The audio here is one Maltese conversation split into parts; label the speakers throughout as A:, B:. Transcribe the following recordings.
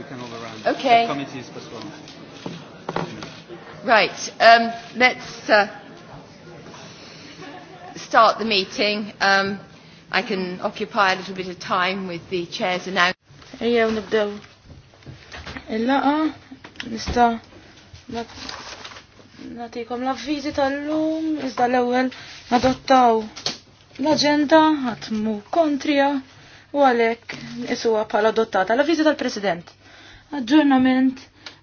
A: we can overrun. Okay. The committee is postponed.
B: Right. Um, let's uh, start the meeting. Um, I can occupy a little bit of time with the chair's announcement. Ejjew nibdew.
C: Il-laqa nista' natikom l-avviżi tal-lum iżda l-ewwel adottaw l-aġenda ħatmu kontrija u għalhekk isuha bħala adottata l-avviżi tal-President aġġornament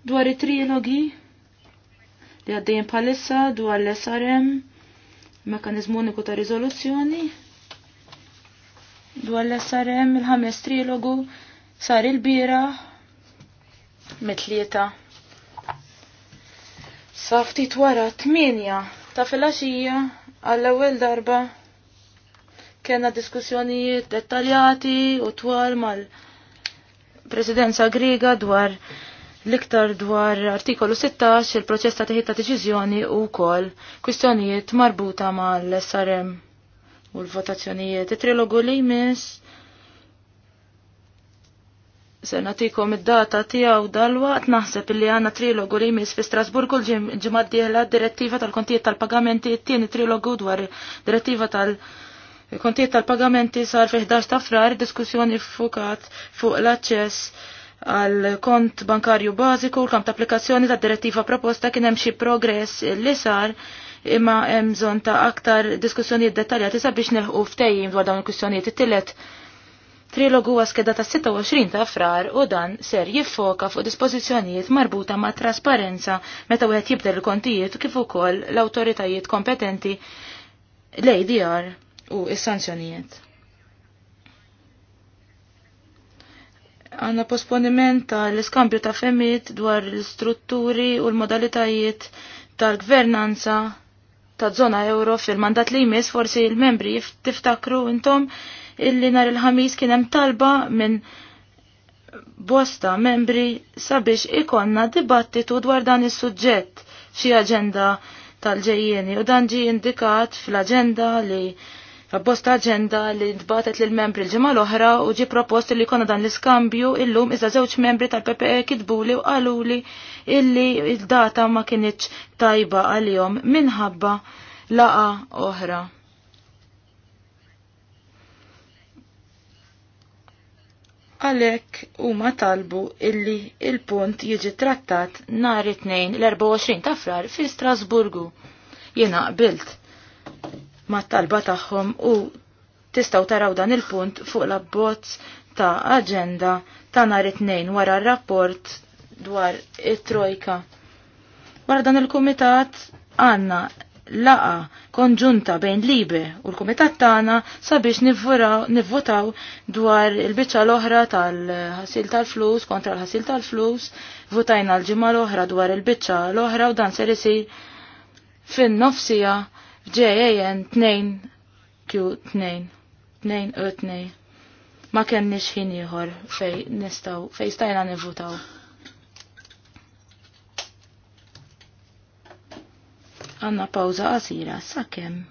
C: dwar it-trilogi li għaddejn palissa dwar l-SRM, mekanizmu uniku ta' rizoluzzjoni, dwar l-SRM il-ħames trilogu sar il-bira mitlieta. Sa ftit wara tminja ta' filgħaxija għall-ewwel darba kena diskussjonijiet dettaljati u twal mal- presidenza griega dwar l-iktar dwar artikolu 16 il-proċess ta' ta' deċiżjoni u kol kwistjonijiet marbuta ma' l-SRM u l-votazzjonijiet. It-trilogu li jmiss se natikom id-data tiegħu waqt naħseb li għandna trilogu li jmiss fi u l-ġimgħa d direttiva tal-kontijiet tal-pagamenti, it-tieni trilogu dwar direttiva tal-pagamenti kontiet tal-pagamenti sar fi 11 ta' frar diskussjoni fukat fuq l-aċċess għal kont bankarju bażiku l-kamp ta' applikazzjoni ta' direttiva proposta kien hemm xi progress li sar imma hemm bżonn ta' aktar diskussjonijiet dettaljati sabiex neħu ftejjim dwar dawn il-kwistjonijiet it tillet Trilogu huwa skeda ta' 26 ta' frar u dan ser jiffoka fuq dispożizzjonijiet marbuta ma' trasparenza meta wieħed jibdel il-kontijiet kif ukoll l-awtoritajiet kompetenti l-ADR u is-sanzjonijiet. Għanna posponiment tal-iskambju ta' femmit dwar l-istrutturi u l-modalitajiet tal-gvernanza ta' zona euro fil-mandat li jmiss forsi il-membri tiftakru intom illi nar il-ħamis kien hemm talba minn bosta membri sabiex ikonna dibattitu dwar dan is-suġġett xi aġenda tal-ġejjeni u dan ġi indikat fl-aġenda li Bosta agenda li tbatet lil membri l-ġimgħa l-oħra u ġi propost li konna dan l-iskambju illum iżda żewġ membri tal-PPE kitbuli u qaluli illi il-data ma kienieċ tajba għalihom minħabba laqa oħra. Għalek huma talbu illi il-punt jiġi trattat nhar it-tnejn l-24 ta' frar fi Strasburgu. Jiena qbilt mat-talba tagħhom u tistgħu taraw dan il-punt fuq l-abbozz ta' aġenda ta' nhar it-tnejn wara r-rapport dwar it-trojka. Wara dan il-kumitat għandna laqa konġunta bejn Libe u l-Kumitat tagħna sabiex nivvotaw dwar il-biċċa l-oħra tal-ħasil tal-flus kontra l-ħasil tal-flus, votajna l-ġimgħa l-oħra dwar il-biċċa l-oħra u dan ser isir fin-nofsija f'JAN 2Q2 2 ma kenniex ħin ieħor fej nistgħu fej stajna nivvutaw. Għanna pawza qasira sakemm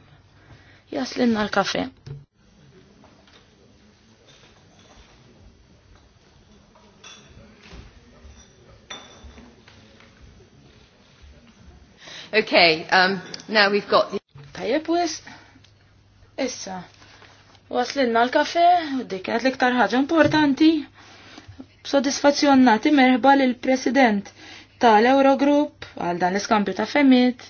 C: jaslinna l-kafe. Okay, um, now we've got the... Tajjeb wis. Issa. Waslinna l-kafe, u dik kienet l-iktar ħaġa importanti. B'sodisfazzjon merħba lill president tal-Eurogroup għal dan l-iskambju ta' femmit.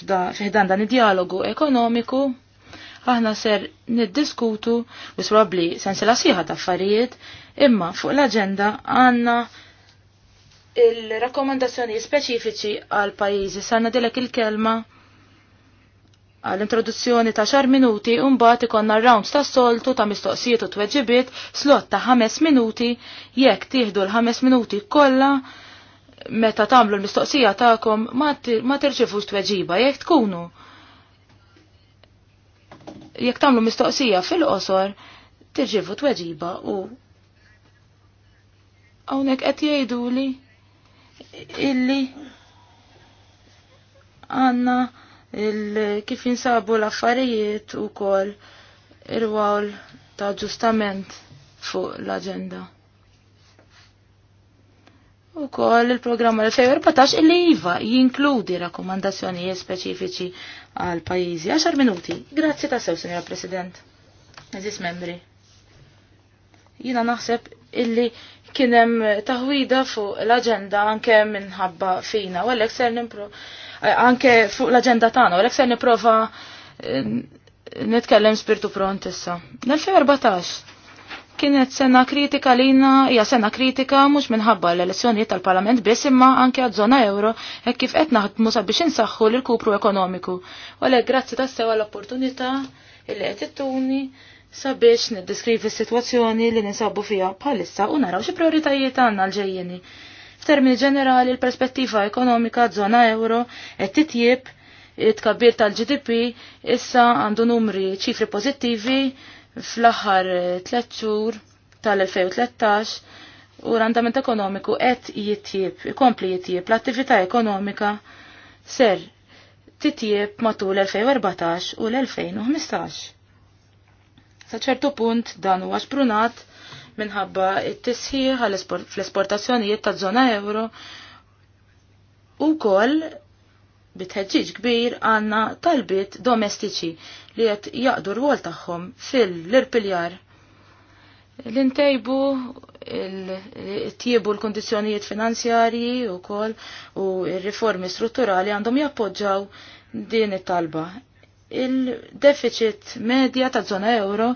C: Fiħdan dan id-dialogu ekonomiku, aħna ser niddiskutu u probabbli la siħa ta' affarijiet, imma fuq l-aġenda għandna il-rakkomandazzjoni speċifiċi għal pajjiżi sanna dilek il-kelma għall-introduzzjoni ta' xar minuti mbagħad ikonna rounds ta' soltu ta' mistoqsijiet u tweġibiet slot ta' ħames minuti jekk tieħdu l-ħames minuti kollha meta tagħmlu l-mistoqsija tagħkom ma tirċifux tweġiba jekk tkunu jekk tagħmlu mistoqsija fil-qosor tirċivu tweġiba u hawnhekk qed jgħiduli illi għandna kif jinsabu l-affarijiet u kol ir-wawl ta' ġustament fuq l-agenda. U kol il-programma l-2014 il iva jinkludi rakkomandazzjonijiet speċifiċi għal pajizi. 10 minuti. Grazzi ta' sew, Sinjora President. Eżis membri. Jina naħseb illi kienem taħwida fuq l-agenda anke minħabba fina, u għalek ser nimpro anke fuq l-agenda tagħna, għalhekk se nipprova eh, nitkellem spirtu pront issa. L-2014 kienet sena kritika lina, hija sena kritika mhux minħabba l-elezzjonijiet tal-Parlament biss imma anke għad żona euro hekk kif qed naħdmu sabiex insaħħu l kupru ekonomiku. Għalhekk grazzi tassew għall-opportunità illi qed ittuni sabiex niddiskrivi s-sitwazzjoni li ninsabu fiha bħalissa u naraw xi prioritajiet għandna l-ġejjeni. F'termini ġenerali, l-perspettiva ekonomika żona euro qed titjib it-tkabbir tal-GDP issa għandu numri ċifri pożittivi fl-aħħar tliet xhur tal-2013 u randament ekonomiku qed jittjib, ikompli jittjib l-attività ekonomika ser titjib matul l-2014 u l-2015. Sa ċertu punt dan huwa xprunat minħabba it-tisħiħ fl-esportazzjonijiet ta' zona euro u kol bitħeġġiġ kbir għanna talbiet domestiċi li qed jaqdu rwol tagħhom fil-irpiljar. L-intejbu il-tjibu l-kondizjonijiet finanzjarji u kol u riformi strutturali għandhom jappoġġaw din it-talba. Il-deficit medja ta' zona euro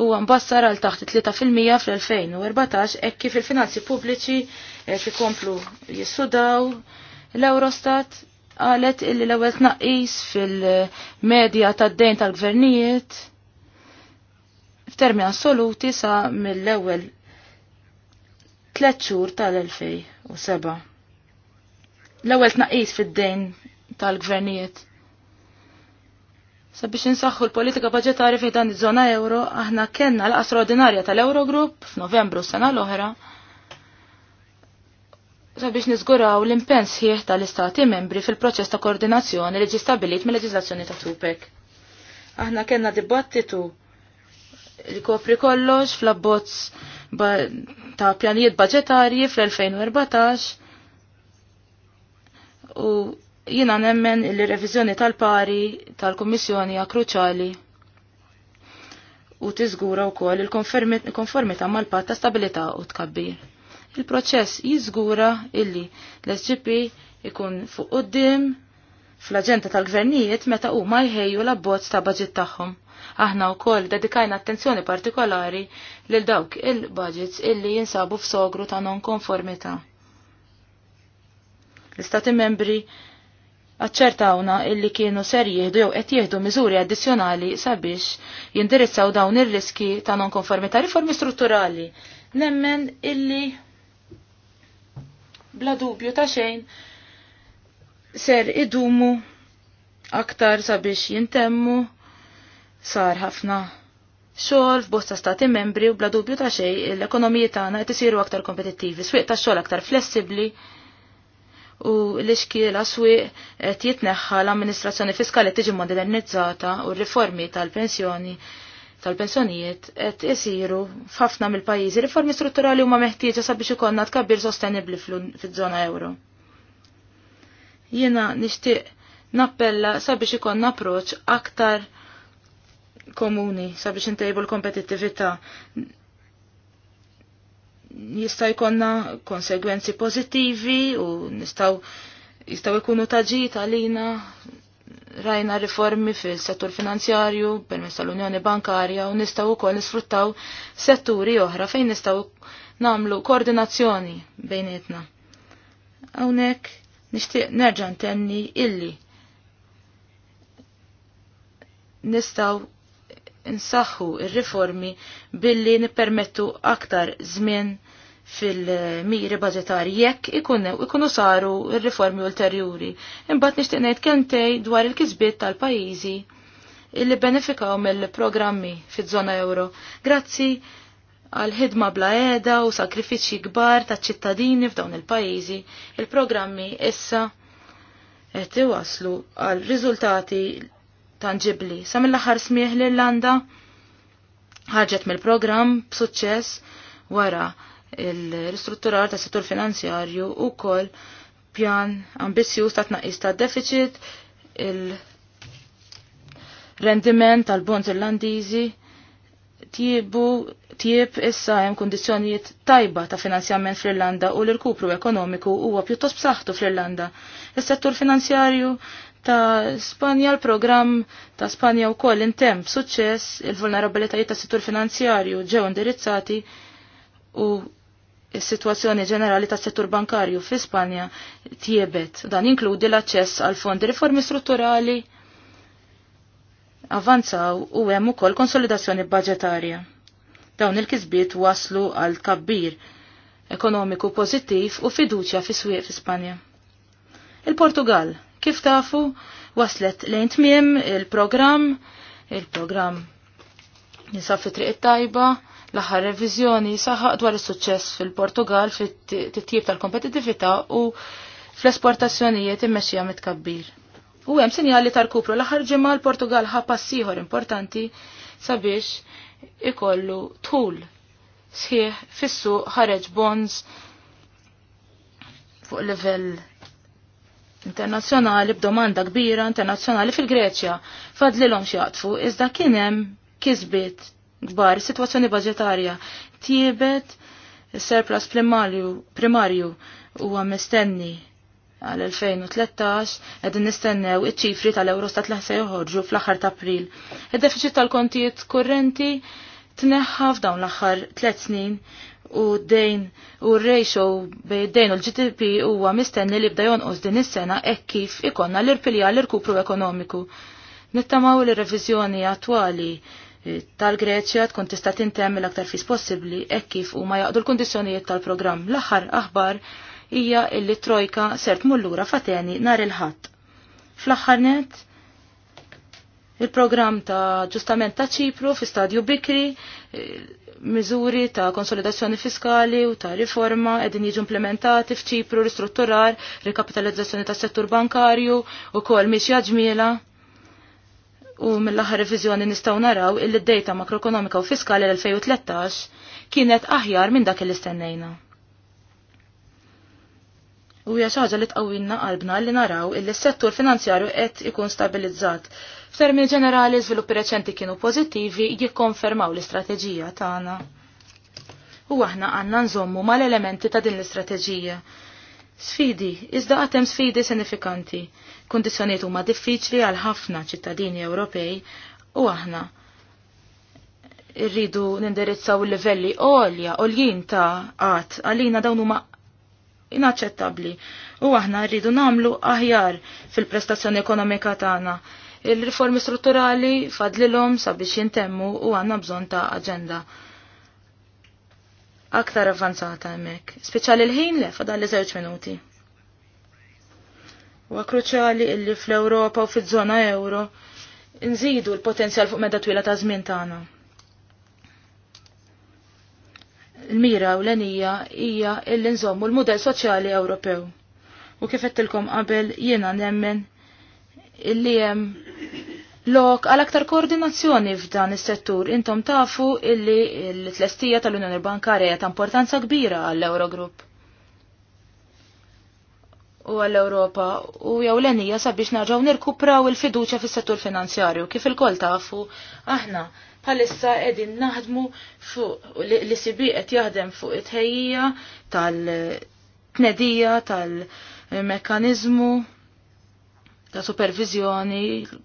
C: huwa mbassar għal taħt 3% fl-2014 hekk kif il-finanzi pubbliċi qed eh, ikomplu jissudaw l-Eurostat qalet illi l-ewwel tnaqqis fil-medja tad-dejn tal-gvernijiet f'termi assoluti sa mill-ewwel tliet xhur tal-2007. L-ewwel tnaqqis fil dejn tal-gvernijiet Sabiex insaħħu l-politika budġetarja fi dan iż-żona euro, aħna kellna l-qasra ordinarja tal-Eurogroup f'Novembru sena l-oħra. Sabiex niżguraw l-impens sħiħ tal-istati membri fil-proċess ta' koordinazzjoni li ġi stabilit mill leġislazzjoni ta' Tupek. Aħna kellna dibattitu li kopri kollox fl-abbozz ta' pjanijiet budġetarji fl-2014 u jina nemmen li revizjoni tal-pari tal-Kommissjoni u tizgura u tiżgura wkoll il-konformità mal-patt ta' stabilita u tkabbir. Il-proċess jiżgura illi l-SGP ikun fuq uddim fl-aġenda tal-gvernijiet meta huma jħejju l-abbozz ta' budget tagħhom. Aħna wkoll dedikajna attenzjoni partikolari lil dawk il-budgets illi jinsabu f'sogru ta' non-konformità. L-Istati membri aċċertawna illi kienu ser jieħdu jew qed jieħdu miżuri addizzjonali sabiex jindirizzaw dawn ir-riski ta' nonkonformità riformi strutturali. Nemmen illi bla dubju ta' xejn ser idumu aktar sabiex jintemmu sar ħafna xogħol f'bosta stati membri u bla dubju ta' xejn l-ekonomiji tagħna qed isiru aktar kompetittivi, swieq tax-xogħol aktar flessibbli u l-iskil għaswiq qed jitneħħa l-amministrazzjoni fiskali tiġi modernizzata u r-riformi tal-pensjoni tal-pensjonijiet qed isiru f'ħafna mill-pajjiżi riformi strutturali huma meħtieġa sabiex ikollna tkabbir sostenibbli fiż-żona euro. Jiena nixtieq nappella sabiex ikollna approċċ aktar komuni sabiex intejbu l-kompetittività jista' jkollna konsegwenzi pożittivi u nistgħu jistgħu jkunu taġit għalina rajna riformi fil-settur finanzjarju permezz tal-Unjoni Bankarja u nistgħu wkoll nisfruttaw setturi oħra fejn nistgħu nagħmlu koordinazzjoni bejnietna. Hawnhekk nixtieq nerġa' ntenni illi nistgħu insaħħu il riformi billi nippermettu aktar żmien fil-miri budgetari jekk ikunu saru il riformi ulterjuri. Imbat nixtieq ngħid kentej dwar il-kisbiet tal-pajjiżi illi benefikaw mill-programmi fiż-żona euro. Grazzi għal ħidma bla eda u sakrifiċċji kbar ta' ċittadini f'dawn il-pajjiżi, il-programmi issa qed iwaslu għal riżultati tangibli. Sa mill-aħħar smieħ l-Irlanda ħarġet mill-programm b'suċċess wara il-ristrutturar ta' settur finanzjarju u kol pjan ambizjuż ta' tnaqqis ta' deficit, il-rendiment tal-bonds irlandiżi tiebu tieb issa hemm kundizzjonijiet tajba ta' finanzjament fl-Irlanda u l-irkupru ekonomiku huwa pjuttost b'saħħtu fl-Irlanda. Is-settur finanzjarju ta' Spanja l-programm ta' Spanja u koll intem b'suċċess il-vulnerabilitajiet ta' settur finanzjarju ġew indirizzati u s sitwazzjoni ġenerali ta' settur bankarju fi Spanja tiebet. Dan inkludi l-aċċess għal fondi riformi strutturali avanzaw u hemm ukoll konsolidazzjoni budġetarja. Dawn il-kisbiet waslu għal kabbir ekonomiku pożittiv u fiduċja fi swieq fi Spanja. Il-Portugal Kif tafu, waslet lejn tmiem il-programm, il-programm nisa fi triq tajba, l-aħħar reviżjoni saħaq dwar is-suċċess fil-Portugal fit-tip tal-kompetittività u fl-esportazzjonijiet immexxija mitkabbir. U hemm sinjali tal-kupru l-aħħar ġimgħa l-Portugal ħa passiħor importanti sabiex ikollu tul sħiħ fissu ħareġ bonds fuq livell internazzjonali b'domanda kbira internazzjonali fil-Greċja fadli l iżda kien hemm kisbiet kbar is-sitwazzjoni budġetarja tiebet surplus primarju primarju huwa mistenni għal 2013 qegħdin nistennew iċ-ċifri tal-Eurostat li se joħorġu fl-aħħar ta' April. Id-deficit tal-kontijiet kurrenti tneħħa f'dawn l-aħħar tliet snin u dejn u ratio bejdejn dejn u l-GDP huwa mistenni li bda jonqos din is-sena hekk kif ikonna l-irpilja l-irkupru ekonomiku. Nittamaw li reviżjoni attwali eh, tal-Greċja tkun tista' tintemm l-aktar fis possibbli hekk kif huma jaqdu l-kundizzjonijiet tal-programm. L-aħħar aħbar hija illi trojka sert mullura fateni nhar il-ħadd. Fl-aħħar net, il-programm ta' ġustament ta' ċipru fi stadju bikri eh, miżuri ta' konsolidazzjoni fiskali u ta' riforma edin jiġu implementati f'ċipru ristrutturar, rikapitalizzazzjoni ta' settur bankarju u kol mixja ġmiela. U mill-aħħar reviżjoni nistgħu naraw illi d-dejta makroekonomika u fiskali l-2013 kienet aħjar minn dak li stennejna. U hija xaġa li tqawwilna qalbna li naraw illi s-settur finanzjarju qed ikun stabilizzat. F'termini ġenerali, żviluppi reċenti kienu pożittivi jikkonfermaw l-istrateġija tagħna. U aħna għandna nżommu mal-elementi ta' din l-istrateġija. Sfidi, iżda għatem sfidi sinifikanti. Kondizjoniet huma diffiċli għal ħafna ċittadini Ewropej u aħna irridu nindirizzaw livelli għolja, għoljien ta' għat, għalina dawn huma inaċċettabbli u aħna rridu nagħmlu aħjar fil-prestazzjoni ekonomika tagħna. Il-riformi strutturali fadlilhom sabiex jintemmu u għandna bżonn ta' aġenda aktar avvanzata hemmhekk. Speċjali l-ħin le fadal li żewġ minuti. Huwa kruċjali illi fl-Ewropa u fiż-żona euro nżidu l-potenzjal fuq meda twila ta' żmien tagħna l mira u l-enija hija illi nżommu l model soċjali Ewropew. U kif qedtilkom qabel jiena nemmen illi hemm lok għal aktar koordinazzjoni f'dan is-settur intom tafu illi l-tlestija tal-Unjoni Bankarja ta' importanza kbira għall-Eurogrupp u għall-Europa u jew l-enija sabiex narġaw nirkupraw il-fiduċa fis-settur finanzjarju kif il-kol tafu aħna bħalissa qegħdin naħdmu fuq li sibi qed jaħdem fuq it-ħejjija tal-tnedija tal-mekkaniżmu ta' supervizjoni,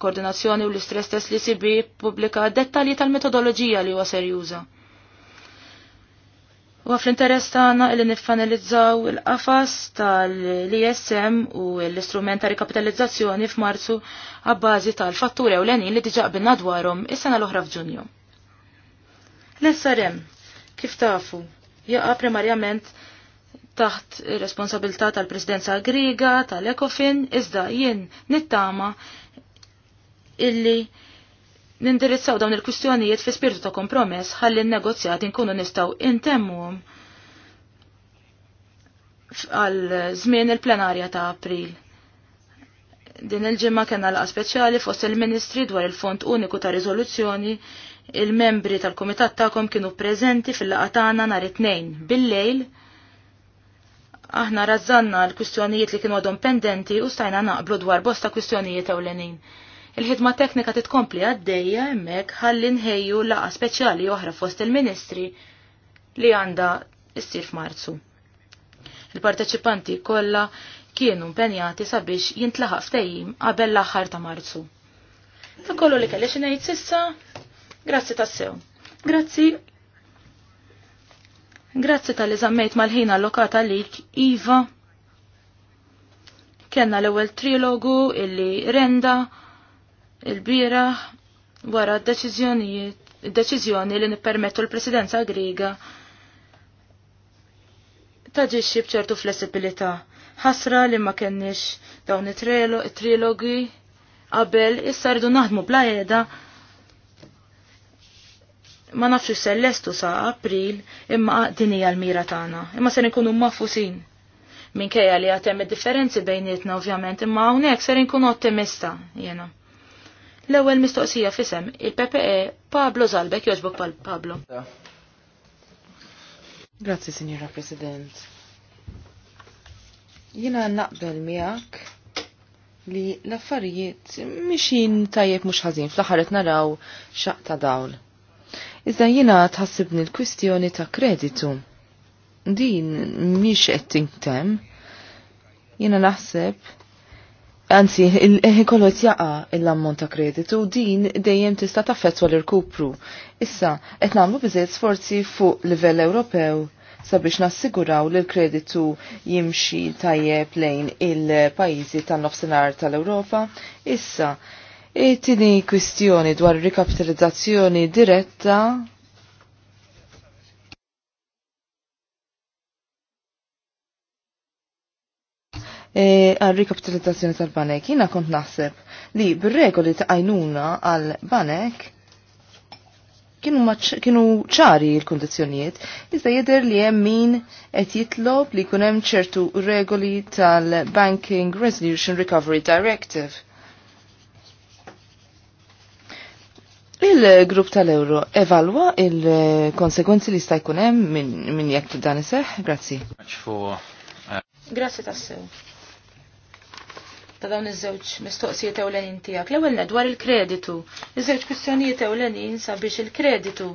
C: koordinazzjoni u l-istress test li sibi pubblika dettalji tal-metodoloġija li huwa serjuża. juża. U għaf l-interess tagħna li niffanalizzaw il-qafas tal-ISM u l-istrument ta' rikapitalizzazzjoni f'Marzu għabbażi tal-fatturi ewlenin li diġa qbilna dwarhom is-sena l-oħra f'Ġunju. L-SRM, kif tafu, jaqa primarjament taħt responsabilità tal-Presidenza Griga, tal-Ekofin, iżda jien nittama illi nindirizzaw dawn il-kwistjonijiet fi spirtu ta' kompromess ħalli n-negozjati nkunu nistaw intemmuhom għal żmien il-plenarja ta' April. Din il-ġimma kena laqa speċjali fost il-Ministri dwar il-Fond Uniku ta' Rizoluzzjoni. il-membri tal-Kumitat tagħkom kienu preżenti fil-laqa tagħna nhar it-tnejn bil-lejl. Aħna razzanna l-kwistjonijiet li kienu għadhom pendenti u stajna naqblu dwar bosta kwistjonijiet ewlenin. Il-ħidma teknika titkompli għaddejja hemmhekk ħalli nħejju laqa speċjali oħra fost il-Ministri li għandha issir f'Marzu. Il-parteċipanti kollha kienu mpenjati sabiex jintlaħaq ftehim qabel l-aħħar ta' Marzu. Ta' kollu li kellix ngħid sissa, grazzi tassew. Grazzi Grazzi tal-li zammejt mal-ħin allokata lik, Iva. Kenna l-ewwel trilogu illi renda il-bira wara d-deċiżjoni li nippermettu l-Presidenza Griega taġixxi bċertu flessibilità. Ħasra li ma kenniex dawn it-trilogi qabel issa rridu naħdmu bla qiegħda ma nafxu sellestu sa' april imma dinija l-mira tagħna, imma se nkunu mafusin. Minkejja li għatem id-differenzi bejnietna ovvjament, imma hawnhekk ser nkunu ottimista jena. L-ewwel mistoqsija fisem il-PPE Pablo Zalbek joġbok pal Pablo.
B: Grazzi, Signora President. Jina naqbel miegħek li l-affarijiet mixin tajjeb mhux ħażin fl-aħħar naraw xaq ta' dawl. Iżda jina tħassibni l-kwistjoni ta' kreditu. Din mhix qed tintem. Jina naħseb Anzi, il-ħin kollu jaqa l-ammont ta' kreditu din dejjem tista' taffettwa l-irkupru. Issa, qed nagħmlu biżejjed sforzi fuq livell Ewropew sabiex nassiguraw li l-kreditu jimxi tajjeb lejn il-pajjiżi tan-nofsinhar tal-Ewropa. Issa, it-tieni kwistjoni dwar rikapitalizzazzjoni diretta E, għal rikapitalizzazzjoni tal-banek. Jina kont naħseb li bil regoli ta' għajnuna għal banek kienu ċari l kondizjoniet jizda jidher li hemm min qed jitlob li jkun hemm ċertu regoli tal-Banking Resolution Recovery Directive. Il-grupp tal-Euro evalwa il-konsekwenzi li stajkunem jkun hemm minn min jekk dan iseħħ? Grazzi.
C: Uh, Grazzi tassew ta' dawn iż-żewġ mistoqsijiet ewlenin tiegħek. L-ewwel dwar il-kreditu. Iż-żewġ kwistjonijiet ewlenin sabiex il-kreditu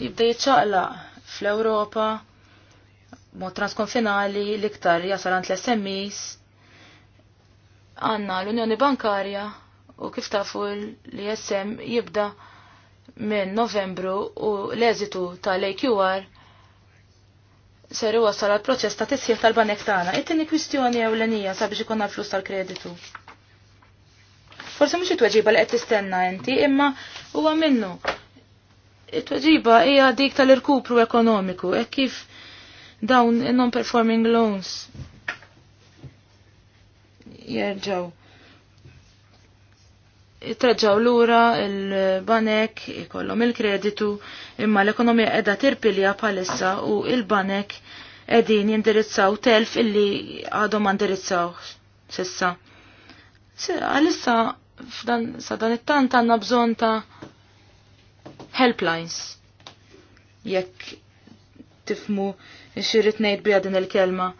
C: jibda jiċċaqlaq fl-Ewropa mod transkonfinali l-iktar jasal għand l-SMEs għanna l-Unjoni Bankarja u kif tafu l-ISM jibda minn Novembru u l-eżitu tal-AQR seru wasal għal proċess ta' tisħiħ tal-banek tagħna. It-tieni kwistjoni ewlenija sabiex ikun flus tal-kreditu. Forse mhux it-tweġiba li qed tistenna inti, imma huwa minnu. It-tweġiba hija dik tal-irkupru ekonomiku, hekk kif dawn non-performing loans jerġaw Traġaw lura il-banek ikollhom il-kreditu imma l-ekonomija qiegħda tirpilja bħalissa u il-banek qegħdin jindirizzaw telf illi għadhom għandirizzaw sissa. Għalissa f'dan sa dan it-tant għandna bżonn ta' helplines. Jekk tifmu xirritnejt ngħid bija din il-kelma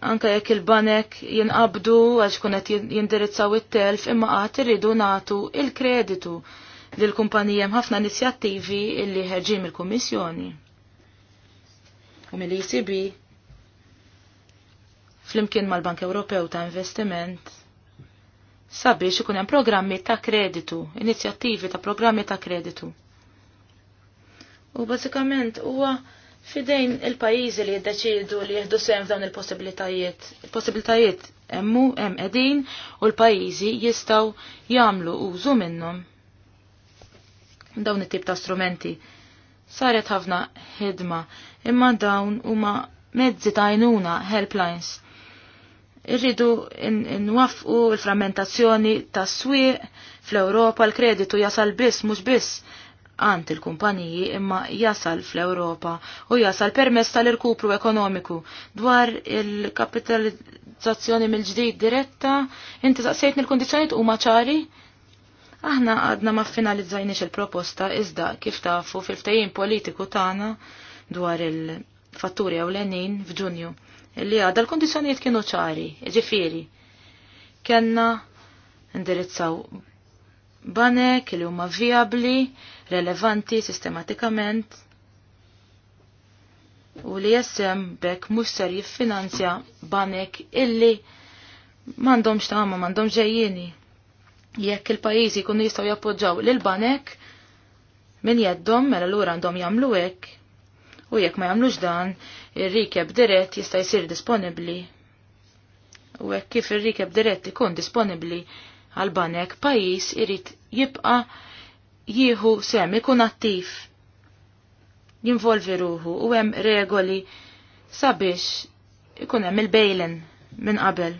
C: anka jekk il-banek jinqabdu għax kunet jindirizzaw it-telf imma qatt irridu nagħtu il-kreditu lil kumpanija ħafna inizjattivi illi ħerġin mill-Kummissjoni. U mill-ECB flimkien mal-Bank Ewropew ta' Investiment sabiex ikun hemm programmi ta' kreditu, inizjattivi ta' programmi ta' kreditu. U bażikament huwa fidejn il-pajizi li jiddeċidu li jihdu sem f'dawn il-possibilitajiet. Il-possibilitajiet emmu hemm qegħdin u l-pajjiżi jistgħu jagħmlu użu minnhom dawn it-tip ta' strumenti. Saret ħafna ħidma imma dawn huma mezzi ta' għajnuna helplines. Irridu nwaffqu l-frammentazzjoni ta' swieq fl-Ewropa l-kreditu jasal biss mhux biss għand il-kumpaniji imma jasal fl-Ewropa u jasal permess tal-irkupru ekonomiku dwar il-kapitalizzazzjoni mill-ġdid diretta, inti saqsejtni l-kondizjoniet u maċari? Aħna għadna ma finalizzajniex il-proposta iżda kif tafu fil-ftajin politiku tagħna dwar il-fatturi ewlenin f'Ġunju. Illi għadha l-kondizjonijiet kienu ċari, ġifieri. Kenna indirizzaw banek li huma viabli, relevanti sistematikament u li jessem bekk mux ser jiffinanzja banek illi mandom tama, mandom ġejjini. Jekk il-pajizi kun jistaw jappoġġaw l-banek, min jeddom mela l-ura għandhom jamlu hekk. U jekk ma jamlux dan, ir-rikeb dirett jista' jsir disponibli. U hekk kif ir-rikeb dirett ikun disponibli għal banek pajis irid jibqa' jieħu sem, ikun attiv, jinvolvi ruħu u hemm regoli sabiex ikun hemm il-bejlen minn qabel.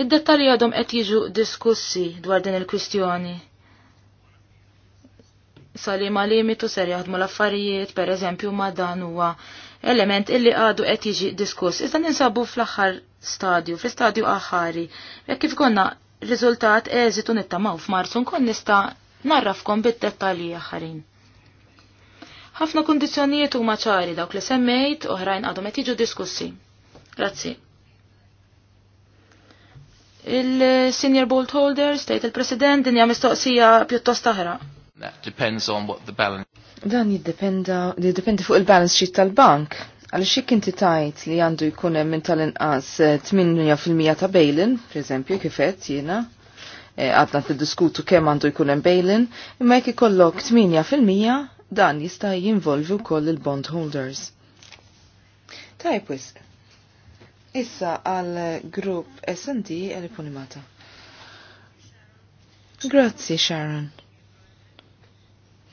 C: Id-dettalji għadhom qed jiġu diskussi dwar din il-kwistjoni. Sali limitu ser jaħdmu l-affarijiet, per eżempju, ma dan huwa element illi għadu qed jiġi diskuss. Iżda ninsabu fl-aħħar stadju, fl-istadju aħħari, jekk kif konna riżultat eżitu nittamaw f'Marzu nkun nista' narrafkom bid-dettalji aħħarin. Ħafna kundizzjonijiet huma ċari dawk li semmejt oħrajn għadhom qed jiġu diskussi. Grazzi. Il-senior bolt holder, state il-president,
B: dinja mistoqsija pjuttost aħra.
C: That depends on what the balance.
B: Dan jiddependi fuq il-balance sheet tal-bank. Għaliex xik inti tajt li għandu jkun hemm minn tal-inqas 8% eh, ta' bejlin, pereżempju kif kifet jiena, eh, għadna t-diskutu kemm għandu jkun hemm bejlin, imma jekk ikollok 8% dan jista' jinvolvi wkoll il-bond holders. Tajb wisq. Issa għal grupp S&D għal-Iponimata. Grazzi, Sharon.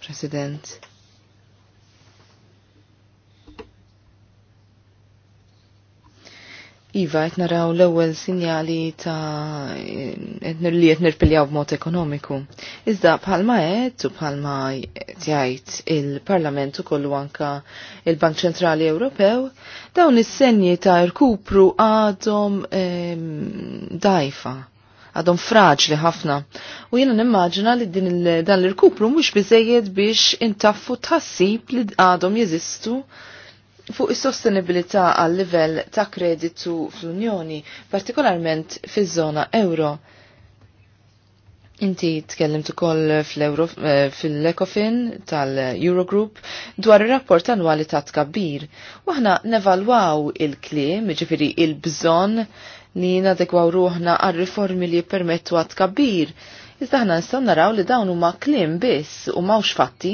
B: President. Iva, qed naraw l-ewwel sinjali ta' li qed nirpiljaw b'mod ekonomiku. Iżda bħalma et u bħalma tjajt jgħid il-Parlament kollu anka il-Bank Ċentrali Ewropew, dawn is-senji ta' rkupru għadhom dajfa għadhom fraġli ħafna. U jiena nimmaġina li din dan l-irkupru mhux bizzejed biex intaffu tassib li għadhom jeżistu fuq is-sostenibilità għal livell ta' kreditu fl-Unjoni, partikolarment fiż-żona euro. Inti tkellimt ukoll eh, fil-Ecofin tal-Eurogroup dwar ir-rapport annwali ta' tkabbir. U nevalwaw il-kliem, ġifiri il-bżonn li nadekwaw ruħna għal riformi li jippermettu għat tkabbir Iżda ħna nistgħu naraw li dawn huma kliem biss u mawx fatti.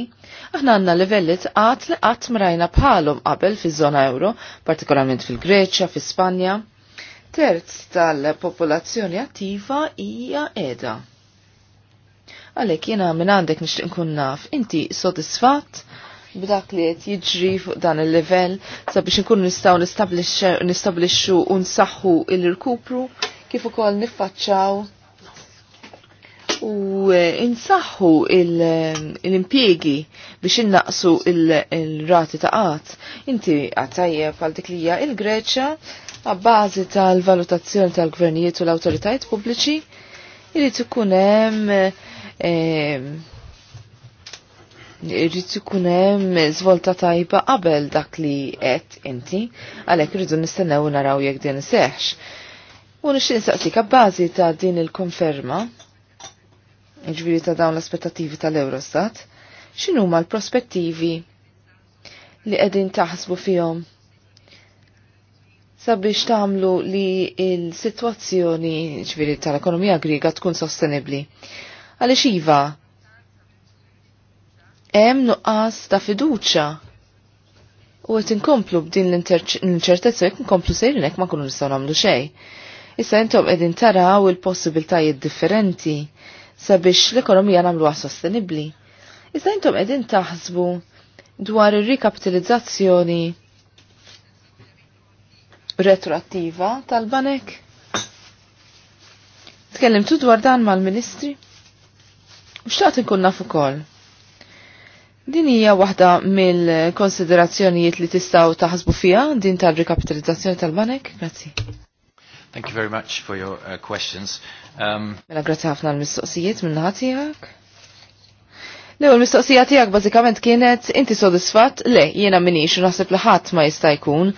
B: Aħna għandna livelli tqat li qatt mrajna bħalhom qabel fiż-żona euro, partikolarment fil-Greċja, fi Spanja. Terz tal-popolazzjoni attiva hija qiegħda. Għalhekk jiena minn għandek nixtieq nkun naf, inti sodisfatt b'dak li qed jiġri fuq dan il-livell sabiex inkunu nistgħu nistablixxu u nsaħħu l-irkupru kif ukoll niffaċċaw u eh, insaħħu eh, l-impiegi biex innaqsu il-rati ta' qat. Inti għatajja għal dik lija il-Greċa għabbażi tal-valutazzjoni tal-gvernijiet u l-autoritajiet pubbliċi irrid ikun hemm eh, irrid ikun hemm żvolta tajba qabel dak li qed inti għalhekk irridu nistennew naraw jekk din iseħħx. U nixtieq nistaqsik għabbażi ta' din il-konferma iġviri ta' dawn l-aspettativi tal-Eurostat, xinu ma l-prospettivi li edin taħsbu fihom sabiex tamlu li il-situazzjoni ġviri tal-ekonomija griga tkun sostenibli. Għalix iva, hemm nuqqas ta' fiduċa u qed inkomplu b'din l-inċertezza jekk inkomplu sejrinek ma kunu nistaw namlu xejn. Issa intom qegħdin taraw il-possibiltajiet differenti sabiex l-ekonomija nagħmluha sostenibbli. Iżda intom qegħdin taħsbu dwar ir-rikapitalizzazzjoni retroattiva tal-banek? Tkellimtu dwar dan mal-ministri? U xtaqt nkun naf ukoll. Din hija waħda mill-konsiderazzjonijiet li tistgħu taħsbu fiha din tal-rikapitalizzazzjoni tal-banek? Grazzi. Thank you very much for your uh, questions. Um, mela grazzi ħafna l-mistoqsijiet minn ħatijak. l mistoqsija tiegħek bażikament kienet inti sodisfatt le jiena minix u naħseb li ħadd ma jista' jkun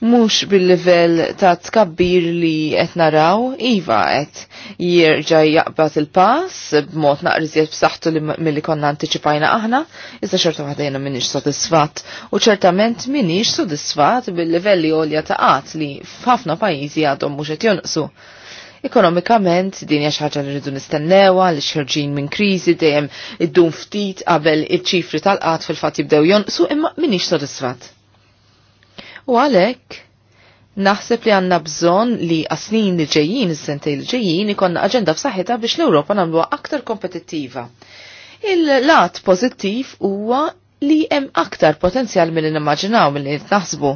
B: mhux bil-livell ta' tkabbir li qed naraw, iva qed jirġa' jaqbad il-pass b'mod naqriżjed b'saħħtu li milli konna antiċipajna aħna, iżda xorta waħda jiena m'iniex sodisfatt u ċertament m'iniex sodisfatt bil-livelli għolja ta' qatt li f'ħafna pajjiżi għadhom mhux qed jonqsu. Ekonomikament din hija xi ħaġa li rridu nistennewa li xerġin minn kriżi dejjem iddum ftit qabel iċ-ċifri tal-qatt fil-fatt jibdew jonqsu imma m'iniex sodisfatt. U għalek, naħseb li għanna bżon li għasnin li ġejjin, s-sentej li ġejjin, ikonna agenda f'saħħitha biex l-Ewropa nagħmluha aktar kompetittiva. Il-lat pozittiv huwa li hemm aktar potenzjal mill nimmaġinaw mill naħsbu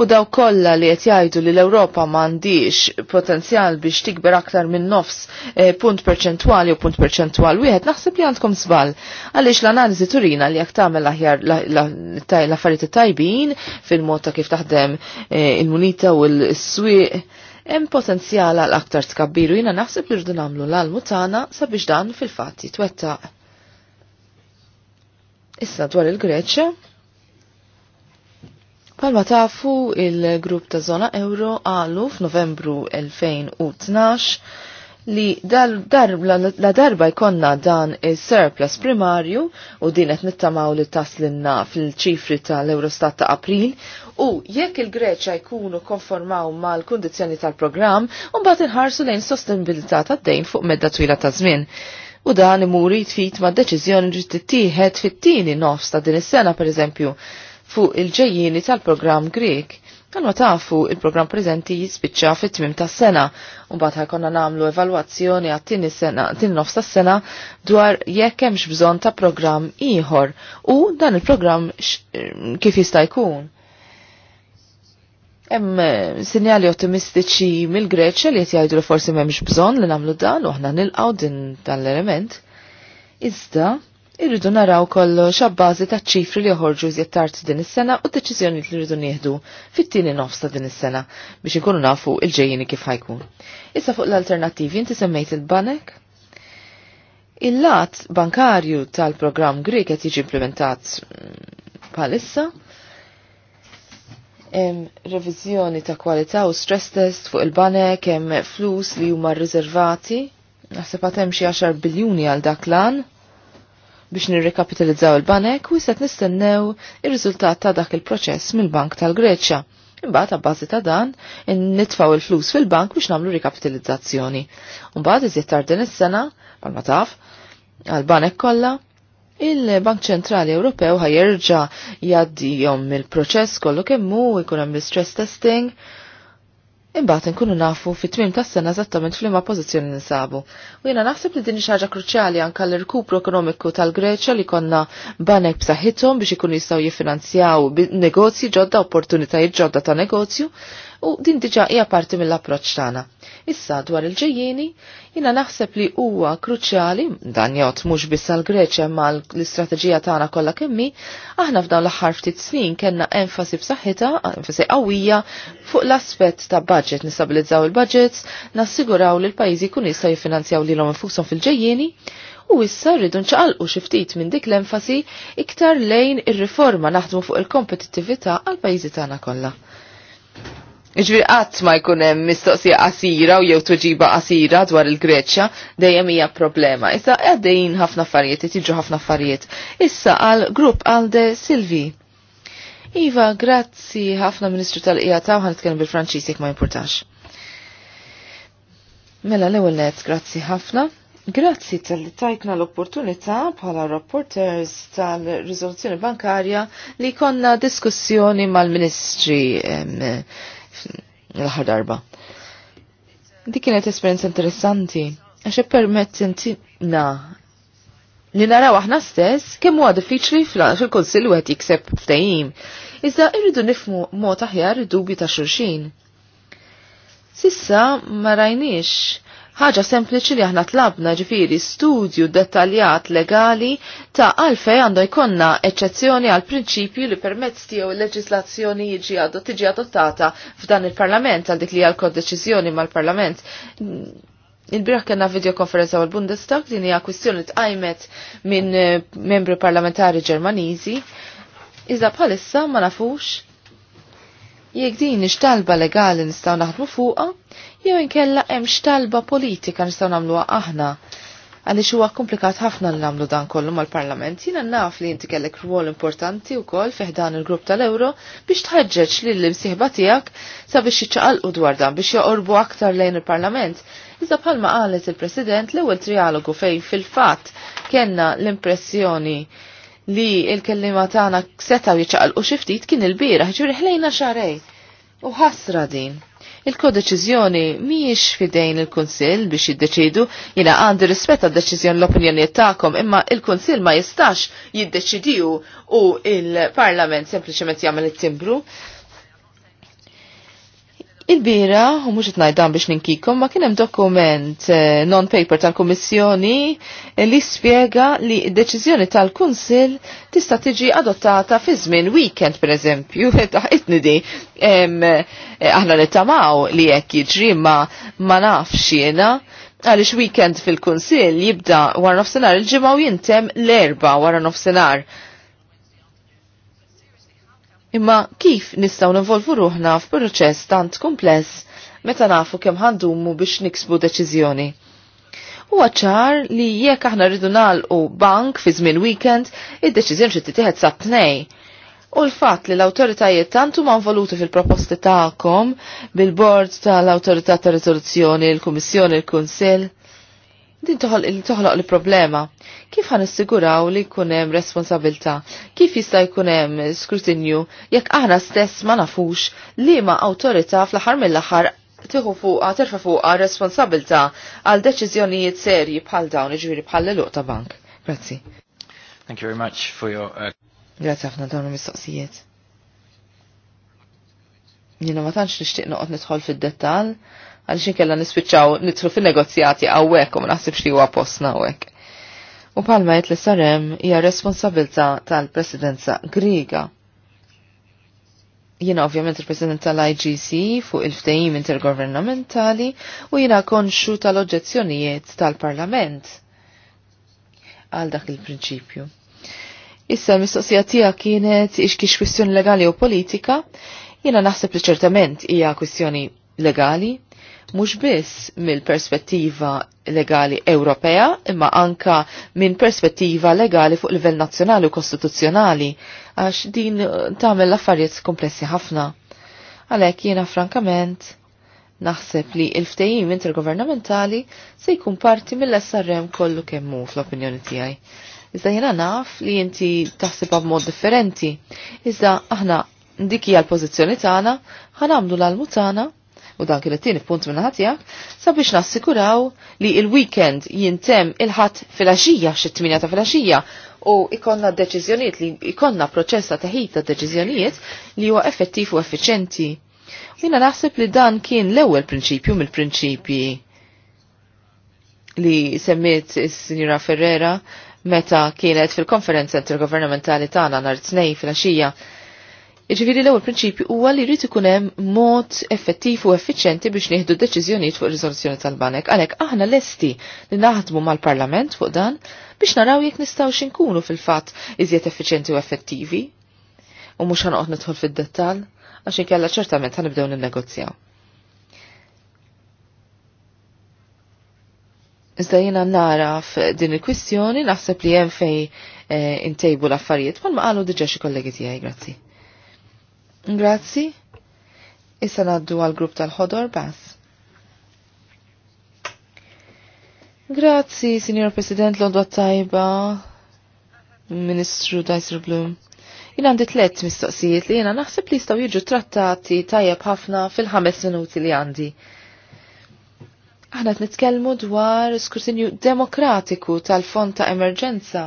B: u daw kollha li qed jgħidu li l-Ewropa m'għandix potenzjal biex tikber aktar minn nofs eh, punt perċentwali u punt perċentwal wieħed naħseb li għandkom żball għaliex l-analiżi turina li jekk tagħmel aħjar l-affarijiet tajbin fil-mod ta' kif taħdem eh, il-munita u l-swieq hemm potenzjal għal aktar tkabbiru jiena naħseb li rridu nagħmlu l-almu tagħna sabiex dan fil-fatt jitwettaq. Issa dwar il-Greċja, Palma tafu il-grupp ta' zona euro għalu f'Novembru 2012 li dal la, darba jkonna dan il-surplus primarju u din qed nittamaw li taslinna fil-ċifri tal-Eurostat ta' April u jekk il-Greċa jkunu konformaw mal-kundizzjoni tal-programm un bat inħarsu lejn sostenibilità tad-dejn fuq medda twila ta' żmien u dan imur jitfit ma' deċiżjoni li tittieħed fit-tieni nofs ta' din is-sena pereżempju fuq il-ġejjini tal-programm Grek. Kalma tafu il-programm preżenti jispiċċa fit-tmim tas-sena u mbagħad ħajkonna nagħmlu evalwazzjoni għat-tieni sena tieni nofs tas-sena dwar jekk hemmx bżonn ta' programm ieħor u dan il-programm kif jista' jkun. Hemm eh, sinjali ottimistiċi mill-Greċja li qed jgħidu li forsi m'hemmx bżonn li nagħmlu dan u aħna nilqgħu din dan l-element. Iżda irridu naraw kollox x'abbażi ta' ċifri li joħorġu iżjed tard din is-sena u d-deċiżjonijiet li rridu nieħdu fit-tieni nofs ta' din is-sena biex ikunu nafu il-ġejjini kif ħajkun. Issa fuq l-alternattivi inti semmejt il-banek? Il-lat bankarju tal-programm Grieg qed jiġi implementat mm, bħalissa revizjoni ta' kwalità u stress test fuq il-banek hemm flus li huma rriservati. Naħseb għad hemm xi 10 biljuni għal dak lan biex nirrekapitalizzaw il-banek u jset nistennew ir-riżultat ta' dak il-proċess mill-Bank tal-Greċja. Imbagħad abbażi ta' dan nitfaw il-flus fil-bank biex nagħmlu rikapitalizzazzjoni. Imbagħad iżjed tard din is-sena, bħalma taf, għal-banek kollha il-Bank Ċentrali Ewropew ħajerġa jom il-proċess kollu kemmu jkun hemm stress testing. Imbagħad inkunu nafu fit-tmim tas-sena eżattament f'liema pożizzjoni ninsabu. U jiena naħseb li din xi ħaġa kruċjali anke l-irkupru ekonomiku tal-Greċja li konna banek b'saħħithom biex ikunu jistgħu jiffinanzjaw negozji ġodda, opportunitajiet ġodda ta' negozju u din diġa hija parti mill-approċċ tagħna. Issa dwar il-ġejjieni, jina naħseb li huwa kruċjali, dan jgħod mhux biss għal Greċja ma l-istrateġija tagħna kollha kemmi, aħna f'dawn l-aħħar ftit snin kellna enfasi b'saħħitha, enfasi qawwija fuq l-aspett ta' budget nistabilizzaw il-budgets, nassiguraw li l-pajjiżi jkun jista' jiffinanzjaw lilhom infushom fil-ġejjieni, u issa rridu nċaqalqu xi ftit minn dik l-enfasi iktar lejn ir-riforma naħdmu fuq il-kompetittività għal pajjiżi tagħna kollha. Iġvir qatt ma jkun hemm mistoqsija qasira u jew toġiba qasira dwar il-Greċja dejjem hija problema. Issa għaddejjin ħafna affarijiet, tiġu ħafna affarijiet. Issa għal grupp għalde Silvi. Iva, grazzi ħafna Ministru tal-Qija taw ħan bil-Franċiż ma jimpurtax. Mela l-ewwel net, grazzi ħafna. Grazzi tal-li l-opportunità bħala rapporters tal-rizoluzzjoni bankarja li konna diskussjoni mal-ministri l-aħħar darba. Dik kienet esperjenza interessanti għax permettintina li naraw aħna stess kemm huwa diffiċli fil-kunsill wieħed jikseb ftehim. Iżda irridu nifmu mod aħjar id ta' xulxin. Sissa ma rajniex ħaġa sempliċi li aħna tlabna ġifiri studju dettaljat legali ta' għalfej għandu jkonna eccezzjoni għal prinċipju li permezz tiegħu l-leġislazzjoni jiġi għadu tiġi adottata f'dan il-Parlament għal dik li għal kodeċiżjoni mal-Parlament. Il-biraħ kena videokonferenza għal Bundestag din hija kwistjoni tqajmet minn eh, membri parlamentari Ġermaniżi. Iżda bħalissa ma nafux jekk din ix-talba legali nistgħu naħdmu fuqha jew inkella hemm x'talba politika nistgħu nagħmluha aħna għaliex huwa komplikat ħafna li nagħmlu dan kollu mal-Parlament. Jiena naf li inti kellek rwol importanti wkoll fih dan il-grupp tal-Ewro biex tħeġġeġ li l-imsieħba tiegħek sabiex jiċċaqalqu dwar dan biex joqorbu aktar lejn il-Parlament. Iżda bħalma qalet il-President l-ewwel trialogu fejn fil-fatt kellna l-impressjoni li l kellima tagħna setgħu jiċċaqalqu xi ftit kien il-bieraħ ġuri ħlejna xarej. U ħasra din. Il-kodeċiżjoni mhijiex fidejn il-Kunsill biex jiddeċidu Jina, għandi rispetta d deċiżjoni l-opinjonijiet tagħkom imma il-Kunsill ma jistax jiddeċidiju u il-Parlament sempliċement jagħmel it-timbru. Il-bira, u mux itnajdan biex ninkikom, ma kienem dokument eh, non-paper tal-Komissjoni eh, li spiega li deċizjoni tal-Kunsil tista' tiġi adottata fi żmien weekend per eżempju, itnidi di eh, aħna nittamaw li jekk jiġri ma ma nafx jena, għaliex weekend fil-Kunsil jibda wara nofsinhar il-ġimgħa jintem l-erba wara nofsinhar. Imma kif nistaw nivolvu ruħna f'proċess tant kumpless meta nafu kemm ħandumu biex niksbu deċiżjoni? Huwa ċar li jekk aħna rridu nagħlqu bank fi żmien weekend, id-deċiżjoni xi tittieħed sa tnej. U l-fatt li l-awtoritajiet tant huma involuti fil-proposti tagħkom bil-bord tal-awtorità ta' riżoluzzjoni, il-Kummissjoni, il-Kunsill, din toħloq il-problema. Kif għan nissiguraw li kunem responsabilta? Kif jista' jkunem skrutinju jekk aħna stess ma nafux li ma autorita fl-ħar mill-ħar tiħu fuqa, terfa fuqa responsabilta għal deċiżjonijiet serji bħal dawn iġviri bħal l ta' bank. Grazzi. Thank you very much for your... Uh... Grazzi għafna dawn mistoqsijiet. Jina ma tantx nixtieq noqgħod nidħol fid-dettall għal kella nispiċċaw nitru fin-negozjati għawek u ma naħsibx li huwa postna għawek. U palma li sarem hija responsabilta tal-presidenza Griga. Jina ovvjament il-president tal-IGC fuq il-ftehim intergovernamentali u jina konxu tal-oġezzjonijiet tal-parlament għal dak il-prinċipju. Issa l-mistoqsija tiegħek kienet ix kwistjoni legali u politika, jiena naħseb li ċertament hija kwistjoni legali, mhux biss mill-perspettiva legali Ewropea imma anka minn perspettiva legali fuq livell nazzjonali u kostituzzjonali għax din tagħmel l-affarijiet komplessi ħafna. Għalhekk jiena frankament naħseb li il-ftehim intergovernamentali se jkun parti mill-SRM kollu kemmu fl-opinjoni tiegħi. Iżda jiena naf li inti taħsibha b'mod differenti. Iżda aħna dik hija l-pożizzjoni tagħna, ħanamlu l-almu tagħna u dan kien it-tieni punt minn ħatijak, sabiex nassikuraw li il-weekend jintem il-ħadd filgħaxija għaxija xit-8 ta' filgħaxija, u ikonna deċiżjonijiet li ikonna proċess ta' teħid ta' deċiżjonijiet li huwa effettiv u effiċenti. Jina naħseb li dan kien l-ewwel prinċipju mill-prinċipji li semmiet is-Sinjura Ferrera meta kienet fil-konferenza intergovernamentali tagħna nhar it fil-għaxija Iġviri l-ewwel prinċipju huwa li jrid ikun hemm mod effettiv u effiċjenti biex nieħdu deċiżjonijiet fuq ir-riżoluzzjoni tal-banek. Għalhekk aħna lesti li naħdmu mal-Parlament fuq dan biex naraw jekk nistgħu x'inkunu fil-fatt iżjed effiċjenti u effettivi. U mhux ħanoqgħod nidħol fid-dettall għax inkella ċertament ħanibdew ninnegozjaw. Iżda jiena naraf din il-kwistjoni naħseb li hemm fej eh, intejbu l-affarijiet, ma qalu diġa xi kollegi tiegħi, grazzi. Grazzi. Issa naddu għal grupp tal-ħodor Bass. Grazzi, Signor President Lodwa Tajba, Ministru Dyser Blum. Jina għandi tlet mistoqsijiet li jiena naħseb li jistgħu jiġu trattati tajjeb ħafna fil-ħames minuti li għandi. Aħna nitkellmu dwar skrutinju demokratiku tal-fond ta' emerġenza.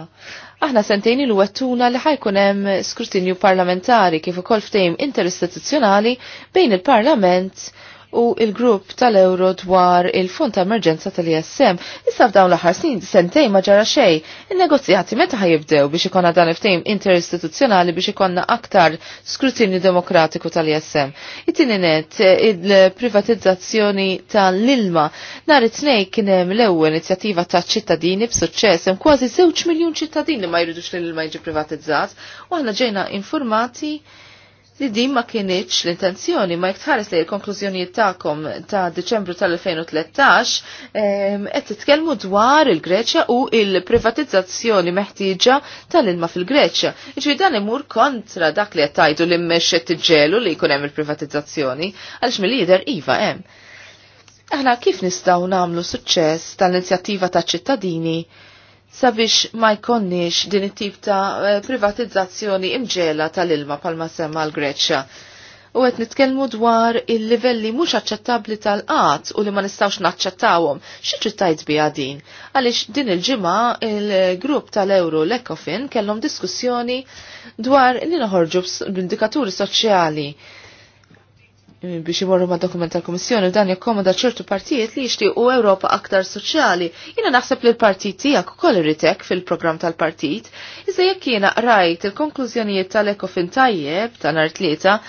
B: Aħna sentejni l wettuna li ħajkun hemm skrutinju parlamentari kif ukoll ftehim interistituzzjonali bejn il-Parlament u il-grupp tal-euro dwar il-fond ta' emerġenza tal-ISM. Issa f'dawn l-aħħar snin sentej ma ġara xejn. Il-negozjati meta ħajibdew biex ikonna dan il-ftehim interistituzzjonali biex ikonna aktar skrutinju demokratiku tal-ISM. It-tieni net il-privatizzazzjoni tal-ilma. Nhar it-tnejn kien hemm l-ewwel inizjattiva ta' ċittadini b'suċċess hemm kważi żewġ miljun ċittadini ma jridux li l-ilma jiġi privatizzat u aħna ġejna informati li din ma kienieċ l-intenzjoni ma jktħares li l-konklużjonijiet ta'kom ta' Deċembru tal-2013 qed titkellmu dwar il-Greċja u il-privatizzazzjoni meħtieġa tal-ilma fil-Greċja. Iġri dan imur kontra dak li qed tgħidu li mhux qed tiġġelu li jkun hemm il-privatizzazzjoni għaliex mill-lider iva hemm. Aħna kif nistgħu nagħmlu suċċess tal-inizjattiva ta' ċittadini sabiex ma jkonniex din it-tip ta' eh, privatizzazzjoni imġela tal-ilma palma semma l-Greċċa. U għet nitkelmu dwar il-livelli mux aċċettabli tal-qat u li ma nistawx naċċettawhom. Xi ċittajt biha din? Għaliex din il-ġimgħa il-grupp tal-Euro l ekofin kellhom diskussjoni dwar li noħorġu b'indikaturi soċjali biex imorru ma' dokument tal-Komissjoni dan jakkomoda ċertu partijiet li jixtiequ Ewropa aktar soċjali. Jiena naħseb li l-partit tiegħek ukoll iritek fil-programm tal-partit, iżda jekk jiena rajt il-konklużjonijiet tal-Ekofin tajjeb ta' nhar tlieta,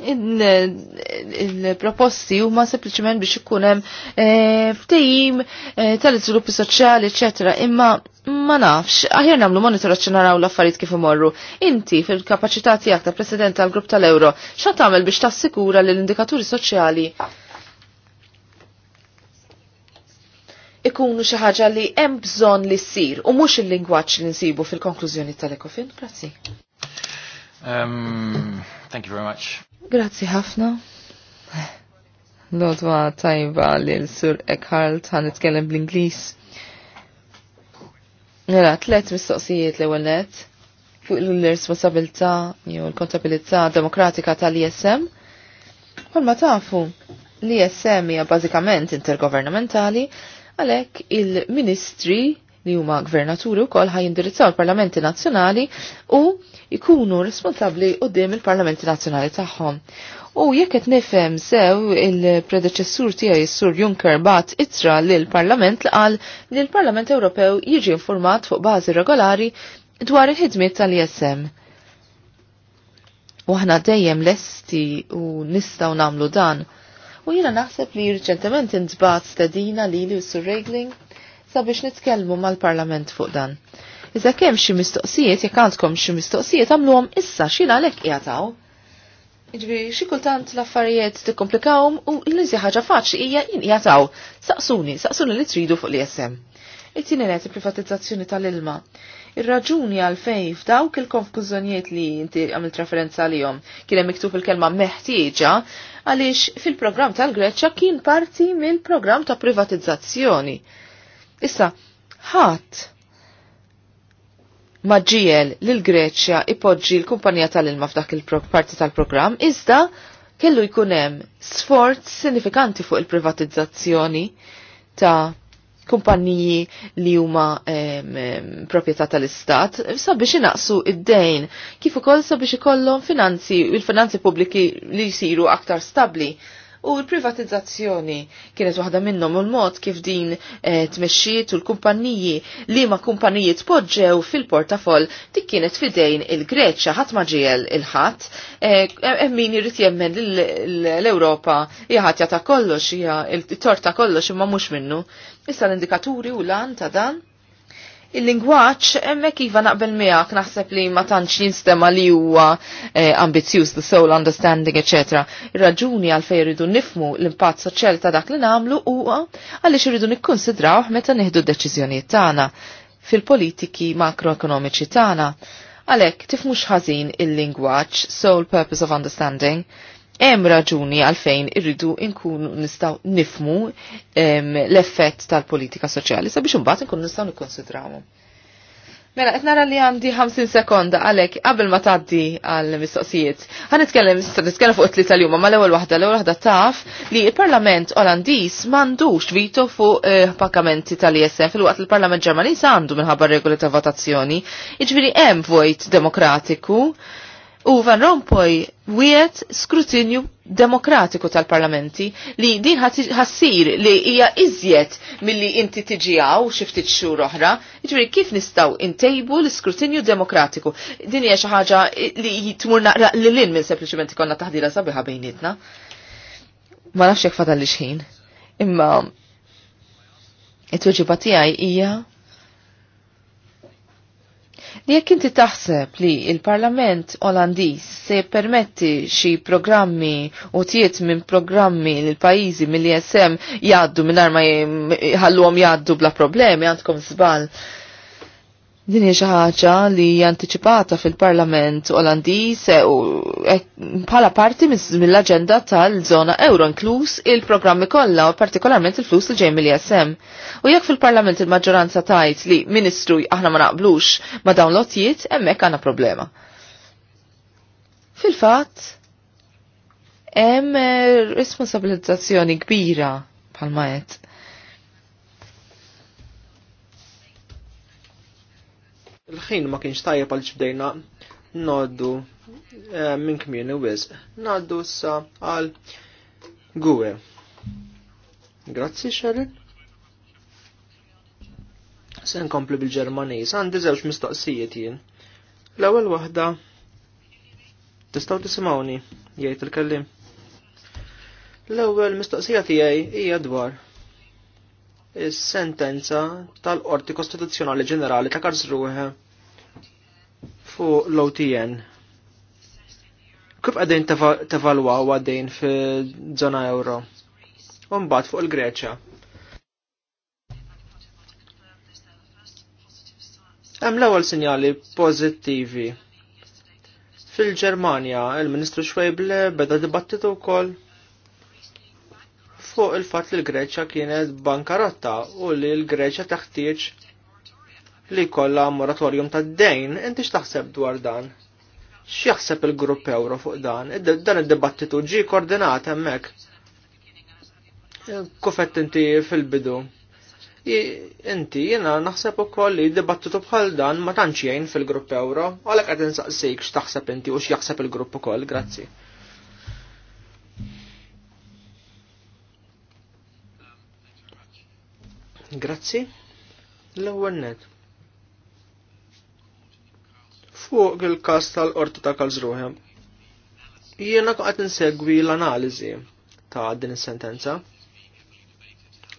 B: il-proposti huma sempliċement biex ikun hemm eh, eh, tal-iżviluppi soċjali, eccetera, imma ma nafx, aħjar nagħmlu monitoraġġ naraw l-affarijiet kif imorru. Inti fil-kapaċità tiegħek ta' President tal-Grupp tal-Ewro, x'għad tagħmel biex tassikura li l-indikaturi soċjali ikunu xi ħaġa li hemm bżonn li ssir u mhux il-lingwaġġ li nsibu fil-konklużjoni tal-Ekofin. Grazzi.
A: Um,
C: thank you very much.
B: Grazzi ħafna. Lodwa tajba li l-sur Eckhart għan itkellem bl-Inglis. Nela, tlet mistoqsijiet l għallet fuq l-responsabilità jew l-kontabilità demokratika tal-ISM. Kolma tafu, l-ISM hija bażikament intergovernamentali, għalhekk il-Ministri li huma gvernaturi wkoll indirizzaw il-Parlamenti Nazzjonali u jkunu responsabbli dim il-Parlamenti Nazzjonali tagħhom. U jekk qed nifhem sew il-predeċessur tiegħi sur Juncker bat ittra lill parlament li qal li l-Parlament Ewropew jiġi infurmat fuq bażi regolari dwar il-ħidmiet tal-ISM. U aħna dejjem lesti u nistgħu nagħmlu dan. U jiena naħseb li riċentement intbat stedina li li sur regling sabiex nitkellmu mal-Parlament fuq dan. Iżda kemm xi mistoqsijiet, jekk għandkom xi mistoqsijiet għamluhom issa xina għalhekk jataw. Ġifieri xi kultant l-affarijiet tikkomplikawhom u l-insi ħaġa faċli hija jinqjataw. Saqsuni, saqsuni li tridu fuq li jessem. It-tieni privatizzazzjoni tal-ilma ir-raġuni għalfejn f'dawk il-konfkużjonijiet li inti għamilt referenza għalihom kien hemm miktub il-kelma meħtieġa għaliex fil-programm tal-Greċċa kien parti mill-programm ta' privatizzazzjoni. Issa, ħadd maġġiel lil Greċja ipoġġi l-kumpanija tal-ilma f'dak il-parti tal-programm, iżda kellu jkun hemm sforz sinifikanti fuq il-privatizzazzjoni ta' kumpaniji li huma proprjetà tal-istat sabiex inaqsu id-dejn kif ukoll sabiex ikollhom finanzi il finanzi pubbliki li jsiru aktar stabbli u l-privatizzazzjoni kienet waħda minnhom u l-mod kif din eh, tmexxiet u l-kumpanniji li ma kumpanniji tpoġġew fil-portafol dik kienet fidejn il-Greċja ħadd ma ġiel il-ħadd eh, hemm min irid jemmen l-Ewropa hija ħadd ta' kollox hija t-torta kollox imma mhux minnu. Issa l-indikaturi u lan ta' dan il-lingwaċ emmek iva naqbel miegħek naħseb li ma tantx jinstema li huwa eh, ambizzjuż the soul understanding etc. Ir-raġuni għalfejn irridu nifmu l-impatt soċjali ta' dak li nagħmlu huwa għaliex irridu nikkonsidraw meta nieħdu d-deċiżjonijiet tagħna fil-politiki makroekonomiċi tagħna. Għalhekk tifmux ħażin il-lingwaċ soul purpose of understanding hemm raġuni għalfejn irridu nkunu nistgħu nifmu l-effett tal-politika soċjali sabiex imbagħad nkunu nistgħu nikkonsidrawhom. Mela, qed nara li għandi 50 sekonda għalhekk qabel ma tgħaddi għall mistoqsijiet. Ħa nitkellem nitkellem fuq it-tlieta l-jum, ma l-ewwel waħda l-ewwel waħda taf li l-Parlament Olandiż m'għandux vito fuq eh, pakamenti tal-ISF il-waqt il-Parlament Ġermaniż għandu minħabba regoli ta' votazzjoni. Jiġifieri hemm vojt demokratiku U Van Rompuy wiet skrutinju demokratiku tal-parlamenti li din ħassir li hija iżjed milli inti tiġijaw xi ftit xhur oħra, jiġri kif nistgħu intejbu l-iskrutinju demokratiku. Din hija xi ħaġa li jitmur naqra lilin minn sempliċement ikollna taħdira sabiħa bejnietna. Ma nafx hekk fadal li xħin. Imma it-tweġiba tiegħi hija li jekk inti taħseb li il-Parlament Olandiż se permetti xi programmi u tiet minn programmi l pajjiżi mill-ISM jgħaddu minn ma jħalluhom jgħaddu bla problemi għandkom żball Din hija xi ħaġa li hija antiċipata fil-Parlament Olandiż eh, u eh, bħala parti mill-aġenda tal-żona euro inkluż il-programmi kollha u partikolarment il-flus li ġej mill-ISM. U jekk fil-Parlament il-maġġoranza tajt li Ministru aħna ma naqblux ma dawn lotjiet hemmhekk għandna problema. Fil-fatt hemm eh, responsabilizzazzjoni kbira bħalma
A: qed il-ħin ma kienx tajjeb għal ġbdejna noddu eh, minn kmieni wiz. Noddu issa għal gwe. Grazzi, Sharon. Sen komplu bil-Ġermaniż, għandi żewġ mistoqsijiet jien. L-ewwel waħda tistgħu tisimgħuni jgħid il-kellim. L-ewwel mistoqsija tiegħi hija dwar is-sentenza tal-Qorti Kostituzzjonali Ġenerali ta' Karlsruhe fuq l-OTN. Kif għadin tevalwaw għadin fi zona euro? Umbat fuq il-Greċja. Hemm l-ewwel sinjali pożittivi. Fil-Ġermanja, il-Ministru Schwebble beda dibattitu wkoll fuq il-fat li l-Greċja kienet bankarotta u li l-Greċja taħtieġ li kolla moratorium tad dejn, inti x'taħseb dwar dan? X'jaħseb il-grupp euro fuq dan? Dan id-dibattitu ġi koordinat hemmhekk. Kufett inti fil-bidu. Inti jiena naħseb ukoll li dibattitu bħal dan ma tantx jgħin fil-grupp euro, għalhekk qed insaqsik x'taħseb inti u x'jaħseb il-grupp ukoll, grazzi. Grazzi. L-ewwel net. Fuq il-każ tal-Qorti ta' Kalżruħe. Jiena qed insegwi l-analiżi ta' din is-sentenza.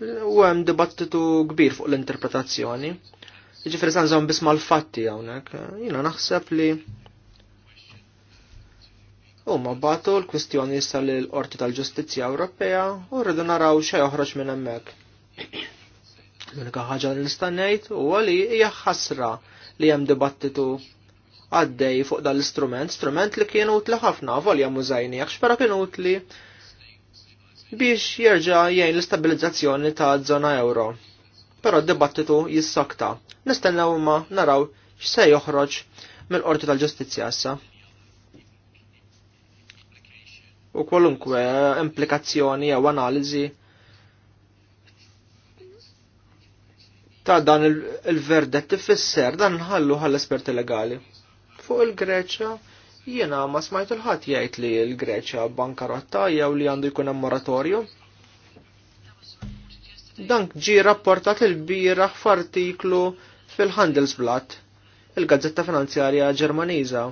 A: U hemm dibattitu kbir fuq l-interpretazzjoni. Jiġifieri se nżomm bisma l-fatti hawnhekk. Jiena naħseb li U ma batu l-kwistjoni sal l-Qorti tal-Ġustizzja Ewropea u rridu naraw xe joħroġ minn hemmhekk. L-unika ħaġa li nista' ngħid huwa li hija ħasra li hemm dibattitu għaddej fuq dan l-istrument, strument li kien utli ħafna volja mużajni jekk xpera kien utli biex jerġa' jgħin l-istabilizzazzjoni ta' żona euro. Però d-dibattitu jissokta. Nistennew imma naraw x'se joħroġ mill-Qorti tal-Ġustizzja issa u kwalunkwe implikazzjoni jew analiżi ta' dan il-verdet tifisser dan nħallu għall-esperti legali. Fuq il-Greċa, jiena ma smajt il ħat jgħid li l-Greċja bankarotta jew li għandu jkun hemm moratorju. Dan ġi rapportat il-bieraħ f'artiklu fil-Handelsblatt, il-Gazzetta Finanzjarja Ġermaniża.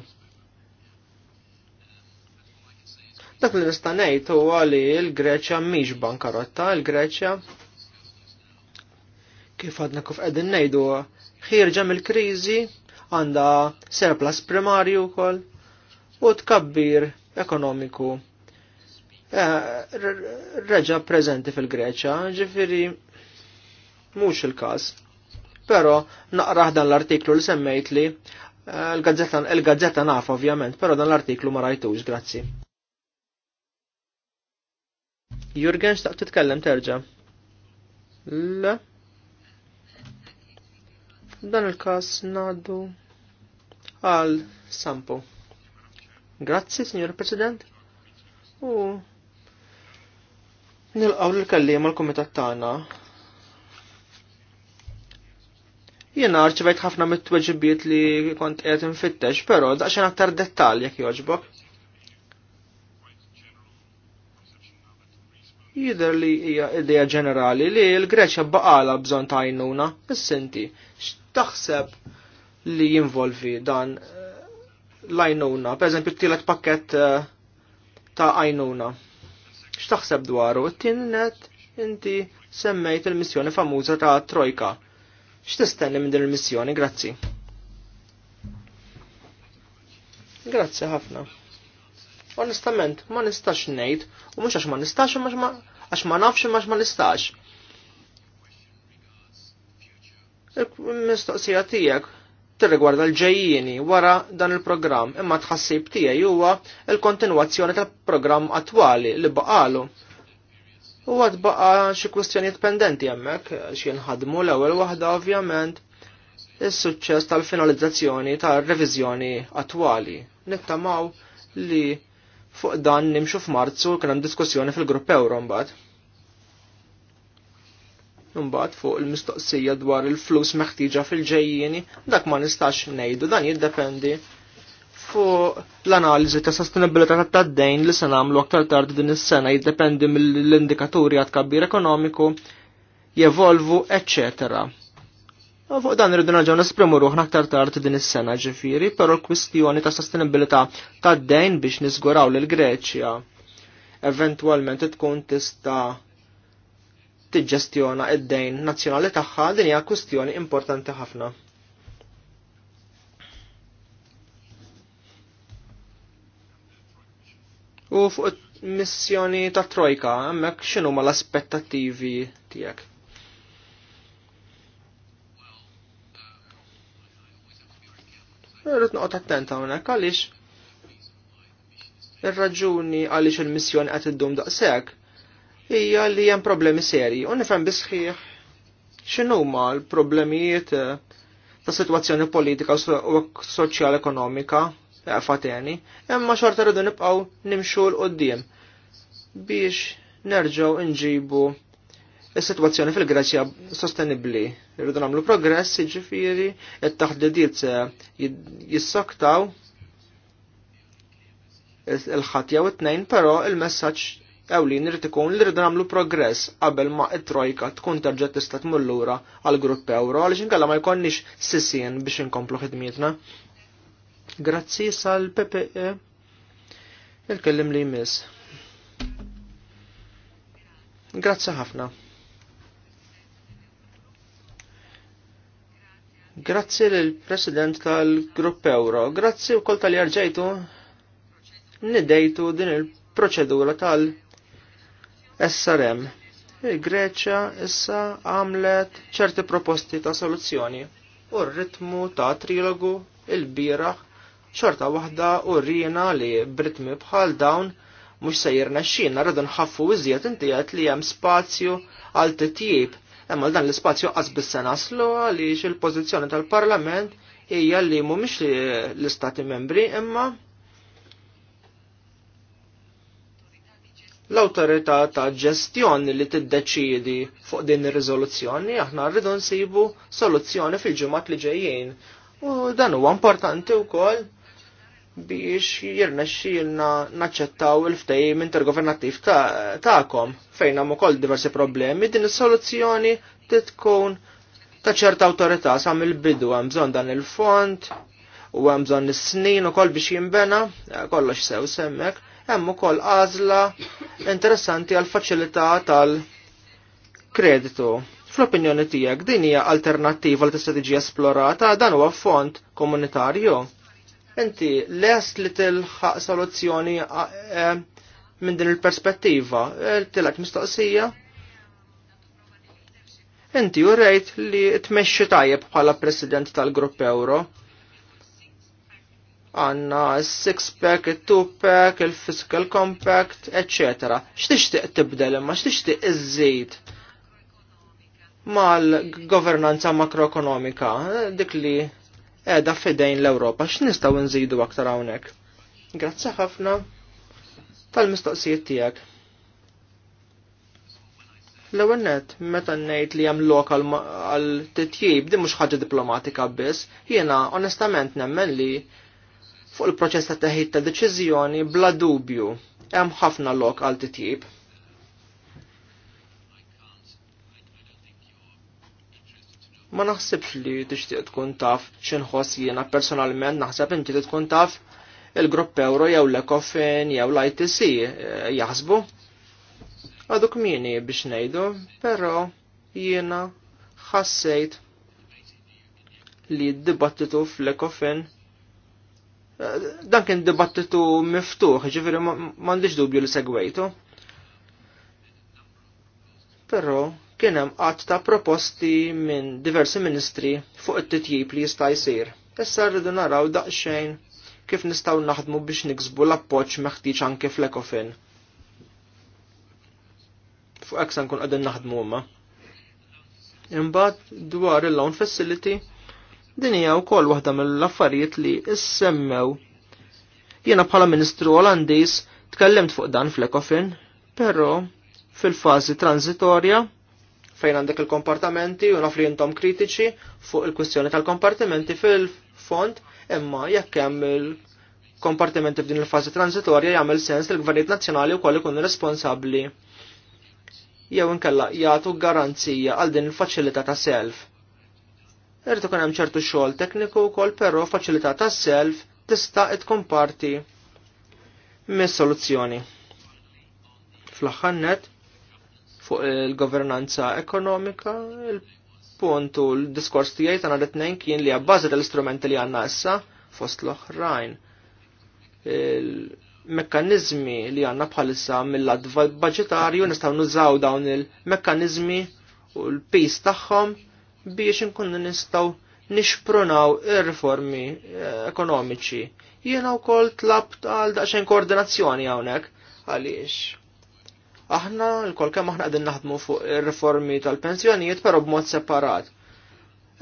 A: Dak li nista' ngħid huwa li l-Greċja bankarotta, il greċja kif għadna kif qegħdin nejdu, ħirġa mill-kriżi għandha surplus primarju wkoll u tkabbir ekonomiku eh, reġa preżenti fil-Greċja, ġifiri mhux il-każ. Però naqraħ dan l-artiklu li semmejt li eh, il-gazzetta naf ovvjament, però dan l-artiklu ma rajtux, grazzi. Jurgen, xtaq titkellem terġa? Le? Dan il-kas naddu għal Sampo. Grazzi, Signor President. U nil-għaw l-kallim għal-komitat tagħna. Jiena arċivajt ħafna mit-tweġibiet li kont qed infittex, però daqsxejn aktar dettalji jekk jogħġbok. Jider li hija idea ġenerali li l-Greċja baqala bżonn ta' għajnuna, is-sinti, x'taħseb li jinvolvi dan eh, l-għajnuna, per eżempju t-tielet pakket eh, ta' għajnuna. X'taħseb dwaru? t Tinnet inti semmejt il-missjoni famuża ta' Trojka. X'tistenni minn din il-missjoni? Grazzi. Grazzi ħafna. Onestament, ma nistax ngħid, u mhux għax ma nistax, għax ma nafx, għax ma nistax. Il-mistoqsija tiegħek tirrigwarda l ġejjini wara dan il-programm imma tħassib tiegħi huwa l-kontinwazzjoni tal-programm attwali li baqalu. U għad baqa xi kwistjonijiet pendenti hemmhekk xi nħadmu l-ewwel waħda ovvjament is-suċċess tal-finalizzazzjoni tar-reviżjoni attwali. Nittamaw li fuq dan nimxu f'Marzu kien hemm diskussjoni fil-Grupp Euro mbagħad. Numbat fuq il-mistoqsija dwar il-flus meħtieġa fil-ġejjieni, dak ma nistax ngħidu, dan jiddependi fuq l-analiżi ta' sostenibilità ta' tad-dejn li se nagħmlu aktar tard din is-sena jiddependi mill-indikaturi għad kabbir ekonomiku, jevolvu, eċċetera. Fuq dan irridu naġaw nesprimu ruħna aktar tard din is-sena ġifieri, però l-kwistjoni ta' sostenibilità tad-dejn biex niżguraw l Greċja eventwalment tkun tista' tiġġestjona id-dejn nazzjonali tagħha din hija kwistjoni importanti ħafna. U fuq missjoni ta' Trojka, hemmhekk x'inhu ma l-aspettattivi tiegħek? Rrid noqgħod attenta hawnhekk għaliex ir-raġuni għaliex il-missjoni qed iddum daqshekk hija li hemm problemi serji u nifhem bisħiħ x'inhuma l-problemijiet eh, ta' sitwazzjoni politika u soċjal ekonomika eh, fateni, imma xorta rridu nibqgħu nimxu l qoddim biex nerġgħu nġibu is-sitwazzjoni fil-Greċja sostenibbli. Irridu nagħmlu progress, jiġifieri, it-taħdidiet eh, jissaktaw il-ħatja u t-nejn, pero il-messaġġ li irid ikun li rridu nagħmlu progress qabel ma t-trojka tkun terġa' tista' tmur lura għal grupp euro għaliex inkella ma jkollniex sissien biex inkomplu ħidmietna. Grazzi sal PPE il-kellim li jmiss. Grazzi ħafna. Grazzi l-President tal-Grupp Euro, grazzi u kol tal-jarġajtu nidejtu din il-proċedura tal- SRM. Il-Greċja e, issa għamlet ċerti proposti ta' soluzzjoni u r-ritmu ta' trilogu il-biraħ xorta waħda u rina li b'ritmi bħal dawn mux sejjer naxxin narridu nħaffu iżjed inti qed li hemm spazju għal titjib imma dan l-ispazju qas bis-sena naslu għaliex il-pożizzjoni tal-Parlament hija li mhumiex l-istati membri imma l-autorità ta' ġestjoni li tiddeċidi fuq din ir-riżoluzzjoni aħna rridu nsibu soluzzjoni fil-ġimgħat li ġejjin. U dan huwa importanti wkoll biex jirnexxilna naċċettaw il-ftehim intergovernattiv tagħkom fejn hemm ukoll diversi problemi din is-soluzzjoni titkun ta' ċerta awtorità sa mill-bidu hemm bżonn dan il-font u hemm bżonn is-snin ukoll biex jinbena kollox sew semmek hemm ukoll għażla interessanti għal faċilità tal-kreditu. Fl-opinjoni tiegħek din hija alternattiva l tista' tiġi esplorata dan huwa fond komunitarju. Inti lest li tilħaq soluzzjoni e, minn din il-perspettiva, e, tilek mistoqsija. Inti u rejt li tmexxi tajjeb bħala president tal-Grupp Euro għanna six-pack, il-two-pack, il-fiscal compact, etc. X'tixtieq tibdel imma x'tixtieq iżżid mal-governanza makroekonomika dik li qiegħda fidejn l-Ewropa x'nistgħu nżidu aktar hawnhekk. Grazzi ħafna tal-mistoqsijiet tiegħek. L-ewwel nett, meta ngħid li hemm lokal għal titjib din mhux ħaġa diplomatika biss, jiena onestament nemmen li Fuq il-proċess ta' teħid ta' deċiżjoni bla dubju hemm ħafna lok għal titjib. Ma naħsibx li tixtieq tkun taf x'inħoss jiena personalment naħseb inti tkun taf il-grupp euro jew l-ECOFIN jew l-ITC eh, jaħsbu. Għadu mini biex nejdu, pero jiena ħassejt li d-dibattitu fl-ECOFIN Dan kien dibattitu miftuħ, ġifiri m'għandix dubju li segwejtu. Però kien hemm qatt ta' proposti minn diversi ministri fuq it-titjib li jista' jsir. Issa rridu naraw daqsxejn kif nistgħu naħdmu biex niksbu l-appoġġ meħtieġ anke fl Fuq hekk se nkun qegħdin naħdmu huma. Imbagħad dwar il-loan facility Din hija wkoll waħda mill-affarijiet li issemmew. Jiena bħala Ministru Olandiż tkellimt fuq dan fl-Ecofin, però fil-fażi transitorja fejn għandek il-kompartamenti u naf li jintom kritiċi fuq il-kwistjoni tal-kompartimenti fil-fond, imma jekk hemm il-kompartimenti f'din il-fażi transitorja jagħmel sens li l-gvernijiet nazzjonali wkoll ikun responsabbli jew inkella jagħtu garanzija għal din il-faċilità ta' self Irrid ikun hemm ċertu xogħol tekniku wkoll però faċilità tas-self tista' tkun komparti mis-soluzzjoni. Fl-aħħar fuq il-governanza ekonomika, il-punt u l-diskors tiegħi tagħna l-tnejn kien li għabbażi tal-istrumenti li għandna issa fost l-oħrajn. Il-mekkanizmi li għandna bħalissa mill-lat budġetarju nistgħu nużaw dawn il-mekkanizmi u l-pis tagħhom biex nkunu nistaw nixpronaw il riformi eh, ekonomiċi. u wkoll tlabt għal daqsxejn koordinazzjoni hawnhekk għaliex. Aħna l-kol kemm aħna qegħdin naħdmu fuq ir-riformi tal-pensjonijiet però b'mod separat.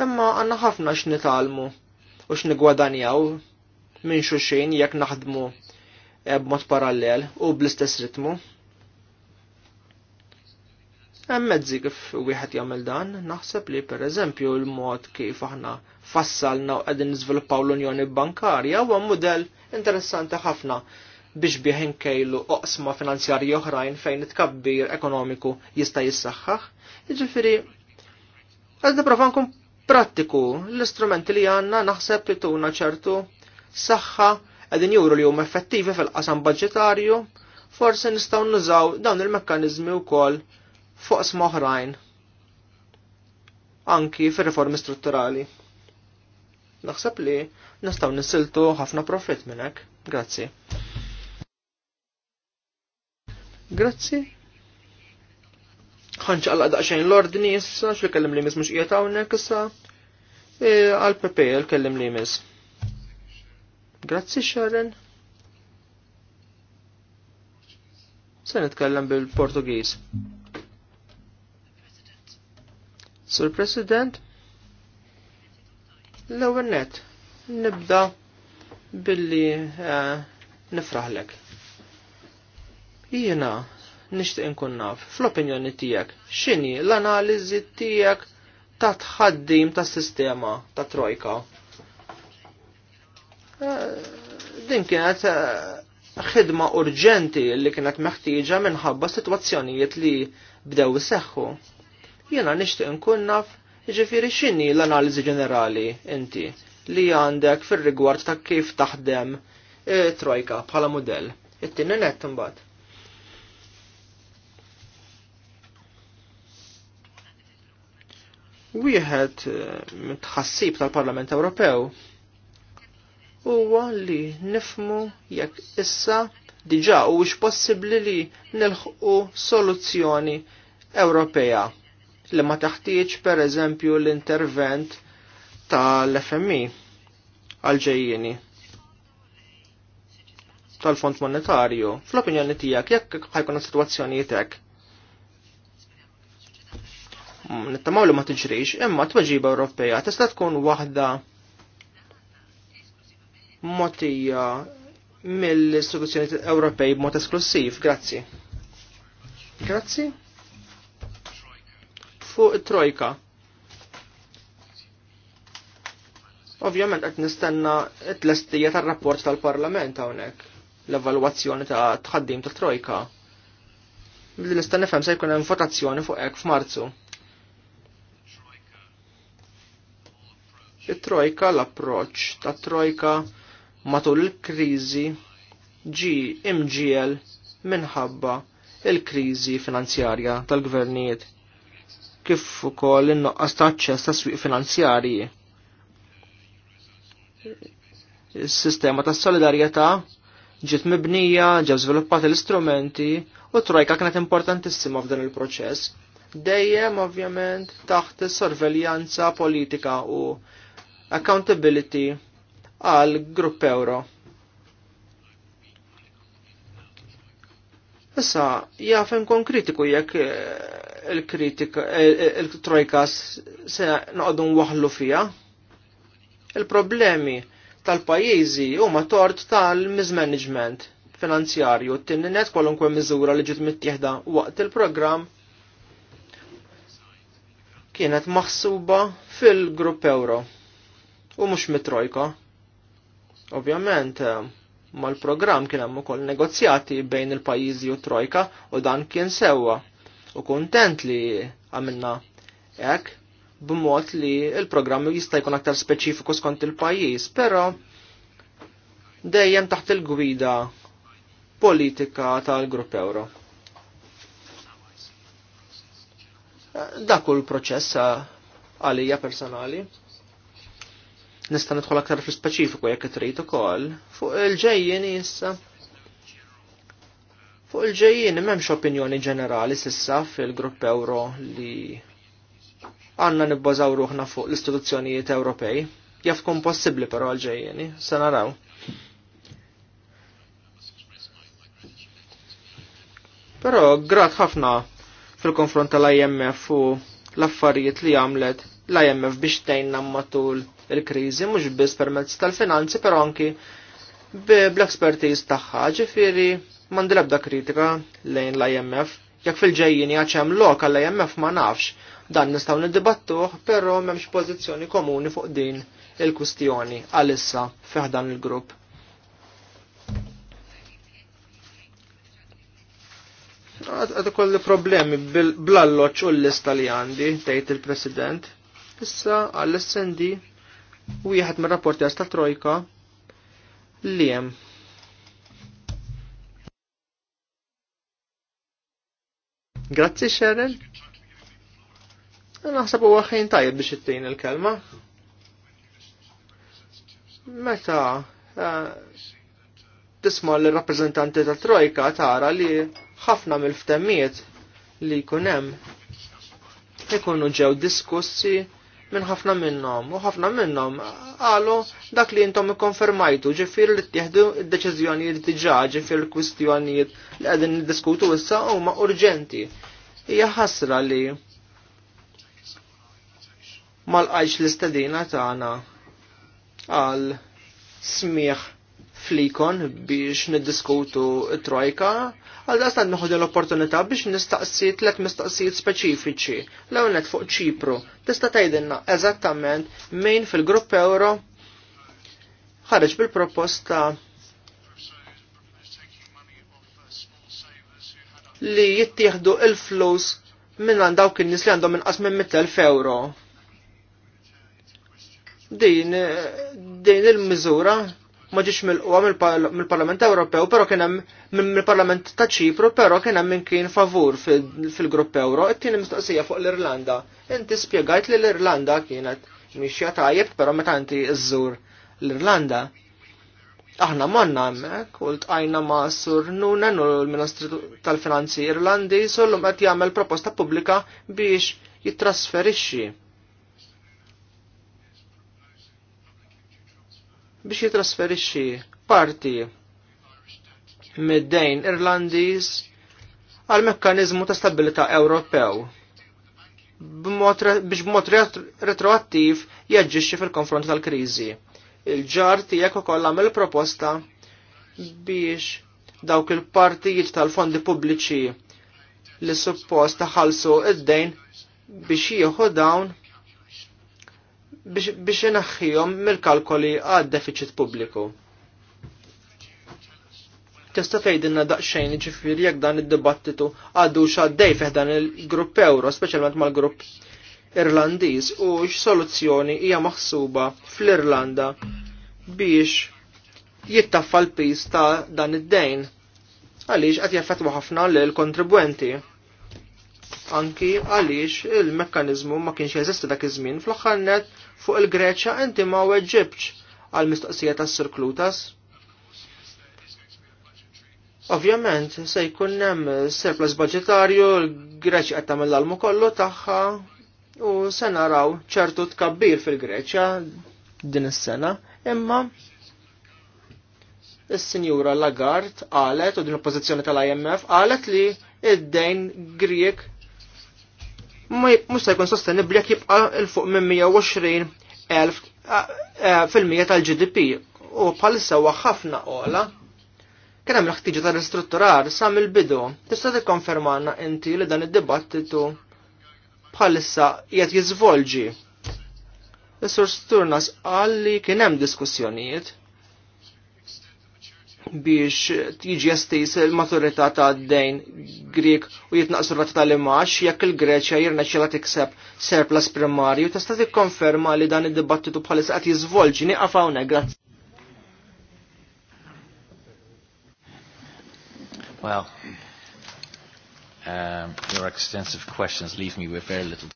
A: Imma għanna ħafna x'nitalmu u x'nigwadanjaw minn xuxin jekk naħdmu eh, b'mod parallel u bl-istess ritmu. Hemm mezzi kif wieħed jagħmel dan, naħseb li pereżempju l-mod kif aħna fassalna u qegħdin niżviluppaw l-Unjoni Bankarja huwa mudell interessanti ħafna biex bih inkejlu oqsma finanzjarji oħrajn fejn it-kabbir ekonomiku jista' jissaħħaħ. Jiġifieri qed nipprova nkun prattiku l-istrumenti li għandna naħseb li tuna ċertu saħħa qegħdin juru li huma effettivi fil-qasam budġetarju, forsi nistgħu nużaw dawn il-mekkaniżmi wkoll fuq smoħrajn anki fir-riformi strutturali. Naħseb li nistaw nisiltu ħafna profit minn hekk. Grazzi. Grazzi. ħanċaqla daqsxejn l-ordni issa xi kellim li mis mhux qiegħed hawnhekk issa e, għal Pepe kellim li mis. Grazzi Sharon. Se nitkellem bil-Portugiż. Sur President, l-ewwel nibda billi eh, nifraħlek. Jiena nixtieq inkun naf fl-opinjoni tiegħek x'inhi l-analiżi tiegħek ta' tħaddim ta' sistema ta' trojka. Eh, din kienet eh, ħidma urġenti li kienet meħtieġa minħabba sitwazzjonijiet li bdew iseħħu. Jena nishtiq nkun naf ġifiri xinni l-analizi ġenerali inti li għandek fil-rigward ta' kif taħdem e, trojka bħala modell. It-tinni net imbagħad. Wieħed e, mitħassib tal-Parlament Ewropew huwa li nifmu jekk issa diġà huwiex possibbli li nilħqu soluzzjoni Ewropea li ma taħtieġ per eżempju l-intervent tal-FMI għal-ġejjini tal-Fond Monetarju. Fl-opinjoni tiegħek jekk ħajkun situazzjoni hekk. Nittamaw li ma tiġrix, imma t-tweġiba Ewropea tista' tkun waħda motija mill-istituzzjoni Ewropej b'mod esklusiv. Grazzi. Grazzi fuq trojka. Ovvjament qed nistenna t-lestija tar-rapport tal-Parlament hawnhekk l-evalwazzjoni ta' tħaddim ta' trojka. Billi nista' nifhem se jkun hemm votazzjoni fuq hekk f'Marzu. It-trojka l-approċċ ta' trojka matul il-kriżi ġi imġiel minħabba il-kriżi finanzjarja tal-gvernijiet kif ukoll in-noqqas ta' aċċess ta' swieq finanzjarji. Is-sistema tas solidarjetà ġiet mibnija, ġew żviluppati l-istrumenti u trojka kienet importantissima f'dan il-proċess. Dejjem ovvjament taħt is-sorveljanza politika u accountability għal grupp euro. Issa, jafem konkritiku kritiku jekk il-kritika, il-trojka se noqogħdu nwaħlu fija. Il-problemi tal-pajjiżi huma tort tal-mismanagement finanzjarju t-tinninet kwalunkwe miżura li ġiet mittieħda waqt il-programm kienet maħsuba fil-grupp euro u mhux mitrojka. Ovvjament, eh, mal-programm kien hemm ukoll negozjati bejn il-pajjiżi u trojka u dan kien sewwa u kontent li għamilna hekk b'mod li il-programm jista' jkun aktar speċifiku skont il-pajjiż, però dejjem taħt il-gwida politika tal-Grupp Euro. Dak kull proċess għalija personali. Nista' nidħol aktar fl speċifiku jekk trid ukoll fuq il-ġejjin issa. Fuq il-ġejjien m'hemmx opinjoni ġenerali sissa fil-grupp Ewro li għandna nibbażaw ruħna fuq l-istituzzjonijiet Ewropej. Jaf tkun possibbli però għal-ġejjieni, se naraw. Però grat ħafna fil-konfront tal-IMF u l-affarijiet li għamlet l-IMF biex tejna matul il-krizi, mux biss permezz tal-finanzi, però anki bl-expertiz taħħa, ġifiri mandi lebda kritika lejn l-IMF, jekk fil-ġejjini għaċem lok l imf ma nafx, dan nistaw nid-dibattuħ, pero memx pozizjoni komuni fuq din il-kustjoni għalissa fiħdan il-grupp. Għad kolli problemi bl-alloċ u l-lista li għandi, tejt il-president. Issa għall-SND u jħed mir rapporti għasta trojka li jem Grazzi, Sharon. Naħseb huwa għaxin tajjeb biex it-tejn il-kelma. Meta eh, tisma' l-rappreżentanti ta' Trojka tara li ħafna mill-ftemmiet li jkun hemm ikunu ġew diskussi minn ħafna minnhom u ħafna minnhom qalu dak li intom ikkonfermajtu ġifier li tieħdu d deċiżjonijiet li diġà ġifier l-kwistjonijiet li qegħdin niddiskutu issa huma urġenti. Hija ħasra li mal-qajx l-istedina tagħna għal smieħ flikon biex niddiskutu trojka, għal dastan nħodu l-opportunità biex nistaqsi tlet mistaqsijiet speċifiċi l għonet fuq ċipru. Tista' tgħidilna eżattament min fil-grupp euro ħareġ bil-proposta li jittieħdu il-flus minn għand dawk in-nies li għandhom inqas minn 100,000 euro. Din din il-miżura ma ġiex milquha mill-Parlament Ewropew, però kien hemm mill-Parlament ta' Ċipru, però kien hemm min kien favur fil-grupp Ewro. It-tieni mistoqsija fuq l-Irlanda. Inti spjegajt li l-Irlanda kienet mixja tajjeb, però meta inti żżur l-Irlanda. Aħna monna hemmhekk u tqajna ma' Sur Nunen u l-Ministru tal-Finanzi Irlandi sollum qed jagħmel proposta pubblika biex jittrasferixxi biex jitrasferixxi parti mid-dejn Irlandiż għal mekkaniżmu ta' stabilità Ewropew biex b'mod retroattiv jaġġixxi fil-konfront tal-kriżi. Il-ġar tiegħek ukoll għamel proposta biex dawk il-partijiet tal-fondi pubbliċi li suppost taħalsu id-dejn biex jieħu dawn biex inaħħihom mill-kalkoli għad deficit pubbliku. Tista' tgħidilna daqsxejn ġifieri jekk dan id-dibattitu għadu x'għaddej fih dan il-grupp Ewro, speċjalment mal-grupp Irlandiż u soluzzjoni hija maħsuba fl-Irlanda biex jittaffa l-pis ta' dan id-dejn għaliex qed jaffettwa ħafna lil kontribwenti anki għaliex il mekkaniżmu ma kienx jeżisti dak iż-żmien fl-aħħar net fuq il-Greċja inti ma weġġibx għal mistoqsija tas Sir Klutas. Ovvjament se jkun hemm surplus budgetarju, il-Greċja qed tagħmel l-almu kollu tagħha u se naraw ċertu tkabbir fil-Greċja din is-sena, imma is-Sinjura Lagard qalet u din il-pożizzjoni tal-IMF qalet li id-dejn Grieg mux se jkun sostenibli jekk jibqa il-fuq minn 120.000 elf e, fil-mija tal-GDP u bħal sewa ħafna ola kien hemm l-ħtiġa ta' ristrutturar sa mill-bidu. Tista' tikkonfermanna inti li dan id-dibattitu bħalissa qiegħed jiżvolġi. Is-Sur Sturnas qal li kien hemm diskussjonijiet biex tiġi estis il-maturità ta' d-dejn Grek u jitnaqsu rata tal-imax jekk il-Greċja jirna xela tikseb serplas primarju tista' tikkonferma li dan id-dibattitu bħalis qed jiżvolġi nieqaf hawnhekk grazzi. Well,
C: um, your extensive questions leave me with very little.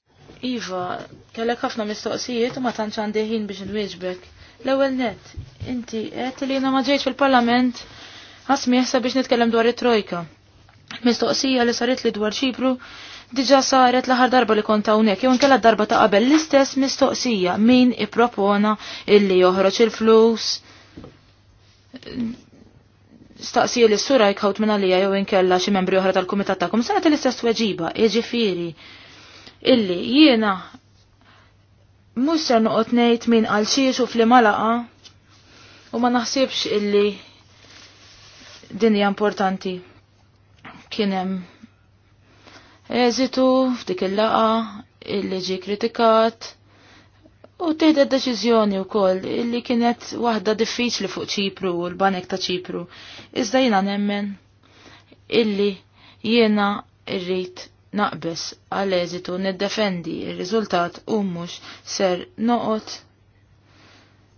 C: Iva, kellek ħafna mistoqsijiet u ma tantx għandi ħin biex nwieġbek. L-ewwel net, Inti, qed li jiena ma fil-parlament jessa biex nitkellem dwar it-trojka. Mistoqsija li saret li dwar ċipru diġa saret l-aħħar darba li kont hawnhekk jew nkella darba ta' qabel l-istess mistoqsija min ippropona illi joħroġ il-flus. Staqsija li s-sura jkawt minn għalija jew nkella xi membri oħra tal-kumitat tagħkom saret l-istess weġiba, jiġifieri illi jiena mhux ser noqgħod ngħid min għal xiex u fl laqa u ma naħsibx illi din hija importanti. Kien hemm eżitu f'dik il-laqa illi ġi kritikat u teħda deċiżjoni wkoll illi kienet waħda diffiċli fuq Ċipru u l-banek ta' Ċipru. Iżda jiena nemmen illi jiena irrit naqbes għal eżitu niddefendi il riżultat u mhux ser noqgħod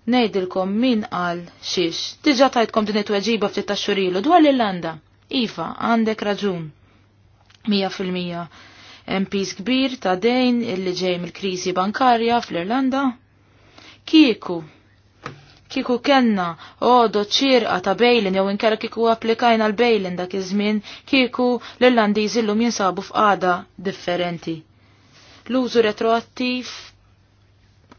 C: Nejdilkom min qal xiex. Diġa tajtkom din it-tweġiba ftit tax-xurilu dwar l-Irlanda. Iva, għandek raġun. Mija fil-mija. MPs kbir ta' dejn illi ġej mill-kriżi bankarja fl-Irlanda. Kieku. Kieku kenna odo ċirqa ta' bejlin jew inkella kieku applikajna l-bejlin dak iż-żmien, kieku l-Irlandiżi llum jinsabu f'qada differenti. L-użu retroattiv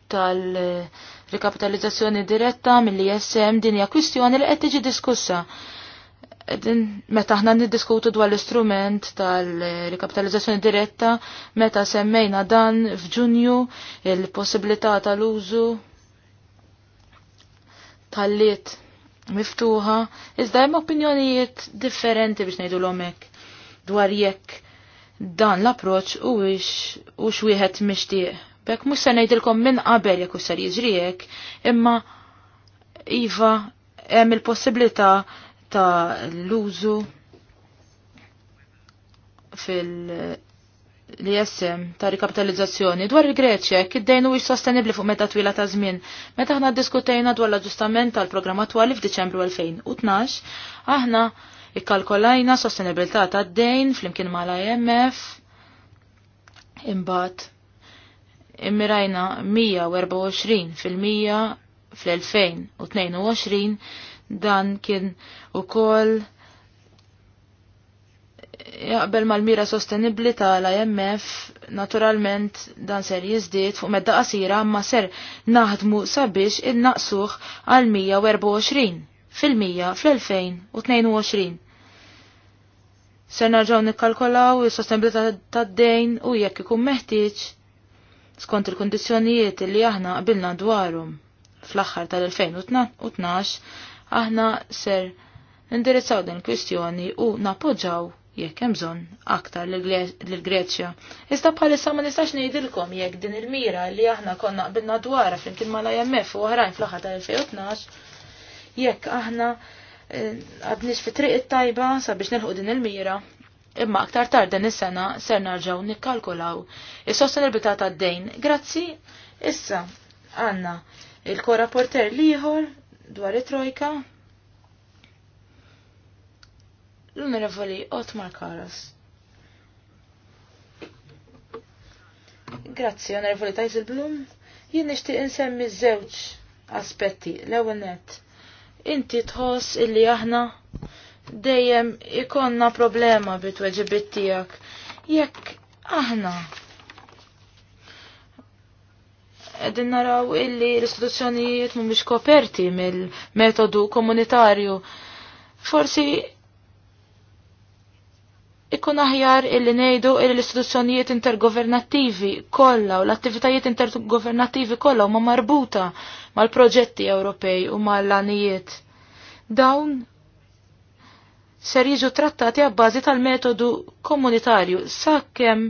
C: tal- Rikapitalizzazzjoni diretta mill-ISM din hija kwistjoni li qed tiġi diskussa. Din meta aħna niddiskutu dwar l-istrument tal-rikapitalizzazzjoni diretta, meta semmejna dan f'Ġunju il-possibilità tal-użu tal-liet miftuħa, iżda hemm opinjonijiet differenti biex ngħidu l-omek dwar jekk dan l-approċ u wieħed mixtieq Bekk mhux se ngħidilkom minn qabel jekk sar jiġri imma iva hemm il-possibilità ta' l-użu fil- ism ta' rikapitalizzazzjoni dwar il-Greċja kiddejnu ix sostenibli fuq meta twila ta' żmien. Meta aħna ddiskutejna dwar l-aġġustament tal-programm attwali f'Diċembru 2012, aħna ikkalkolajna sostenibilità tad-dejn flimkien mal-IMF imbagħad immirajna 124 fil 100 fl-2022 dan kien ukoll jaqbel mal-mira sostenibli tal-IMF, naturalment dan ser jizdiet fuq medda qasira ma ser naħdmu sabiex innaqsuh għal 124 fil 100 fl-2022. Ser narġaw nikkalkolaw is sostenibilità tad-dejn u jekk ikun meħtieġ skont il-kondizjonijiet li aħna qabilna dwarhom fl-aħħar tal-2012 aħna ser nindirizzaw din kwistjoni u napoġġaw jekk hemm bżonn aktar lill Greċja. Iżda bħalissa ma nistax ngħidilkom jekk din il-mira li aħna konna qbilna dwarha flimkien mal-IMF u oħrajn fl-aħħar tal-2012 jekk aħna eh, għadniex fi triq it-tajba sabiex nilħu din il-mira imma aktar tard din is-sena ser narġaw nikkalkulaw is-sostenibilità tad-dejn. Grazzi, issa għandna il-korrapporter liħor dwar it-trojka l-onorevoli Otmar Karas. Grazzi, onorevoli Tajsil Blum. Jien nixtieq insemmi żewġ aspetti l-ewwel nett. Inti tħoss illi aħna dejjem ikonna problema bit-tweġibit tiegħek. Jekk aħna Qegħdin naraw illi l-istituzzjonijiet mhumiex koperti mill-metodu komunitarju. Forsi ikun aħjar illi ngħidu illi l-istituzzjonijiet intergovernattivi kollha u l-attivitajiet intergovernattivi kollha huma marbuta mal-proġetti Ewropej u mal-lanijiet. Dawn ser jiġu trattati għabbażi tal-metodu komunitarju sakkem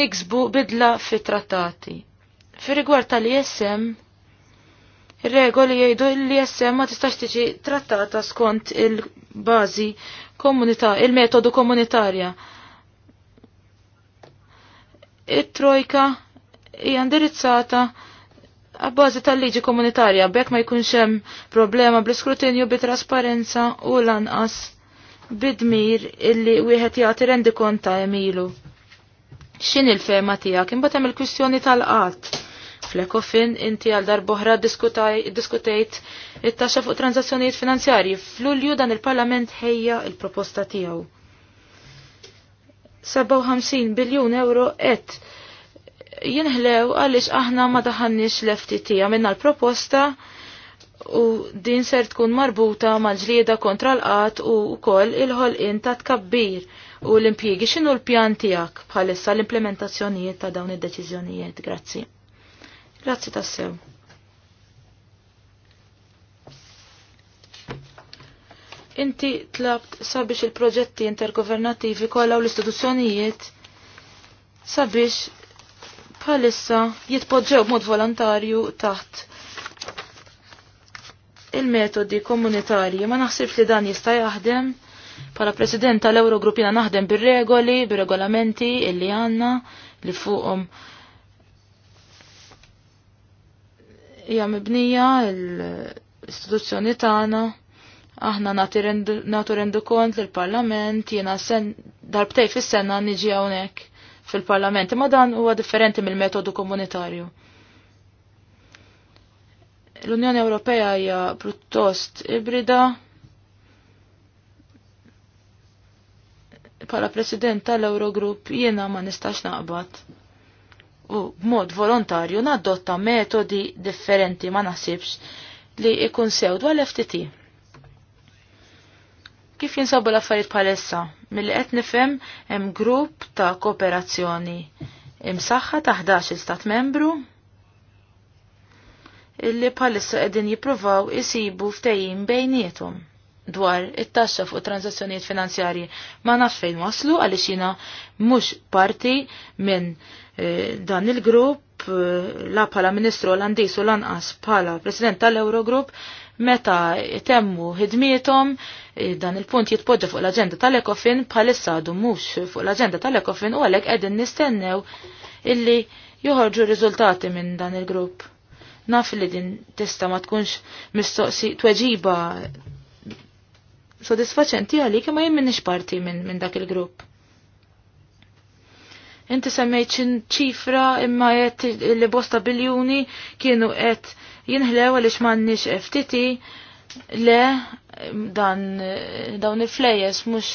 C: niksbu bidla fi trattati. Fi rigward tal-ISM, regoli jgħidu l-ISM ma tistax tiġi trattata skont il-bażi komunità, il-metodu komunitarja. It-trojka hija indirizzata għabbażi tal-liġi komunitarja, bekk ma jkunx hemm problema bl-iskrutinju bi trasparenza u lanqas bidmir illi wieħed jagħti rendi konta emilu. X'in il-fema tiegħek imbagħad hemm il-kwistjoni tal-qatt. Flekofin inti għal darboħra diskutejt it-taxxa fuq tranzazzjonijiet finanzjarji. F'Lulju dan il-Parlament ħejja il-proposta tiegħu. 57 biljun euro qed jinħlew għaliex aħna ma daħannix l-FTT għamilna l-proposta u din ser tkun marbuta mal-ġlieda kontra l-qat u wkoll il-ħolqien ta' tkabbir u l impiegi x'inhu l-pjan tiegħek bħalissa l-implementazzjonijiet ta' dawn id-deċiżjonijiet. Grazzi. Grazzi tassew. Inti tlabt sabiex il-proġetti intergovernativi kollha u l-istituzzjonijiet sabiex bħalissa jitpoġġew b'mod volontarju taħt il-metodi komunitarji ma naħsib li dan jista' jaħdem bħala president tal-Eurogrupp jina naħdem bir-regoli, bir-regolamenti illi għanna li fuqhom hija mibnija l-istituzzjoni tagħna. Aħna nagħtu rendu kont lill-Parlament, jiena sen darbtej fis-sena niġi hawnhekk fil-Parlament, imma dan huwa differenti mill-metodu komunitarju. L-Unjoni Ewropea hija pjuttost ibrida. Pala president tal-Eurogrupp jiena ma nistax naqbad. U b'mod volontarju nadotta metodi differenti ma naħsibx li ikun sew dwar l-FTT. Kif jinsabu l-affarijiet bħalissa? Mill-li qed nifhem hemm grupp ta' kooperazzjoni imsaħħa ta' 11 stat membru illi bħalissa qegħdin jippruvaw isibu ftehim bejnietum. dwar it-taxxa fuq transazzjonijiet finanzjarji ma nafx fejn waslu għaliex jiena mhux parti minn eh, dan il-grupp eh, la bħala Ministru Olandis u lanqas bħala President tal-Eurogrupp meta temmu ħidmietom eh, dan il-punt jitpoġġa fuq l-aġenda tal-Ekofin bħalissa għadu mhux fuq l-aġenda tal-Ekofin u għalhekk qegħdin nistennew illi joħorġu riżultati minn dan il-grupp. Naf li din tista ma tkunx mistoqsi tweġiba sodisfaċenti għalik ma jien minnix parti minn min dak il-grupp. Inti semmejt ċifra imma jett li bosta biljuni kienu qed jinħlew għaliex m'għandniex FTT le dan dawn il-flejes mhux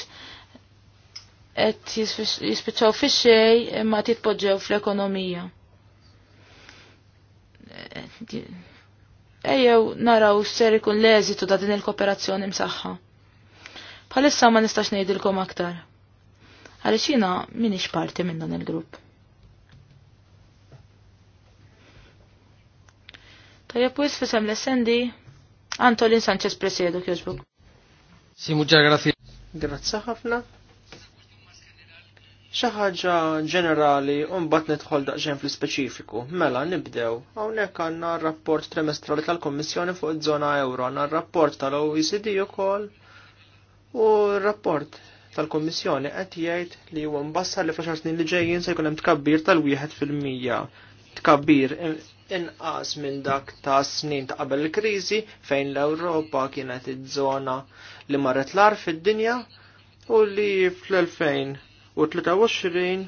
C: qed jispiċċaw fix imma titpoġġew fl-ekonomija ejjew naraw ser ikun leżitu ta' din il-kooperazzjoni msaħħa. Bħalissa ma nistax ngħidilkom aktar. Għaliex jiena m'iniex parti minn dan il-grupp. Tajjeb wis fisem l-essendi Antolin Sanchez Presedo kjoġbuk.
A: Simu muġa grazie. Grazie ħafna xi ħaġa ġenerali u mbagħad nitħol daqsxejn fil speċifiku Mela nibdew hawnhekk għandna r-rapport trimestrali tal-Kummissjoni fuq id-zona euro, għandna r-rapport tal-OECD ukoll u r-rapport tal-Kommissjoni qed jgħid li huwa mbassar li fl snin li ġejjin se jkun hemm tkabbir tal-1 fil-mija. Tkabbir inqas minn dak ta' snin ta' qabel il-kriżi fejn l-Ewropa kienet iż-żona li marret l-ar fid-dinja u li fl-2000 u 23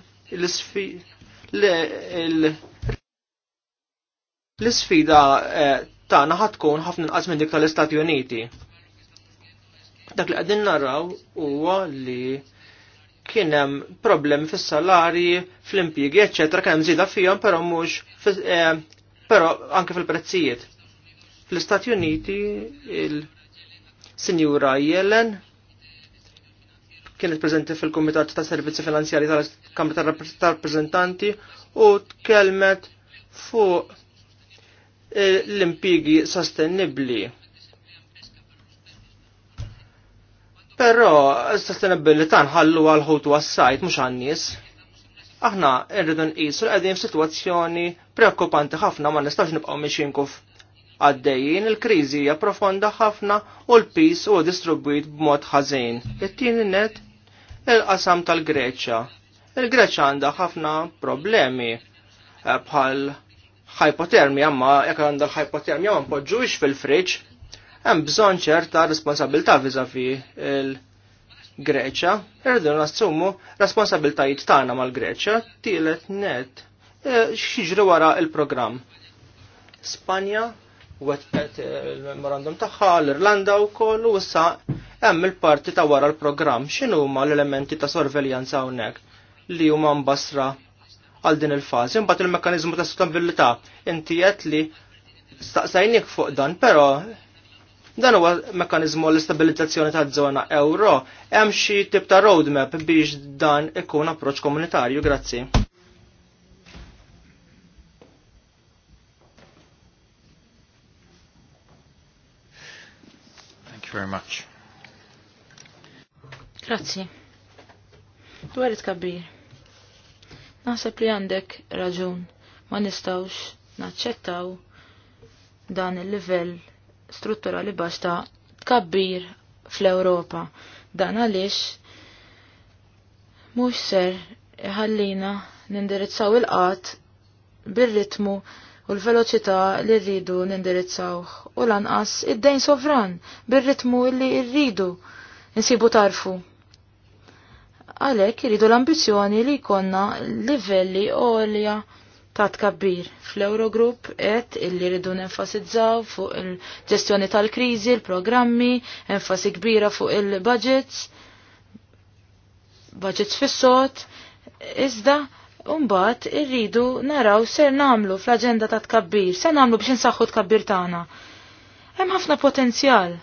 A: l-sfida eh, tagħna ħad tkun ħafna inqas minn dik tal-Istati Uniti. Dak li qegħdin naraw huwa li kien hemm problemi fis-salarji, fl-impjiegi, eccetera, kienem hemm fijom, fihom, però mhux eh, anke fil-prezzijiet. Fl-Istati Uniti il-Sinjura Jelen kienet preżenti fil-Kumitat ta' Servizzi Finanzjari tal-Kamra tal-Rappreżentanti u tkellmet fuq eh, l-impigi sostenibli. Però s-sostenibilità nħallu għal-ħutu għas-sajt mhux għan-nies aħna irridu nqisu qegħdin f'sitwazzjoni preokkupanti ħafna ma nistax nibqgħu mixin kuf għaddejjin il-kriżi hija profonda ħafna u l-pis huwa distribwit b'mod ħażin. It-tieni net il-qasam tal-Greċja. Il-Greċja għandha ħafna problemi eh, bħal ħajpotermi għamma jekk għandha l ħajpotermi ma npoġġux fil-friġġ, hemm bżonn ċerta responsabilità viż-fi il-Greċja, irridu nassumu responsabiltajiet tagħna mal-Greċja tilet net eh, xieġri wara il-programm. Spanja wetqet il-memorandum tagħha l-Irlanda wkoll u issa hemm il-parti ta' wara l-programm xinu ma l-elementi ta' sorveljanza hawnhekk li huma mbasra għal din il-fażi. Imbagħad il mekanizmu ta' sostenibilità inti qed li staqsajnik fuq dan, però dan huwa mekanizmu l-istabilizzazzjoni ta' żona euro, hemm xi tip ta' roadmap biex dan ikun approċċ komunitarju, grazzi.
C: you very much. Grazzi. Dwar it-kabbir. Naħseb li għandek raġun ma nistawx naċċettaw dan il-livell strutturali baxx ta' tkabbir fl-Ewropa. Dan għaliex mhux ser iħallina nindirizzaw il-qat bil ritmu u l-veloċità li rridu nindirizzawh u lanqas id-dejn sovran bir-ritmu li rridu nsibu tarfu. Għalhekk rridu l-ambizzjoni li jkollna livelli għolja ta' tkabbir. Fl-Eurogroup et illi rridu nenfasizzaw fuq il-ġestjoni tal-kriżi, il-programmi, enfasi kbira fuq il-budgets, budgets fis-sot, iżda Umbat irridu naraw ser namlu fl-agenda ta' tkabbir, ser namlu biex nsaxħu tkabbir tagħna. Hemm ħafna potenzjal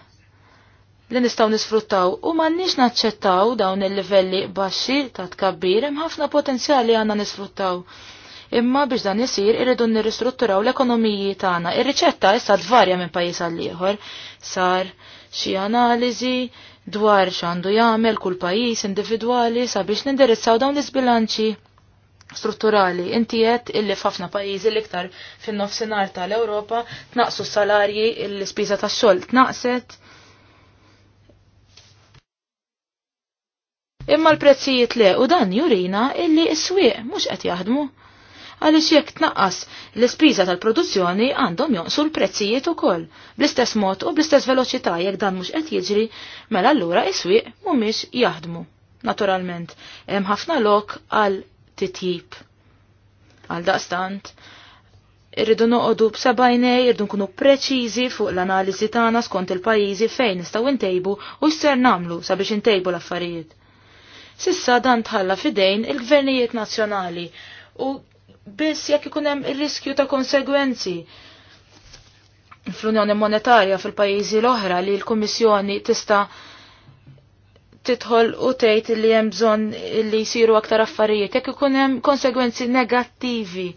C: li nistgħu nisfruttaw u m'għandniex naċċettaw dawn il-livelli baxxi ta' tkabbir hemm ħafna potenzjal li għandna nisfruttaw. Imma biex dan isir irridu nirristrutturaw l-ekonomiji tagħna. Ir-riċetta issa tvarja minn pajjiż għal ieħor. Sar xi analiżi dwar x'għandu jagħmel kull pajjiż individwali sabiex nindirizzaw dawn l-isbilanċi strutturali. Inti illi f'ħafna pajjiżi l-iktar fin-nofsinhar tal-Ewropa tnaqsu s-salarji l-ispiża tax-xogħol tnaqset. Imma l-prezzijiet le u dan jurina illi s-swieq mhux qed jaħdmu. Għaliex jekk tnaqqas l-ispiża tal-produzzjoni għandhom jonqsu l-prezzijiet ukoll bl-istess mod u bl-istess veloċità jekk dan mhux qed jiġri, mela allura is-swieq mhumiex jaħdmu. Naturalment, hemm ħafna lok għal titjib. Għal daqstant, irridu noqogħdu b'sebajnej, irridu nkunu preċiżi fuq l-analiżi tagħna skont il-pajjiżi fejn nistgħu intejbu u x'ser nagħmlu sabiex intejbu l-affarijiet. Sissa dan tħalla fidejn il-gvernijiet nazzjonali u biss jekk ikun hemm ir-riskju ta' konsegwenzi fl-Unjoni Monetarja fil-pajjiżi l-oħra li l-Kummissjoni tista' titħol u tgħid li hemm bżonn li jsiru aktar affarijiet, jekk ikun hemm konsegwenzi negattivi.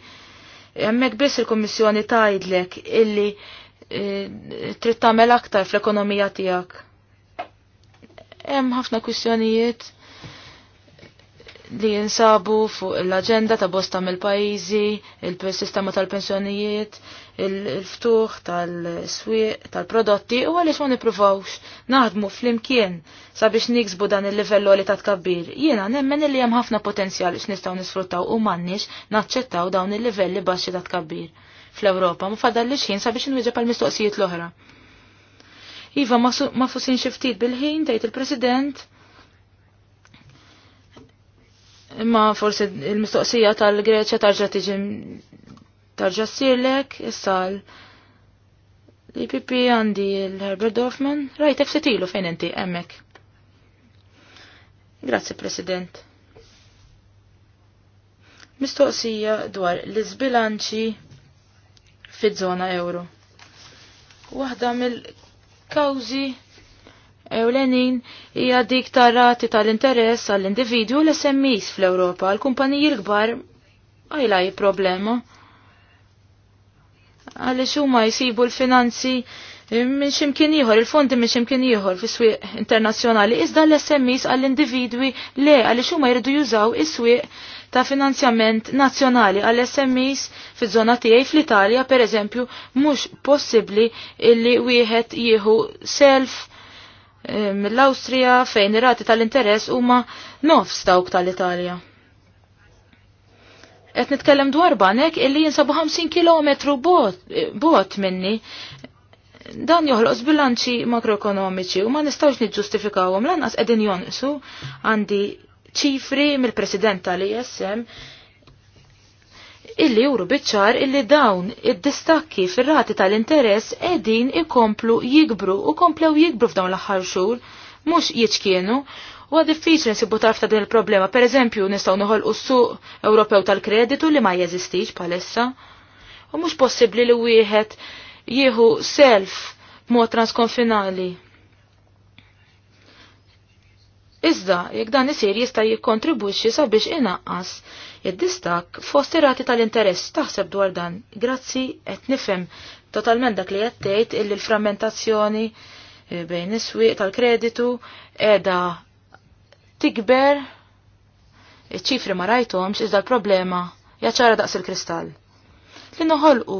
C: Hemmhekk biss il-Kummissjoni tgħidlek illi eh, trid tagħmel aktar fl-ekonomija tiegħek. Hemm ħafna kwistjonijiet li jinsabu fuq l-agenda ta' bosta mill pajizi il-sistema tal-pensjonijiet, il-ftuħ tal-swieq, tal-prodotti, u għalix ma nipruvawx naħdmu fl-imkien sabiex niksbu dan il-livell li ta' tkabbir. Jiena nemmen li hemm ħafna potenzjal biex nistgħu nisfruttaw u m'għandniex naċċettaw dawn il-livelli baxxi ta' tkabbir fl-Ewropa, ma fadallix ħin sabiex inwieġeb għal-mistoqsijiet l-oħra. Iva, ma fusin xiftit bil-ħin, tgħid il-President, Imma forsi il-mistoqsija tal-Greċja tarġa tiġi tarġa sirlek, issal. L-IPP għandi l-Herbert Dorfman, rajt tilu fejn inti, emmek. Grazie, President. Mistoqsija dwar l-izbilanċi fid-żona euro. Waħda mill-kawzi ewlenin hija dik tar-rati tal-interess għall-individwu l semmis fl-Ewropa, l-kumpaniji l-kbar għajla problema. Għaliex huma jsibu l-finanzi minn ximkien ieħor, il-fondi minn ximkien ieħor fis-swieq internazzjonali, iżda l smis għall-individwi le għaliex huma jridu jużaw is-swieq ta' finanzjament nazzjonali għall smis fiż-żona tiegħi fl-Italja pereżempju mhux possibbli illi wieħed jieħu self Eh, mill-Awstrija fejn ir-rati tal-interess huma nofs dawk tal-Italja. Qed nitkellem dwar banek illi jinsabu 50 km bot, minni dan joħloq bilanċi makroekonomiċi u ma nistgħux niġġustifikawhom lanqas qegħdin jonqsu għandi ċifri mill-President tal-ISM illi juru bitċar illi dawn id-distakki fir-rati tal-interess edin ikomplu jikbru u komplew jikbru f'dawn l-aħħar xhur mhux jiċkienu u għad diffiċli nsibu taf ta' din il-problema. Per eżempju, nistgħu noħolqu s-suq Ewropew tal-kreditu li ma jeżistix palessa. U mhux possibbli li wieħed jieħu self mod transkonfinali. Iżda, jekk dan isir jista' jikkontribwixxi sabiex inaqqas id-distak fost irati tal-interess taħseb dwar dan. Grazzi qed nifhem totalment dak li qed tgħid illi l-frammentazzjoni eh, bejn is-swieq tal-kreditu edha tikber iċ-ċifri ma rajthomx iżda l-problema jaċara daqs il-kristall. Li noħolqu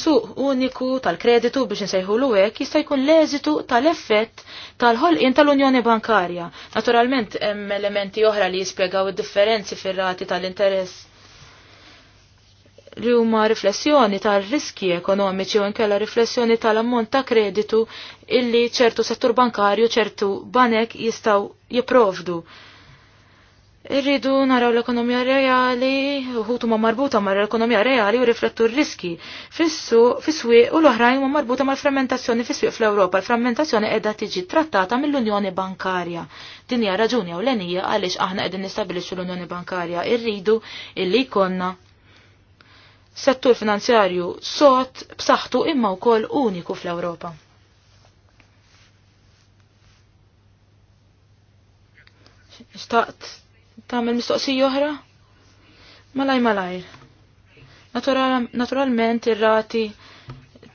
C: suq uniku tal-kreditu biex nsejħulu hekk jista' jkun l-eżitu tal-effett tal-ħolqien tal-Unjoni Bankarja. Naturalment hemm elementi oħra li jispjegaw id-differenzi fir-rati tal-interess li huma riflessjoni tal-riski ekonomiċi u nkella riflessjoni tal-ammont ta' kreditu illi ċertu settur bankarju ċertu banek jistaw jiprovdu. Irridu naraw l-ekonomija reali, uħutu ma marbuta mar l-ekonomija reali u riflettu r-riski fis-swieq u l-oħrajn ma marbuta mal frammentazzjoni fis-swieq fl-Ewropa. L-frammentazzjoni qiegħda tiġi trattata mill-Unjoni Bankarja. Din hija raġuni ewlenija għaliex aħna qegħdin nistabilixxu l-Unjoni Bankarja. Irridu illi jkollna settur finanzjarju sot b'saħħtu imma wkoll uniku fl-Ewropa. Xtaqt tagħmel mistoqsija oħra? Malaj malaj. Natural, naturalment ir-rati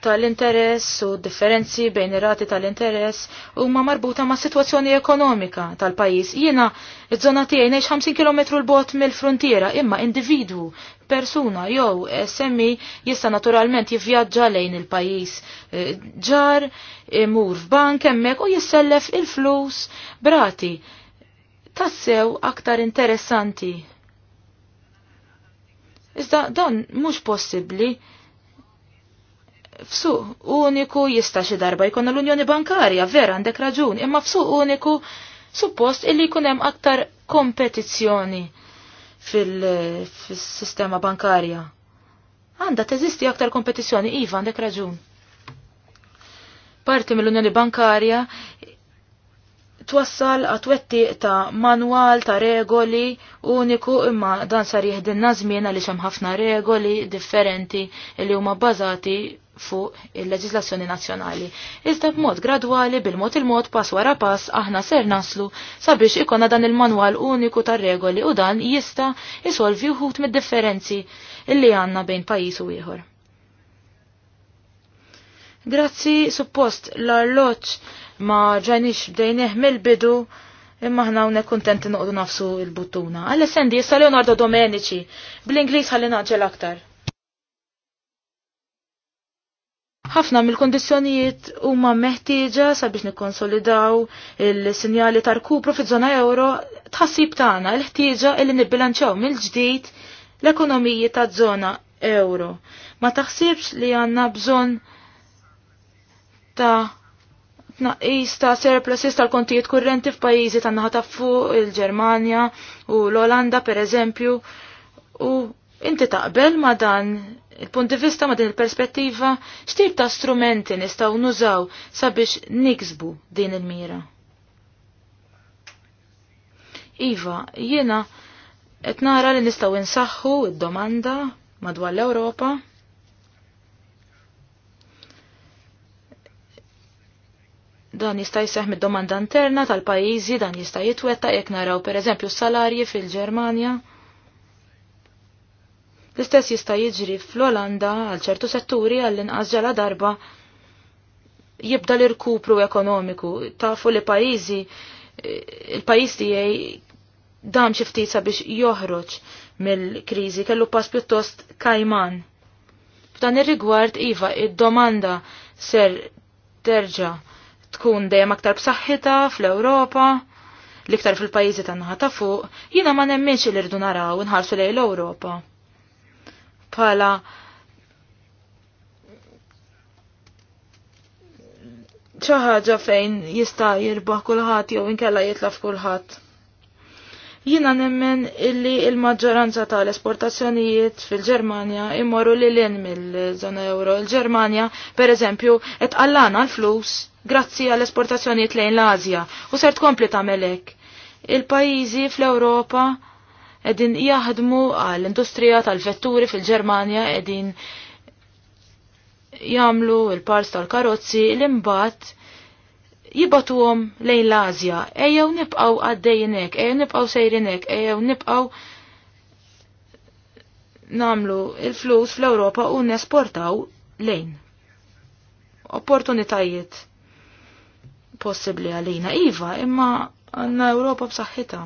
C: tal-interess u differenzi bejn ir-rati tal-interess huma marbuta ma' situazzjoni ekonomika tal-pajjiż. Jiena iż-żona tiegħi ngħix 50 km l bot mill-frontiera imma individwu, persuna jew SMI jista' naturalment jivvjaġġa lejn il-pajjiż e, ġar, imur f'bank hemmhekk u jissellef il-flus brati tassew aktar interessanti. Iżda dan mhux possibbli f'suq uniku jista' xi darba jkun l-Unjoni Bankarja, vera għandek raġun, imma f'suq uniku suppost illi jkun hemm aktar kompetizzjoni fil-sistema bankarja. Għanda teżisti aktar kompetizzjoni, iva għandek raġun. Parti mill-Unjoni Bankarja twassal għatwetti ta' manwal ta' regoli uniku imma dan sar jihdinna żmien għaliex hemm ħafna regoli differenti li huma bbażati fuq il-leġislazzjoni nazzjonali. Iżda b'mod gradwali bil-mod il-mod pass wara pass aħna ser naslu sabiex ikonna dan il-manwal uniku tar regoli u dan jista' isolvi wħud mid-differenzi illi għandna bejn pajjiż u ieħor. Grazzi suppost l-arloċ ma ġajniex bdejnieħ mill-bidu imma ħna hawnhekk kuntenti noqdu nafsu il-buttuna. Għalli sendi, issa Leonardo Domenici, bl-Ingliż ħalli naġġel aktar. ħafna mill-kondizjonijiet huma meħtieġa sabiex nikkonsolidaw il-sinjali ta' rkupru fiż-żona euro tħassib tagħna l-ħtieġa li nibbilanċaw mill-ġdid l-ekonomiji taż-żona euro. Ma taħsibx li għandna bżonn ta' Tnaqqis ta' surpluses tal-kontijiet kurrenti f'pajjiżi tan-naħa ta' fuq il-Ġermanja u l-Olanda per eżempju. U inti taqbel ma' dan il-punt di vista ma' din il-perspettiva x'tip ta' strumenti nistgħu nużaw sabiex niksbu din il-mira. Iva, jiena qed nara li nistgħu insaħħu id-domanda madwar l-Ewropa Dan jista' jseħħ mid-domanda interna tal-pajjiżi, dan jista' jitwetta jekk naraw pereżempju s-salarji fil-Ġermanja. L-istess jista' jiġri fl-Olanda għal ċertu setturi għall inqas ġala darba jibda l-irkupru ekonomiku. Tafu li pajjiżi il-pajjiż tiegħi dam xi ftit sabiex joħroġ mill-kriżi kellu pass pjuttost kajman. F'dan ir-rigward iva id-domanda ser terġa' tkun dejjem aktar b'saħħitha fl-Ewropa, l-iktar fil-pajjiżi tan-naħa ta' fuq, jiena ma nemmenx li rridu naraw inħarsu lejn l-Ewropa. Bħala xi ħaġa fejn jista' jirbaħ kulħadd jew inkella jitla f'kulħadd. Jiena nemmen illi il-maġġoranza tal-esportazzjonijiet fil-Ġermanja immorru li l-in mill żona euro. Il-Ġermanja, per eżempju, etqallana l-flus grazzi għall-esportazzjonijiet lejn l-Azja u sert tkompli tagħmel hekk. Il-pajjiżi fl-Ewropa qegħdin jaħdmu għall-industrija tal-vetturi fil-Ġermanja qegħdin jagħmlu il-pars tal-karozzi l imbagħad jibatuhom lejn l-Azja. Ejjew nibqgħu għaddejnek, hekk, ejjew nibqgħu sejrinek, ejjew nibqgħu namlu il-flus fl-Ewropa u nesportaw lejn opportunitajiet possibli għalina. Iva, imma għanna Ewropa b'saħħitha.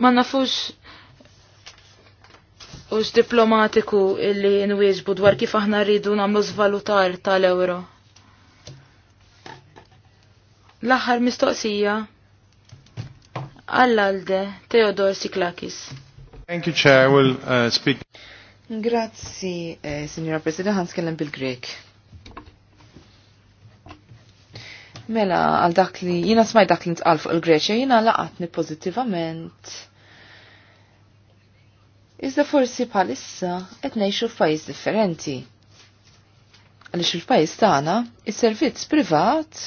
C: Ma nafux ux diplomatiku illi nwieġbu dwar kif aħna rridu namlu zvalutar tal-euro. L-aħħar mistoqsija
B: għall-alde Theodor Siklakis. Thank you, Chair. I will uh, speak. Grazzi, eh, Signora President, għan skellem bil-Grek. Mela, għal dak li, jina smaj dak li ntqal fuq il-Greċja, jina laqatni pozittivament. Iżda forsi bħalissa qed ngħixu f'pajjiż differenti. Għaliex il-pajjiż tagħna, is-servizz privat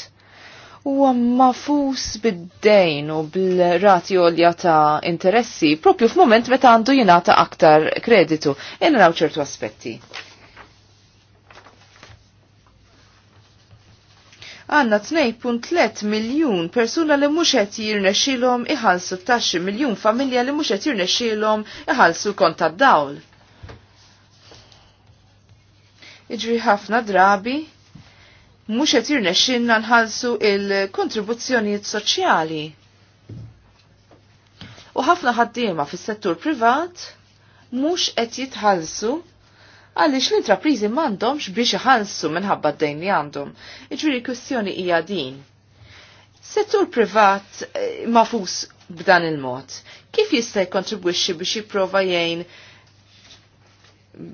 B: huwa mafus bid-dejn u bil-rati olja ta' interessi, propju f'mument meta għandu jingħata aktar kreditu. Inraw ċertu aspetti. Għanna 2.3 miljun persuna li mhux qed jirnexxilhom iħallsu 16 miljun familja li mhux qed jirnexxilhom iħallsu kont dawl Iġri ħafna drabi mhux qed jirnexxinna nħallsu il-kontribuzzjonijiet soċjali. U ħafna ħaddiema fis-settur privat mhux qed jitħallsu għaliex l-intrapriżi m'għandhomx biex iħallsu minħabba d-dejn li għandhom. Iġviri kwestjoni hija din. Settur privat eh, mafus b'dan il-mod. Kif jista' jkontribwixxi biex jipprova jgħin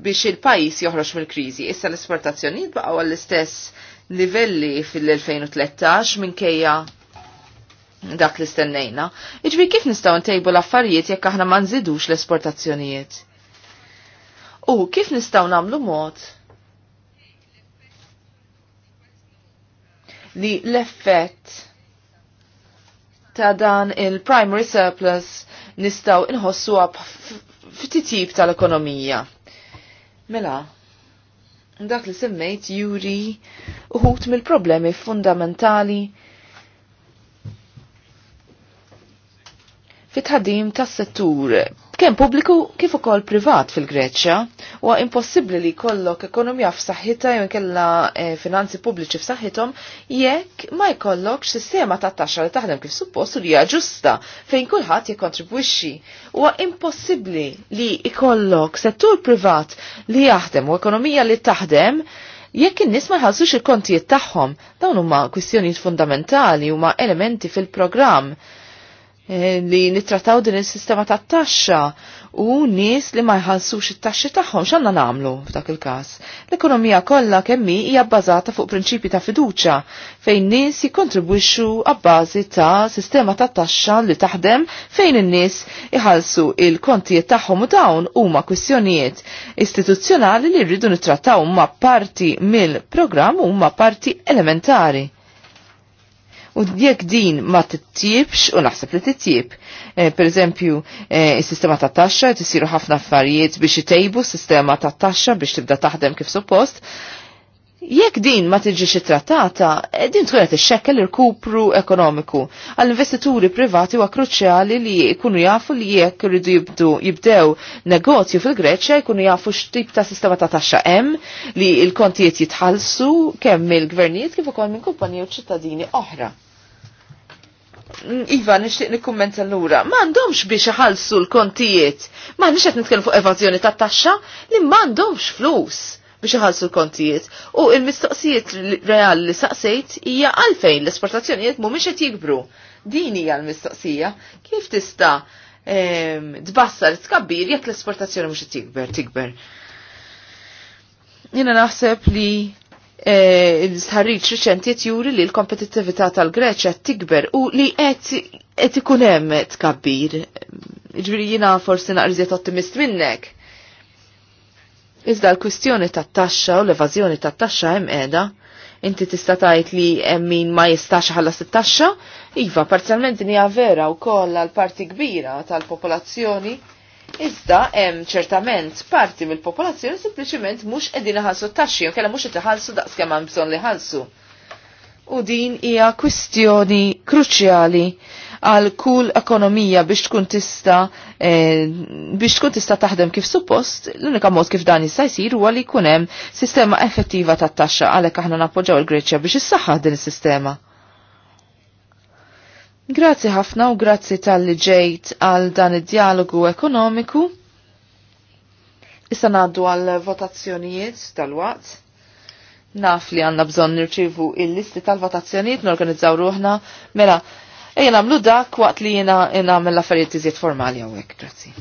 B: biex il-pajis joħroġ mill-kriżi. Issa l-esportazzjonijiet baqgħu għall-istess livelli fil-2013 minkejja dak li stennejna. Iġbi kif nistaw ntejbu l-affarijiet jekk aħna ma nżidux l-esportazzjonijiet? U kif nistaw namlu mod li l-effett ta' dan il-primary surplus nistaw inħossu għab f-titib tal-ekonomija. Mela, dak li semmejt juri uħut mill-problemi fundamentali fit-ħadim tas-settur kemm pubbliku kif ukoll privat fil-Greċja, huwa impossibbli li jkollok ekonomija f'saħħitha jew inkella eh, finanzi pubbliċi f'saħħithom jekk ma jkollokx sistema ta' taxxa li taħdem kif suppost u li hija ġusta fejn kulħadd jikkontribwixxi. Huwa impossibbli li jkollok settur privat li jaħdem u ekonomija li taħdem jekk in-nies ma jħallsux il-kontijiet tagħhom, dawn huma kwistjonijiet fundamentali huma elementi fil-programm Eh, li nittrataw din is-sistema tat-taxxa u nies li ma jħallsux it-taxxi tagħhom x'għandna nagħmlu f'dak il-każ. L-ekonomija kollha kemm hija bbażata fuq prinċipji ta' fiduċja fejn nies jikkontribwixxu għabbażi ta' sistema tat-taxxa li taħdem fejn in-nies iħallsu il-kontijiet tagħhom u dawn huma kwistjonijiet istituzzjonali li rridu nittrattaw ma' parti mill-programm huma parti elementari. U jekk din ma tittiebx u naħseb li titjib, eh, per eżempju, eh, il-sistema ta' taxxa, isiru ħafna affarijiet biex s sistema ta' taxxa biex tibda taħdem kif suppost, Jekk din ma tiġix trattata, eh, din tkun qed ix-xekkel il-kupru ekonomiku. Għall-investituri privati huwa kruċjali li jkunu jafu li jekk iridu jibdu jibdew negozju fil-Greċja jkunu jafu x'tip ta' sistema ta' taxxa hemm li l-kontijiet jitħallsu kemm mill-gvernijiet kif ukoll minn kumpanija u ċittadini oħra. Iva, nishtiq nikkumment l-lura, għandhomx biex ħalsu l-kontijiet. Ma nix qed nitkellem fuq evazjoni ta' taxxa li għandhomx flus biex ħalsu l-kontijiet. U il-mistoqsijiet reali li saqsejt hija għalfejn l-esportazzjonijiet mhumiex qed jikbru. Din hija l-mistoqsija. Kif tista' tbassar tkabbir jekk l-esportazzjoni mhux qed tikber tikber. Jiena naħseb li E, sħarriċ riċenti juri li l kompetitività tal-Greċja tikber u li qed ikun hemm tkabbir. Ġviri jina forsi naqriżiet ottimist minnek. Iżda l-kwistjoni tat-taxxa u l-evażjoni tat-taxxa hemm qiegħda. Inti tista' tgħid li hemm min ma jistax ħallas it-taxxa? Iva, parzjalment hija vera wkoll għal parti kbira tal-popolazzjoni Iżda hemm ċertament parti mill-popolazzjoni sempliċiment mhux qegħdin iħallsu t-taxxi jew kellha mhux qed iħallsu daqskemm hemm bżonn li ħallsu. U din hija kwistjoni kruċjali għal kull ekonomija biex tkun tista eh, biex tkun tista taħdem kif suppost, l-unika mod kif dan jista' jsir huwa li jkun hemm sistema effettiva tat-taxxa għalhekk aħna nappoġġaw il-Greċja biex issaħħaħ din is-sistema. Grazzi ħafna u grazzi tal-li ġejt għal dan id-dialogu ekonomiku. Issa naddu għal votazzjonijiet tal-waqt. Naf li għanna bżon nirċivu il-listi tal-votazzjonijiet norganizzaw ruħna. Mela, ejja mlu dak waqt li jena namel affarijiet iżjed formali għawek. Grazzi.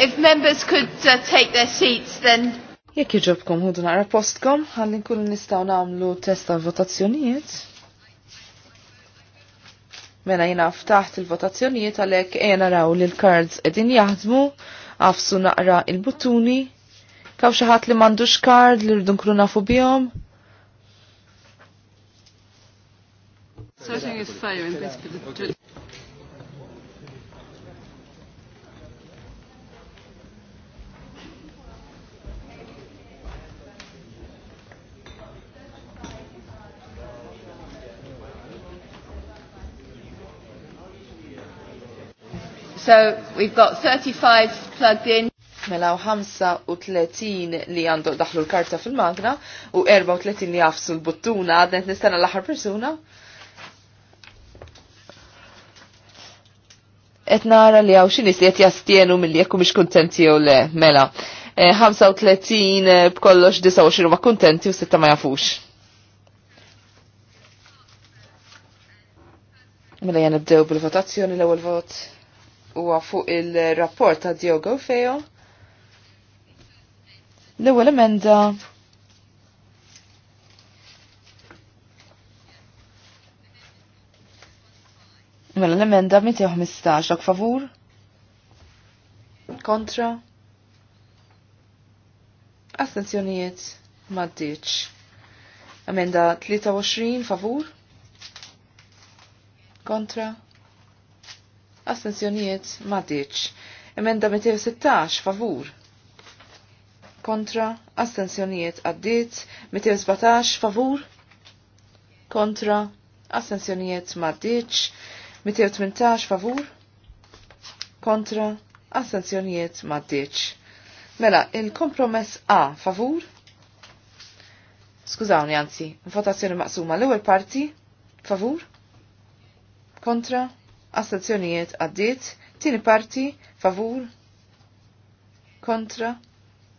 B: If members could uh, take their seats, then... Jekk jiġobkom ħudu naqra postkom, ħalli nkunu nistaw namlu tal votazzjonijiet. Mena jina ftaħt il-votazzjonijiet għalek jena raw li l-kards edin jaħdmu, għafsu naqra il-buttuni, kaw xaħat li mandux kard li rridu nkunu nafu bihom. So we've got 35 plugged in. Mela u 35 li għandu daħlu l-karta fil-magna u 34 li għafsu l-buttuna għadnet nistana l-aħħar persuna. Etnara nara li għaw xinis li għet jastienu mill-li jekku mux kontenti u le, mela. 35 eh, eh, b'kollox 29 ma kontenti u 6 ma jafux. Mela jgħan nibdew bil-votazzjoni l-ewel vot huwa fuq il-rapport ta' Diogo Feo. L-ewwel emenda Mela l-emenda 115 ak favur? Kontra? Astenzjonijiet maddiċ. Emenda 23 favur? Kontra? astensjonijiet matiċ. Emenda 216 favur kontra astensjonijiet għaddit 217 favur kontra astensjonijiet matiċ 218 favur kontra astensjonijiet matiċ. Mela, il-kompromess A favur? Skużawni, anzi, votazzjoni maqsuma l-ewwel parti favur? Kontra? Astenzjonijiet għaddit. Tieni parti favur kontra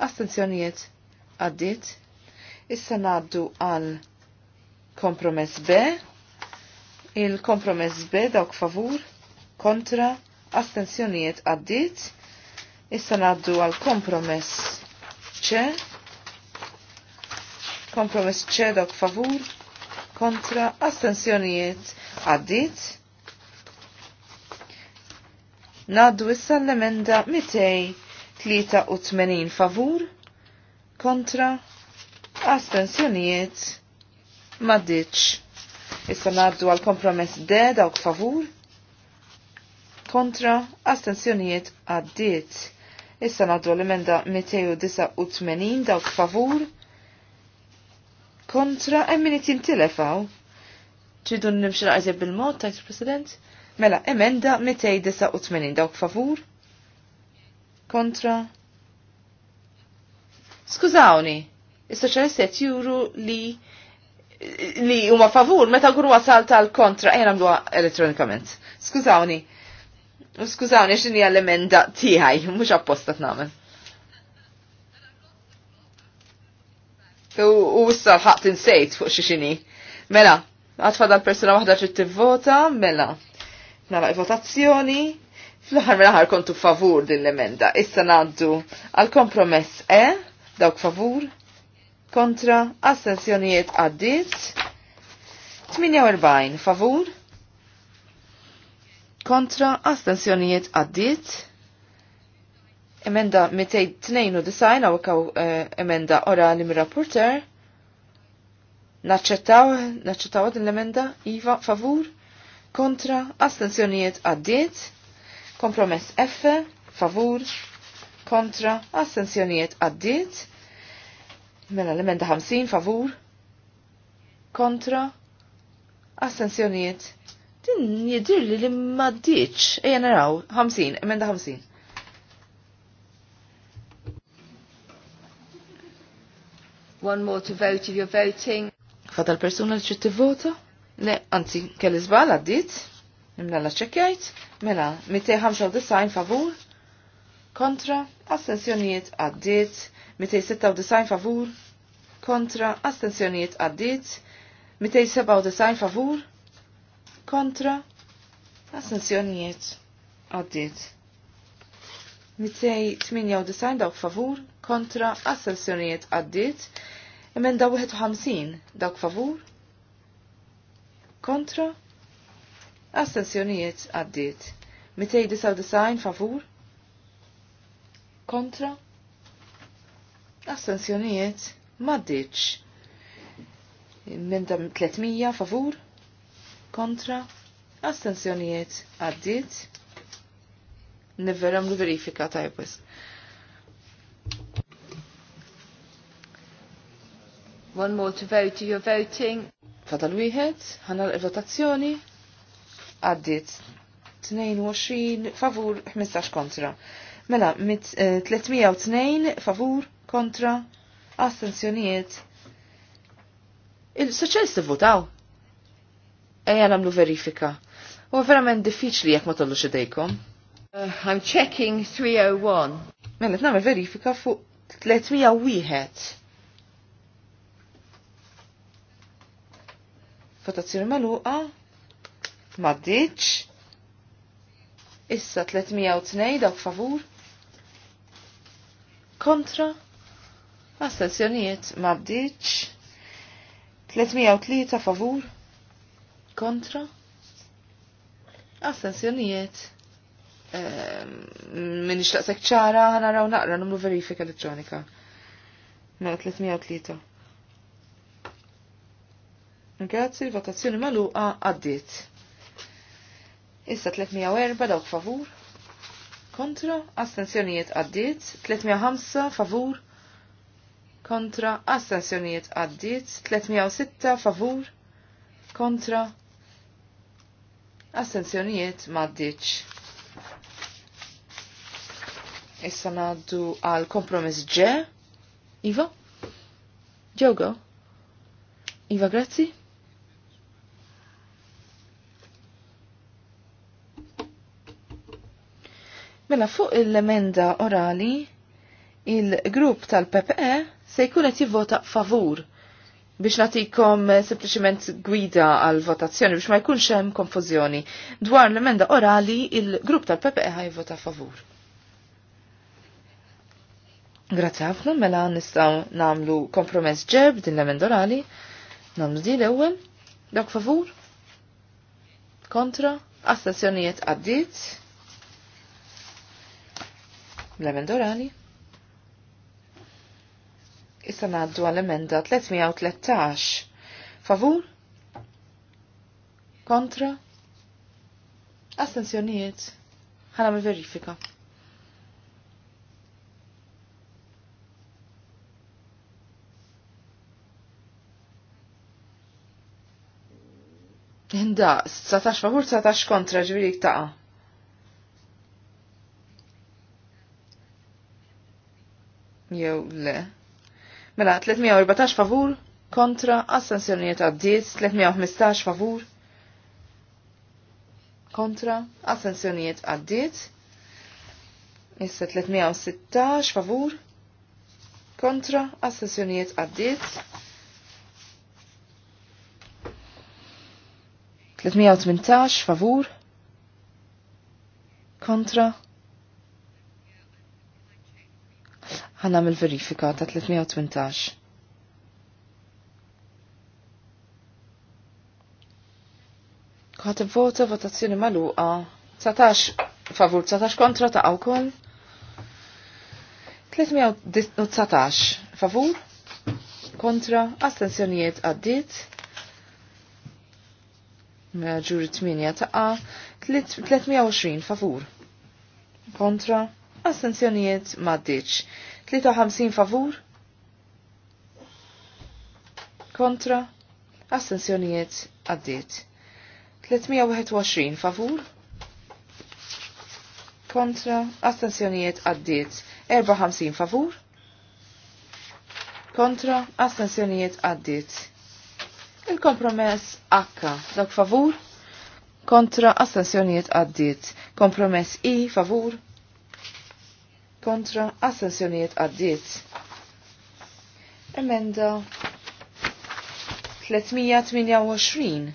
B: astazzjonijiet għaddit. Issa naddu għal kompromess B. Il-kompromess B dawk favur kontra astazzjonijiet għaddit. Issa naddu għal kompromess ċe. Kompromess ċe dawk favur kontra astenzjonijiet għaddit. Naddu issa l-emenda 283 favur kontra astensjonijiet maddiċ. Issa naddu għal kompromess D dawk favur kontra astensjonijiet għaddiet. Issa naddu l-emenda 289 dawk favur kontra emminitin it-tim telefaw. Ċidun nimxil għazib bil-mod, tajt president Mela, emenda 289 dawk favur? Kontra? Skużawni, is-soċjalisti qed juru li li huma favur meta għru wasal tal-kontra ejna nagħmluha elettronikament. Skużawni, skużawni x'inhi l-emenda tiegħi, mhux apposta tnagħmel. U issa l-ħaq insejt fuq xi xini. Mela, għatfa dal persuna waħda trid tivvota, mela. Nara votazzjoni. Fl-ħar mill-ħar kontu favur din l-emenda. Issa naddu għal kompromess E, dawk favur, kontra, astensjonijiet għaddit. 48 favur, kontra, astensjonijiet għaddit. Emenda 292 għaw kaw eh, emenda orali mir-rapporter. Naċċettaw, naċċettaw din l-emenda? Iva, favur? kontra, astenzjonijiet għaddiet, kompromess F, favur, kontra, astenzjonijiet għaddiet, mela l-emenda 50, favur, kontra, astenzjonijiet, din jidir li li maddiċ, ejja naraw, 50, emenda 50. One more to vote if you're voting. Fadal persuna li ċitti vota? Le, anzi, kelli zbal għaddit, imla la ċekjajt, mela, 295 favur, kontra, astensjoniet għaddit, 296 favur, kontra, astensjoniet għaddit, 297 favur, kontra, astensjoniet għaddit. 298 dawk favur, kontra, astensjoniet għaddit, dawk 51 dawk favur, kontra, astensjonijiet għaddiet. 299 favur, kontra, astensjonijiet maddiċ. Minda 300 favur, kontra, astensjonijiet għaddiet. Nivveram li verifika tajbis. One more to vote. You're voting ta' tal wieħed ħana l-votazzjoni, għaddit 22 favur 15 kontra. Mela, mit 302 eh, favur kontra astenzjonijiet. Il-soċjalisti votaw. Ejja namlu verifika. U verament diffiċli jekk ma tollux idejkom. Uh, I'm checking 301. Mela, namlu verifika fuq 301. tsir maluqa. Maddiċ. Issa 302 dawk favur. Kontra. Astenzjonijiet maddiċ. 303 favur. Kontra. Astenzjonijiet. Ehm, Min ixtaqsek ċara ħana raw naqra numru verifika elettronika. Ma' mela, 303. Grazzi, votazzjoni maluqa għaddiet. Issa 304 dawk favur. Kontra, astensjonijiet għaddiet. 305 favur. Kontra, astensjonijiet għaddiet. 306 favur. Kontra, astensjonijiet maddiċ. Issa naddu għal kompromiss ġe. Iva? Ġogo? Iva, grazzi? Mela fuq il emenda orali, il-grupp tal-PPE se jkun qed jivvota favur biex natikom sempliciment gwida għal votazzjoni biex ma jkunx hemm konfużjoni. Dwar l-emenda orali, il-grupp tal-PPE vota favur. Grazzi ħafna mela nistgħu nagħmlu kompromess ġeb din l-emenda orali. Nagħmlu di l-ewwel. Dak favur? Kontra? Astazzjonijiet għaddiet? l-emendorani. Issa naddu għal-emenda 313. Favur? Kontra? Astenzjonijiet? Ħana verifika. Inda, 19 favur, 19 kontra, ġviri taqa. jew le. Mela, 314 favur kontra assenzjonijiet għaddiet, 315 favur kontra assenzjonijiet għaddiet, issa 316 favur kontra assenzjonijiet għaddiet, 318 favur kontra ħanam il-verifika ta' 318. Kħat vota votazzjoni maluqa. 19 favur, 19 kontra ta' awkol. 319 favur, kontra, astensjonijiet għaddit. Mela ġuri 8 ta' 320 favur, kontra, astensjonijiet maddiċ. 53 favur. Kontra. Astensjonijiet għaddiet. 321 favur. Kontra. Astensjonijiet għaddiet. 54 favur. Kontra. Astensjonijiet għaddiet. Il-kompromess akka. Dak favur. Kontra. Astensjonijiet għaddiet. Kompromess I. Favur kontra assenzjoniet għaddiet. Emenda 328.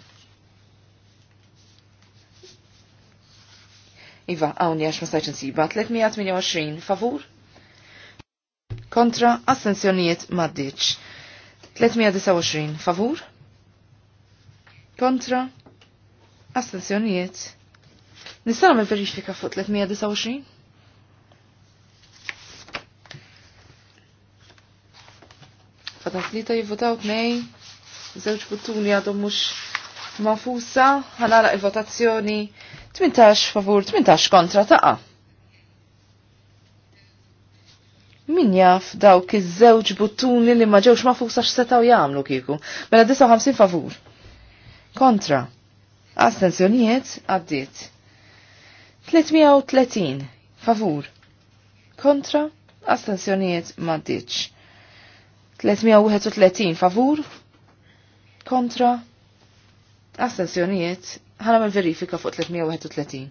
B: Iva, għawni għax ma stajċ siba, 328, favur? Kontra assenzjonijiet maddiċ. 329, favur? Kontra assenzjoniet. Nistana me verifika fuq 329? ta' tlita jivvotaw t-nej, zewċ buttuni għadhom mhux mafusa, għanara il-votazzjoni 18 favur, 18 kontra taqa. Min jaf dawk iż-żewġ buttuni li ma ġewx mafusa x-setaw jagħmlu kieku. Mela 59 favur. Kontra. Astenzjonijiet għaddiet. 330 favur. Kontra astensjonijiet maddiċ. 331 favur kontra astensjonijiet ħana verifika fuq 331.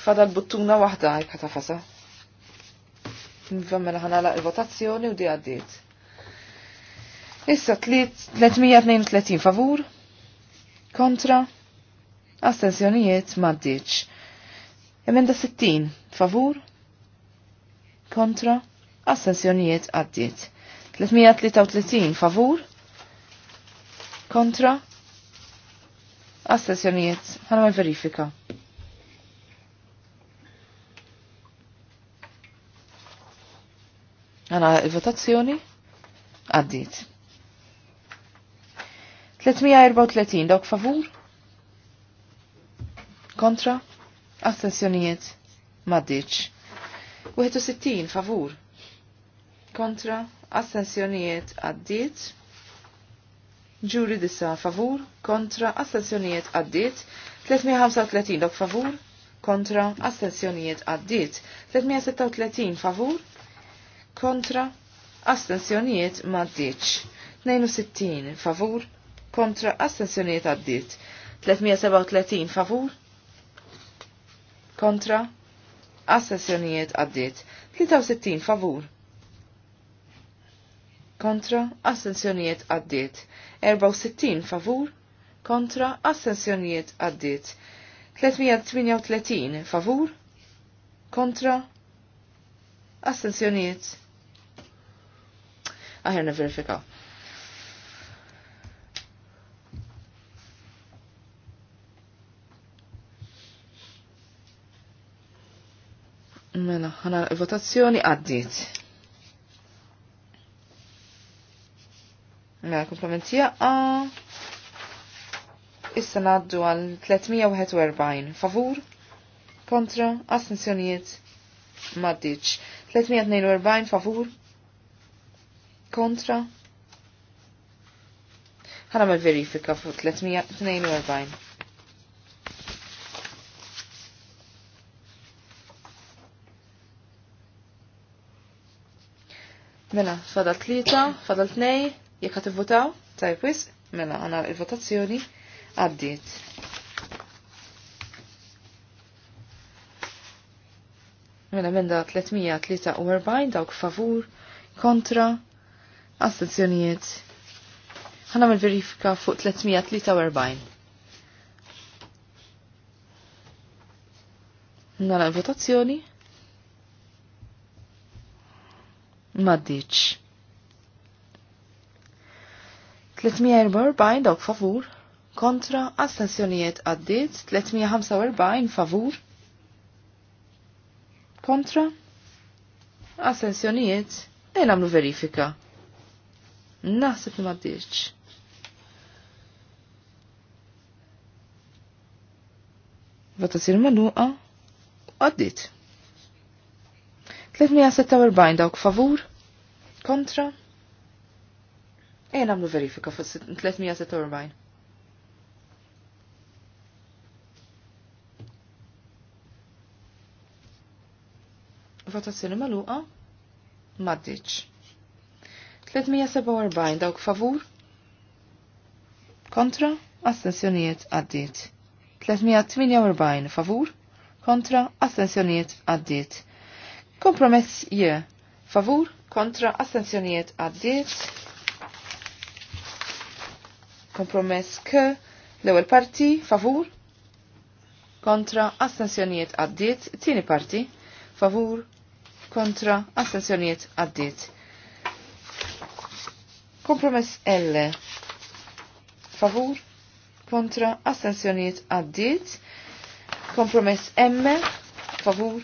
B: fada l-buttuna wahda jek ħatafasa. Nvemmela ħanala il-votazzjoni u di għaddit. Issa 332 favur, kontra, astensjonijiet maddiċ. Emenda 60, favur, kontra, assenzjonijiet għaddiet. 333, favur, kontra, assenzjonijiet, ħanam verifika. Għana il-votazzjoni għaddiet. 334, Dok favur, kontra, Attenzjonijiet, maddiċ. 61 favur. Kontra. attenzjonijiet, għaddiet. Ġuri disa favur. Kontra. attenzjonijiet, addiet, 335 dok favur. Kontra. attenzjonijiet, addiet. 336 favur. Kontra. Astenzjonijiet maddiċ. 62 favur. Kontra. Astenzjonijiet addiet. 337 favur kontra, assessjonijiet għaddiet. 63 favur. Kontra, assessjonijiet għaddiet 64 favur, kontra, assessjonijiet għaddiet 338 favur, kontra, assessjonijiet. Aħjar verifikaw. Mela, ħana votazzjoni għaddit. Mela, komplementi jaqqa. Issa naddu għal 341. Favur? Kontra? Astenzjonijiet? Maddiċ. 342 favur? Kontra? ħana mal verifika fuq 342. Mela, fadal tlieta, fadal tnej, jekk għat votaw, tajb wis, mela għana il-votazzjoni għaddit. Mela menda 343 dawk favur, kontra, Għana Għanamil verifika fuq 343. Nara mela, votazzjoni. maddiċ. 344 dawk favur, kontra astensjonijiet għaddit, 345 favur, kontra astensjonijiet, e namlu verifika. Naħseb li maddiċ. Vata sir maluqa, għaddit. 346 dawk favur, Kontra? ej nagħmlu verifika fuq 347. Votazzjoni maluqa? Maddiċ. 347 dawk favur? Kontra? Astensjonijiet għaddit. 348 favur? Kontra? Astensjonijiet għaddit. Kompromess je. Yeah favur kontra astenzjonijiet għaddiet. Kompromess k l-ewwel parti favur kontra astenzjonijiet għaddiet, tieni parti favur kontra astenzjonijiet għaddiet. Kompromess L favur kontra astenzjonijiet għaddiet. Kompromess M favur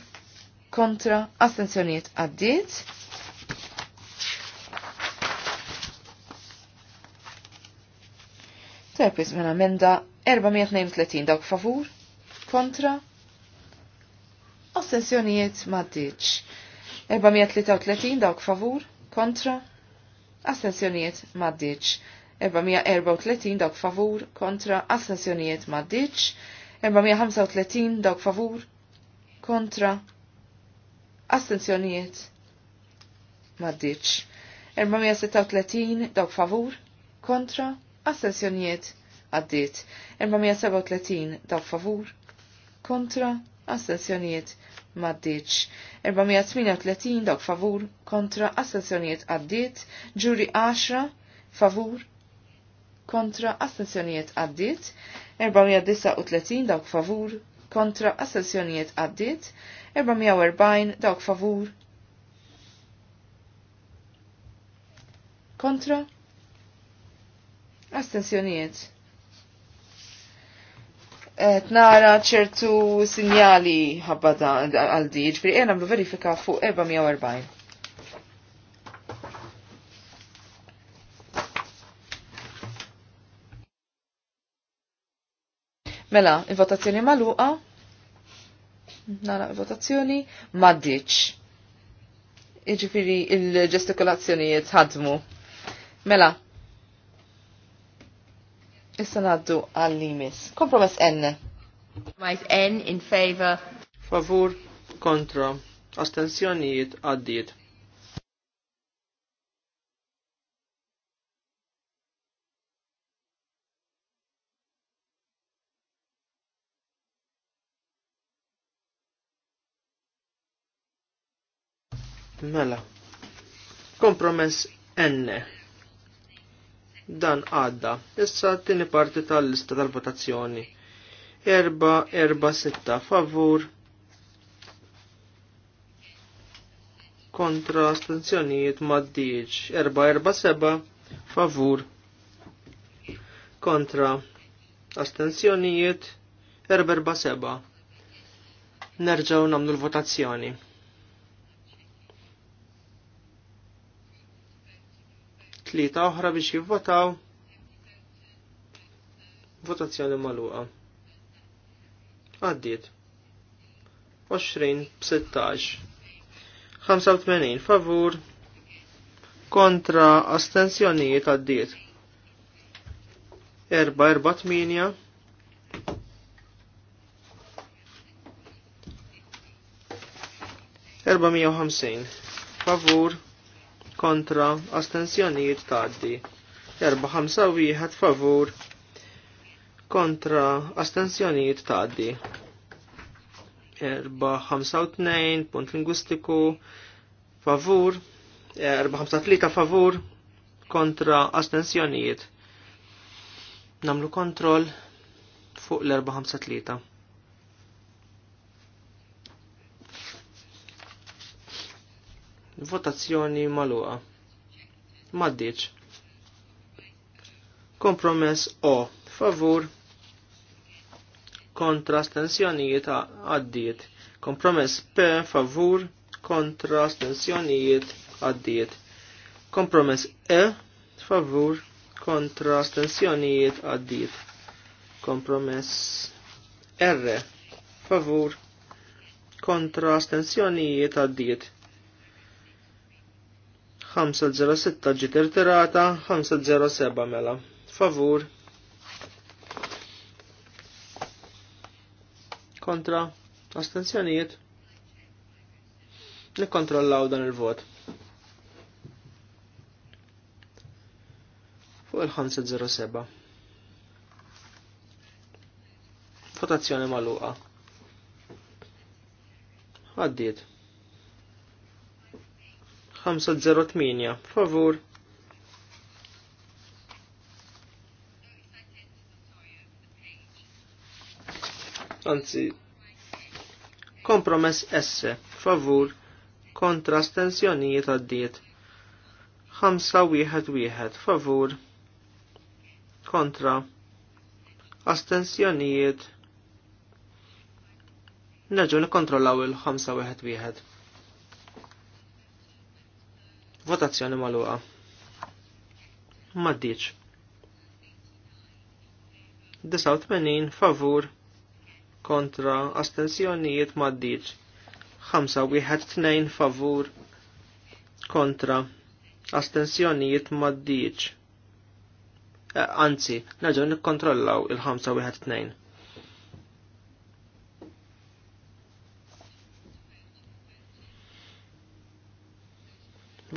B: kontra astenzjonijiet għaddiet. Terpis minn amenda 432 dawk favur, kontra, astensjonijiet maddiċ. 433 dawk favur, kontra, astensjonijiet maddiċ. 434 dawk favur, kontra, assenzjonijiet maddiċ. 435 dawk favur, kontra, astensjonijiet maddiċ. 436 dawk favur, kontra, assenzjonijiet għaddit. 437 ta' favur kontra assenzjonijiet maddiċ. 438 dawk favur kontra assessjonijiet għaddit. Ġuri 10 favur kontra assessjonijiet għaddit. 439 dawk favur kontra assessjonijiet għaddit. 440 dawk favur kontra Astensjonijiet. Tnara nara ċertu sinjali ħabba għal diġ, fri għen mlu verifika fuq 440. Mela, il-votazzjoni maluqa. Nara il-votazzjoni maddiċ. Iġifiri il ġestikolazzjoni ħadmu. Mela, Issa naddu għall-limis. Kompromess N. Kompromess N in favor.
A: Favur kontra. Astenzjonijiet għaddiet. Mela. Kompromess N dan għadda. Issa t-tini parti tal-lista tal-votazzjoni. Erba, erba, sitta, favur. Kontra astenzjonijiet maddiċ. Erba, erba, seba, favur. Kontra astenzjonijiet. Erba, erba, seba. Nerġaw namlu l-votazzjoni. tlieta oħra biex jivvotaw votazzjoni magħluqa. Għaddiet. 20 b-16. 85 favur kontra astensjonijiet għaddiet. 4-4-8 450 favur kontra astensjonijiet taddi. Erba 5 wieħed favur kontra astensjonijiet taddi. Erba 5 tnejn punt lingwistiku favur 4 ħamsa 3 favur kontra astensjonijiet. Namlu kontrol fuq l erba 5 tlieta. Votazzjoni maluqa. Maddiċ. Kompromess O. Favur. Kontra stensjonijiet għaddiet. Kompromess P. Favur. Kontra stensjonijiet għaddiet. Kompromess E. Favur. Kontra stensjonijiet għaddiet. Kompromess R. Favur. Kontra stensjonijiet għaddiet 506 ġiet irtirata, 507 mela. Favur. Kontra. Astenzjonijiet. Nikkontrollaw dan il-vot. Fuq il-507. Votazzjoni maluqa. Għaddiet. 508 favur anzi kompromess S favur kontra stensjonijiet għaddiet 5 favur kontra astensjonijiet nerġu kontrollaw il ħamsa wieħed. Votazzjoni maluqa. Maddiċ. 89 favur kontra astensjonijiet maddiċ. 5 favur kontra astensjonijiet maddiċ. Eh, anzi, naġu nikkontrollaw il 5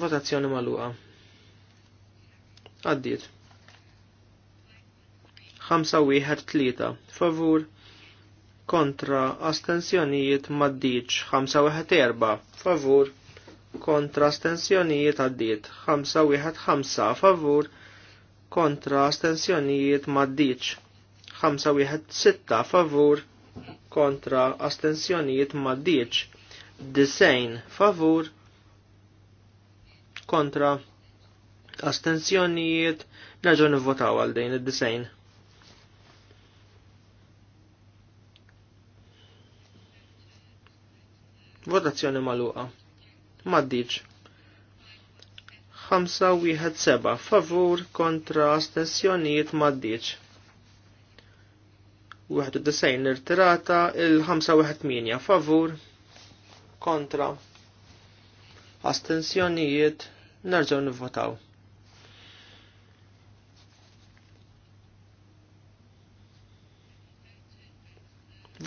A: Votazzjoni maluqa. Għaddiet. 5-1-3 favur kontra astensjonijiet maddiċ 5-1-4 favur kontra astensjonijiet għaddiet 5-1-5 favur kontra astensjonijiet maddiċ 5-1-6 favur kontra astensjonijiet maddiċ disejn favur kontra kontra astenzjonijiet nerġgħu nivvotaw għal din id-disejn. Votazzjoni maluqa. Maddiċ. 5-1-7 favur kontra astensjonijiet maddiċ. 91 irtirata il 5 wieħed minja favur kontra astensjonijiet narġaw nivvotaw.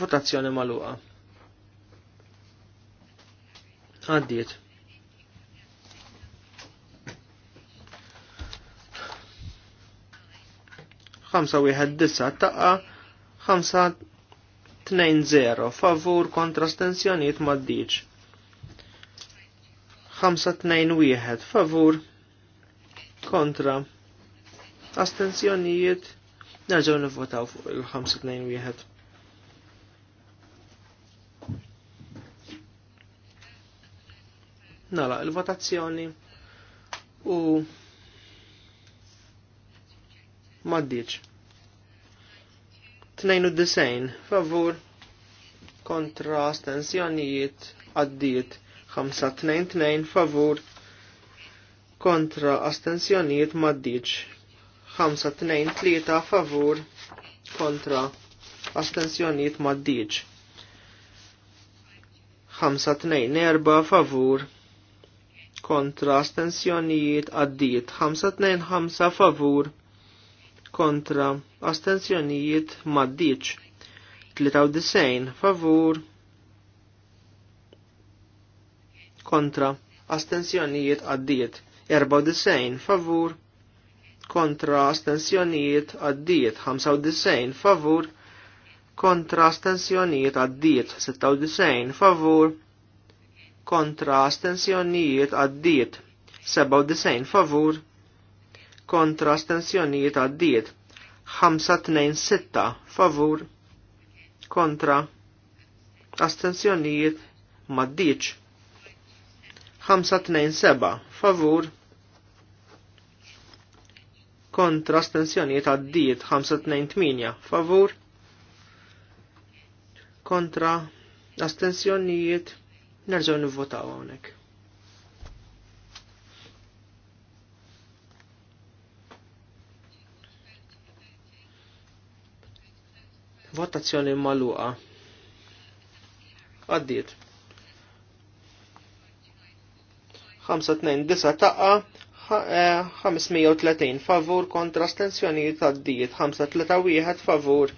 A: Votazzjoni magħluqa. Għaddiet. ħamsa wieħed disa taqqa, ħamsa tnejn zero favur kontra stenzjoniet maddiċ. 5-2-1 favur kontra astenzjonijiet nerġaw nivvotaw fuq il-5-2-1 nala il-votazzjoni u maddiċ 92 favur kontra astenzjonijiet għaddiet 5-2-2 favur kontra astensjonijiet maddiċ 5-2-3 favur kontra astensjonijiet maddiċ 5-2-4 favur kontra astensjonijiet għaddiet 5-2-5 favur kontra astensjonijiet maddiċ 93 favur kontra astensjonijiet għaddiet 94 favur kontra astensjonijiet għaddiet 95 favur kontra astensjonijiet għaddiet 96 favur kontra astensjonijiet għaddiet 97 favur kontra astensjonijiet għaddiet 526 favur kontra astensjonijiet maddiċ 527 favur kontra stensjonijiet għaddiet 528 favur kontra astensjonijiet nerġaw nivvotaw għonek. Votazzjoni maluqa. Għaddiet. 529 taqqa 530 favur kontra stenzjonijiet taddijiet 531 favur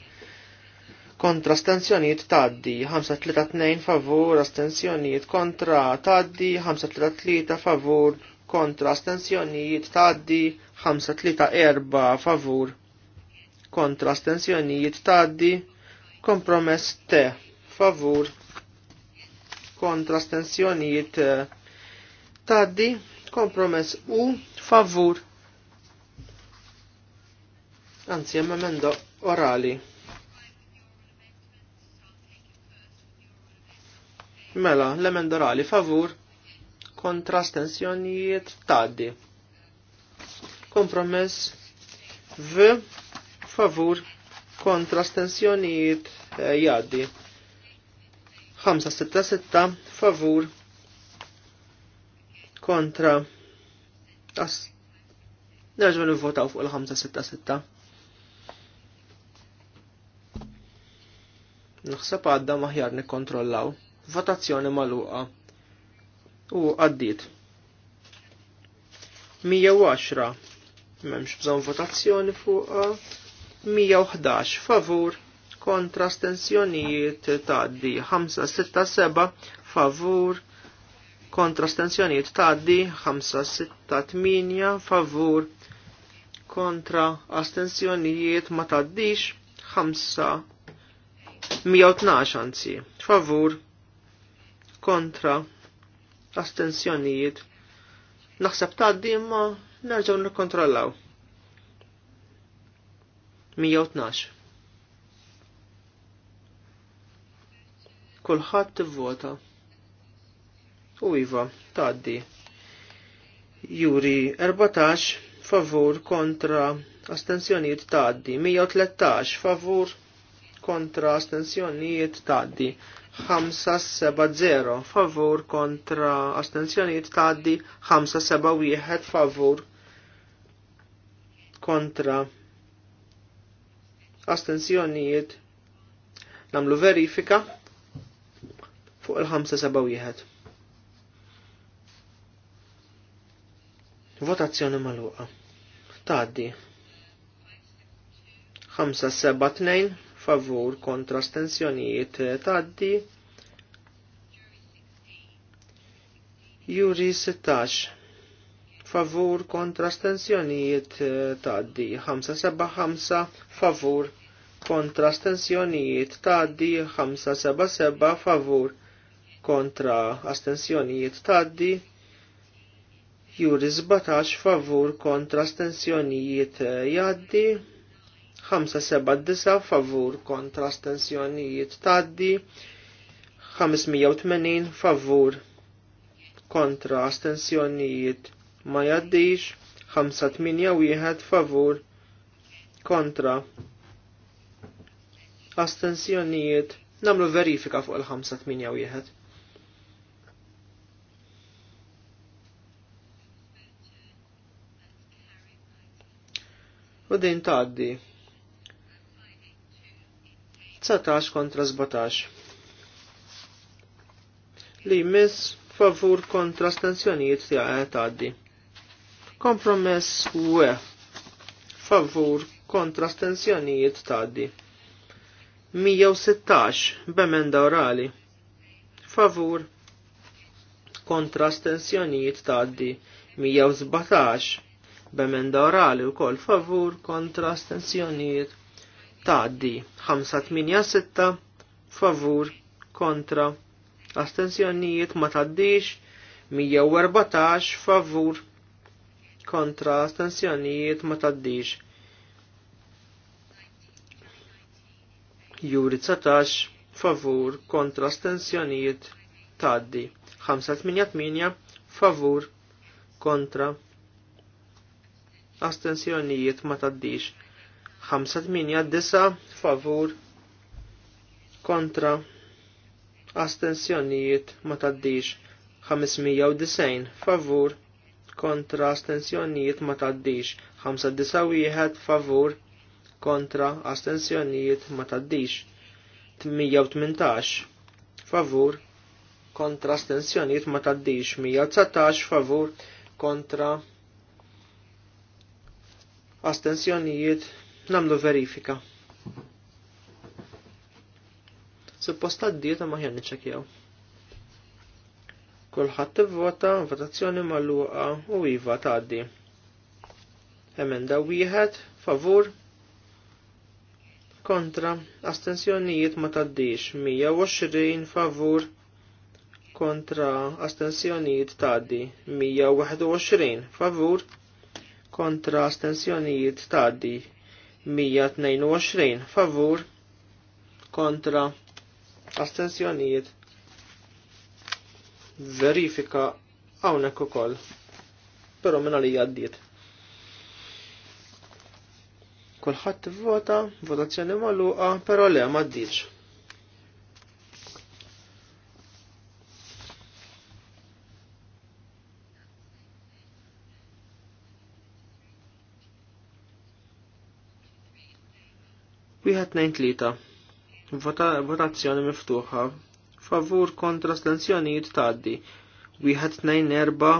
A: kontra stenzjonijiet taddi 532 favur stenzjoniet kontra taddi 533 favur kontra astenzjonijiet taddi 534 favur kontra astenzjonijiet taddi kompromess te favur kontra astenzjonijiet eh, Taddi kompromess u favur. Anzi, emenda orali. Mela, l-emenda orali favur kontra stensjonijiet taddi. Kompromess v favur kontra stensjonijiet eh, jaddi. 6 favur kontra as nerġgħu nivvotaw fuq il-566. Naħseb għadda maħjar nikkontrollaw. Votazzjoni magħluqa. U għaddiet. 110 m'hemmx bżonn votazzjoni fuq 111 favur kontra stensjonijiet tgħaddi 567 favur kontra stenzjoniet taddi 5-6-8 favur kontra astenzjonijiet ma taddix 5-112 anzi favur kontra astenzjonijiet naħseb taddi ma nerġaw nikkontrollaw 112 Kulħadd tivvota. vota u iva taddi. Juri 14 favur kontra astensjonijiet taddi, 113 favur kontra astensjonijiet taddi, 570 favur kontra astensjonijiet taddi, 571 favur kontra astensjonijiet namlu verifika fuq il wieħed. Votazzjoni maluqa. Taddi. 5-7-2 favur kontra stensjonijiet taddi. Juri 16 favur kontra stensjonijiet taddi. 5-7-5 favur kontra astensjonijiet taddi 7 favur kontra astensjonijiet taddi Juri 17 favur kontra stensjonijiet eh, jaddi. 579 favur kontra stensjonijiet taddi. 580 favur kontra astensjonijiet ma jaddix 581 favur kontra astensjonijiet namlu verifika fuq il-581 u din tgħaddi. 19 kontra 17. Li mis favur kontra stanzjoniet tiegħek eh, tgħaddi. Kompromess we favur kontra stenzjonijiet tgħaddi. 116 b'emenda orali. Favur kontra stenzjonijiet tgħaddi. 117 b'emenda orali wkoll favur kontra astensjonijiet tgħaddi 586 favur kontra astensjonijiet ma tgħaddix 114 favur kontra astensjonijiet ma tgħaddix juri 19 favur kontra astensjonijiet tgħaddi 588 favur kontra astensjonijiet ma taddix. 5-8-9 favur kontra astensjonijiet ma taddix. 590 favur kontra astensjonijiet ma taddix. 5-9 favur kontra astensjonijiet ma taddix. 818 favur kontra astensjonijiet ma taddix. 119 favur kontra astensjonijiet namlu verifika. Supposta d-dieta maħjar Kolħat Kulħadd ivvota, votazzjoni magħluqa u iva tgħaddi. Emenda wieħed, favur, kontra, astensjonijiet ma taddix, 120 favur, kontra, astensjonijiet taddi, 121 favur, kontra astensjonijiet taddi 122 favur kontra astensjonijiet verifika hawnhekk ukoll però minna li għaddiet. Kulħadd vota, votazzjoni magħluqa, però le ma Wieħed nejn tlieta. Votazzjoni miftuħa. Favur kontra stenzjonijiet tgħaddi. Wieħed tnejn erba'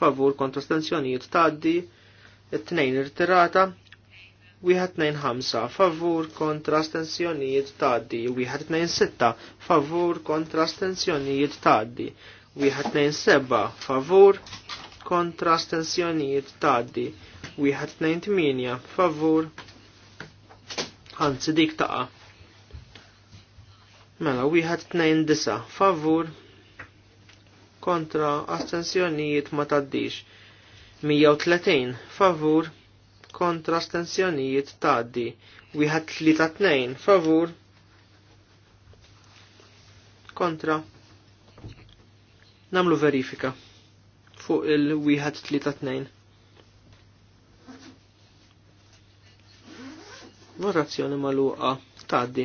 A: favur kontra stenzjonijiet tgħaddi. Tnejn irtirata. Wieħed tnejn ħamsa favur kontra stenzjonijiet tgħaddi. Wieħed tnejn sitta favur kontra stenzjonijiet tgħaddi. Wieħed tnejn seba' favur kontra stenzjonijiet tgħaddi. Wieħed tnejn tminja favur anzi dik taqa. Mela, wieħed tnejn disa, favur, kontra, astensjonijiet ma taddix. 130, favur, kontra, astensjonijiet taddi. Wieħed tlita tnejn, favur, kontra. Namlu verifika fuq il-wieħed tlita tnejn. Votazzjoni maluqa taddi.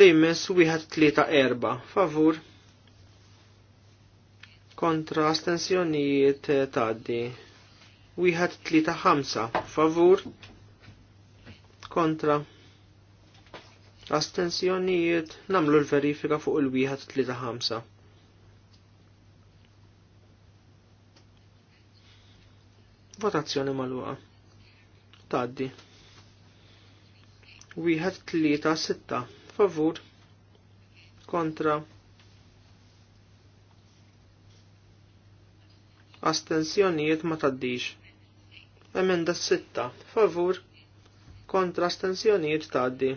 A: Limes wieħed tlieta erba favur kontra astensjonijiet eh, taddi. Wieħed tlieta ħamsa favur kontra astensjonijiet namlu l-verifika fuq il-wieħed tlieta ħamsa. Votazzjoni maluqa. Taddi. Wieħed tlieta sitta. Favur. Kontra. Astenzjonijiet ma taddix. Emenda sitta. Favur. Kontra astenzjonijiet taddi.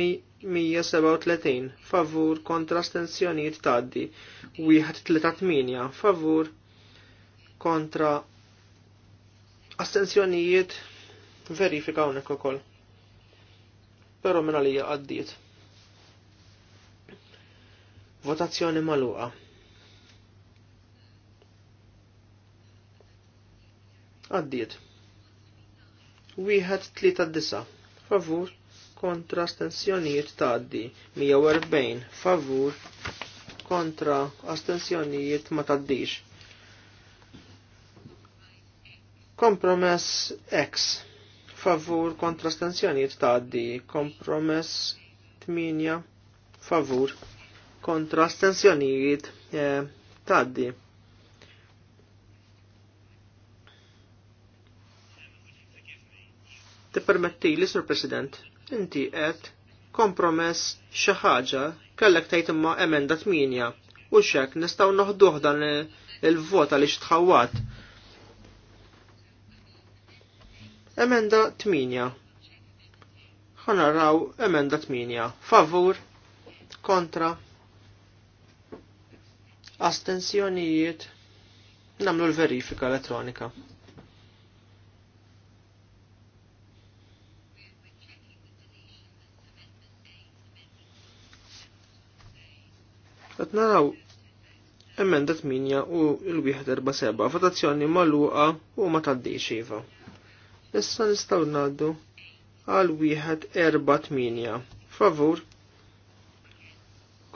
A: Mi 137 favur kontra astensjonijiet taddi. Wieħed 38 favur kontra Astenzjonijiet verifika unek ukoll. Però minna għalija għaddit. Votazzjoni maluqa. Għaddiet. Wieħed tlieta disa. Favur kontra astensjonijiet taddi. 140 favur kontra astensjonijiet ma taddix. Kompromess X. Favur kontra ta' taddi. Kompromess 8. Favur kontra stenzjoniet eh, Te permetti li, Sur President, inti qed kompromess xi ħaġa kellek tgħid imma emenda 8 u xek nistgħu noħduh dan il-vot għaliex tħawat Emenda 8. Ħanaraw emenda 8. Favur, kontra, astensjonijiet, namlu l-verifika elettronika. Qed emenda 8 u l-1 4 votazzjoni magħluqa u ma taddix iva. Issa nistgħu ngħaddu għal wieħed erba' tminja. Favur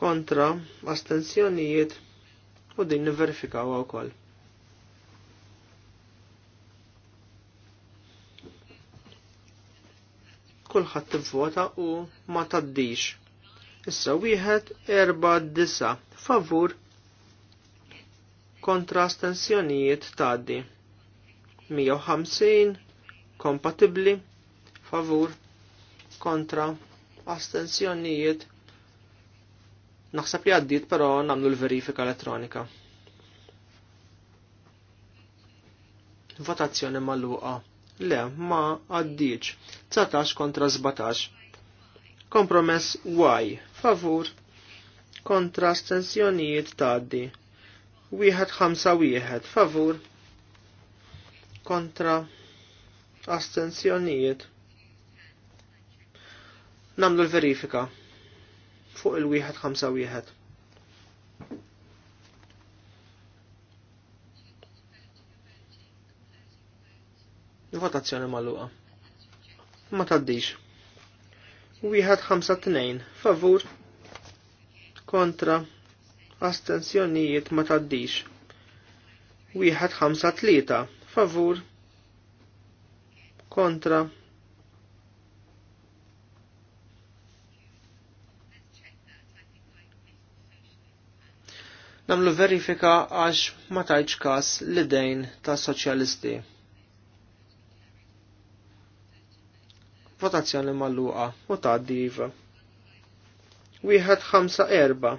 A: kontra astensjonijiet u din niverifikaw wkoll. Kulħadd tivvota u ma taddix. Issa wieħed erba' disa favur kontra astensjonijiet tgħaddi. 150 kompatibbli favur kontra astensjonijiet naħseb li għaddiet però nagħmlu l-verifika elettronika. Votazzjoni mal Le, ma għaddiċ. 19 kontra 17. Kompromess Y. Favur kontra astensjonijiet taddi. Wieħed 5. 1 Favur kontra astenzjonijiet. Namlu l-verifika fuq il-1-5-1. Votazzjoni maluqa. Ma taddix. 1-5-2 favur kontra astenzjonijiet ma taddix. 1-5-3 favur kontra namlu verifika għax ma tajċ kas l-idejn ta' soċjalisti. Votazzjoni malluqa u ta' diva. Wieħed ħamsa erba.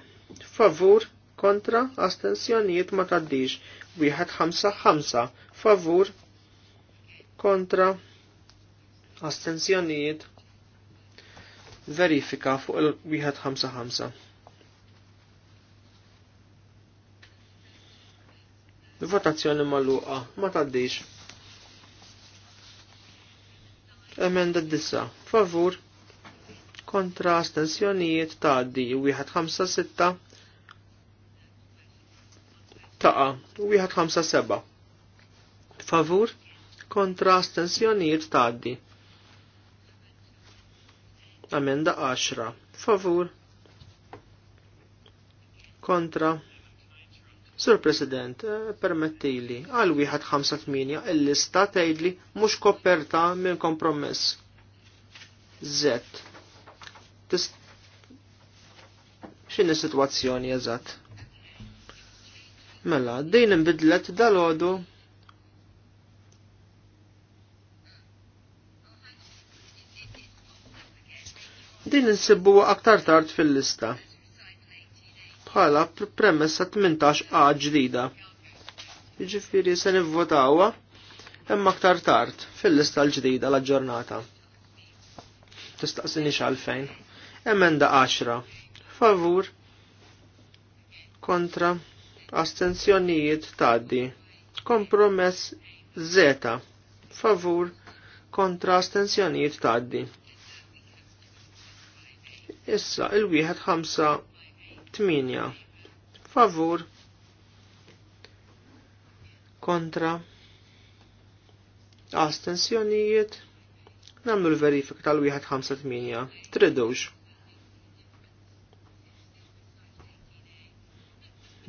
A: Favur, kontra, astensjonijiet ma taddix. Wieħed ħamsa ħamsa. Favur, kontra, astenzjonijiet verifika fuq il-155. Votazzjoni maluqa, ma taddix. Emenda d-dissa, favur, kontra astensjonijiet taddi, 156, taqa, 157. Favur, kontra astensjonijiet taddi. Amenda 10. Favur. Kontra. Sur President, permettili, għal wieħed 58 il-lista tgħidli mhux koperta minn kompromess. Z. Tist... X'inhi sitwazzjoni eżatt? Mela, din inbidlet dal-għodu Din insibu aktar tard fil-lista. Bħala premessa 18 A ġdida. Ġifiri se nivvotawa hemm aktar tard fil-lista l-ġdida l-ġurnata. Tistaqsini xalfejn. Emenda 10. Favur. Kontra. Astenzjonijiet taddi. Kompromess zeta. Favur. Kontra astenzjonijiet taddi. Issa il-wieħed ħamsa tminja. Favur. Kontra. Astensjonijiet. Namlu l-verifik tal-wieħed ħamsa tminja. Tridux.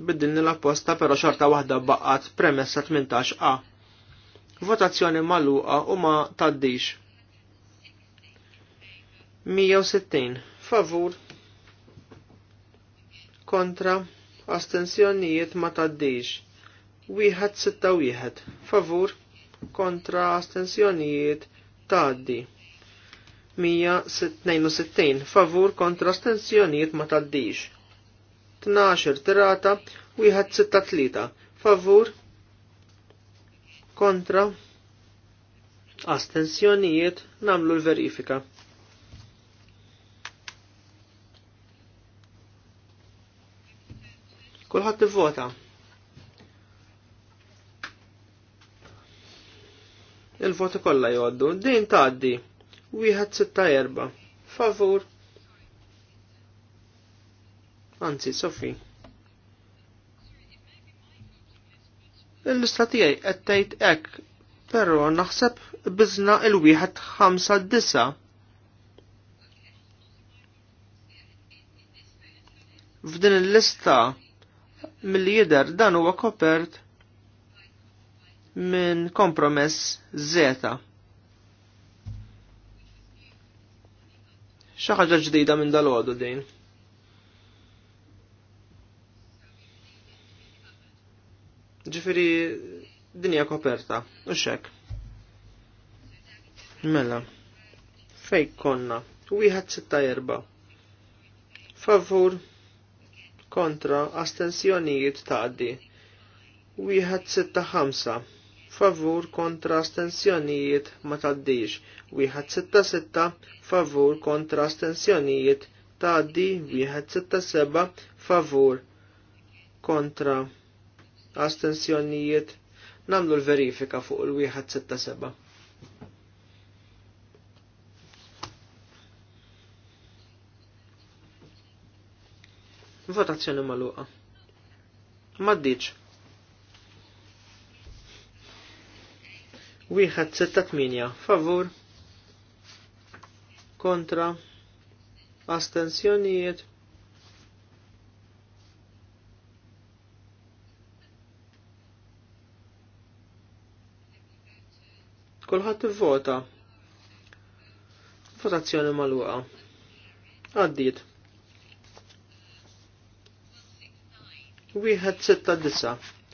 A: biddilni l-apposta pero xorta waħda baqqat premessa 18a. Votazzjoni maluqa u ma taddix. 160 favur kontra astensjonijiet ma taddix. Wieħed sitta wieħed favur kontra astensjonijiet taddi. 162 favur kontra astensjonijiet ma taddix. Tnaxir tirata wieħed sitta tlita favur kontra astensjonijiet namlu l-verifika. Kulħadd ivvota. Il-voti kollha jgħoddu. Din tgħaddi. Wieħed sitta erba. Favur. Anzi, Sofi. Il-lista tiegħi qed tgħid hekk, però naħseb biżna il-wieħed ħamsa disa' f'din il-lista Milli jidher dan huwa kopert minn kompromess zeta. Xi ħaġa ġdida minn dal-għodu din. Ġifieri dinja koperta, u xek. Mela, fej konna, wieħed sitta erba. Favur, kontra astensjonijiet tgħaddi. Wieħed sitta ħamsa favur kontra astensjonijiet ma taddix, wieħed sitta sitta favur kontra astensjonijiet taddi wieħed sitta seba favur kontra astensjonijiet namlu l-verifika fuq il-wieħed sitta seba'. Votazzjoni maluqa. diċ. Wieħed setta tminja. Favur. Kontra. Astenzjonijiet. Kulħadd ivvota. Votazzjoni maluqa. Għaddiet. Wieħed sitta disa.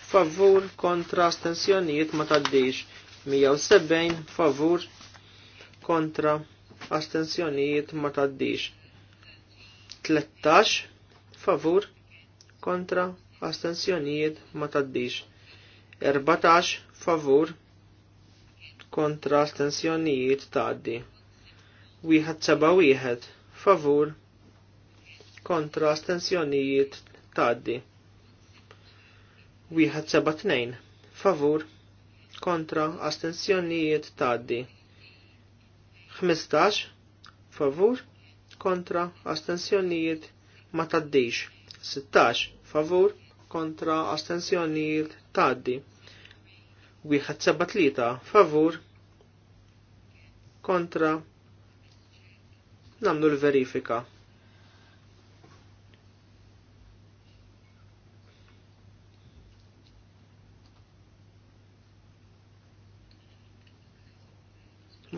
A: Favur kontra astensjonijiet ma taddix. 170 favur kontra astensjonijiet ma taddix. 13 favur kontra astensjonijiet ma taddix. 14 favur kontra astensjonijiet taddi. Wieħed seba' wieħed favur kontra astensjonijiet taddi. Wieħed seba' tnejn. Favur kontra astensjonijiet tgħaddi. 15 favur kontra astensjonijiet ma taddix. 16 favur kontra astensjonijiet tgħaddi. Wieħed seba' tlieta favur kontra nagħmlu l-verifika.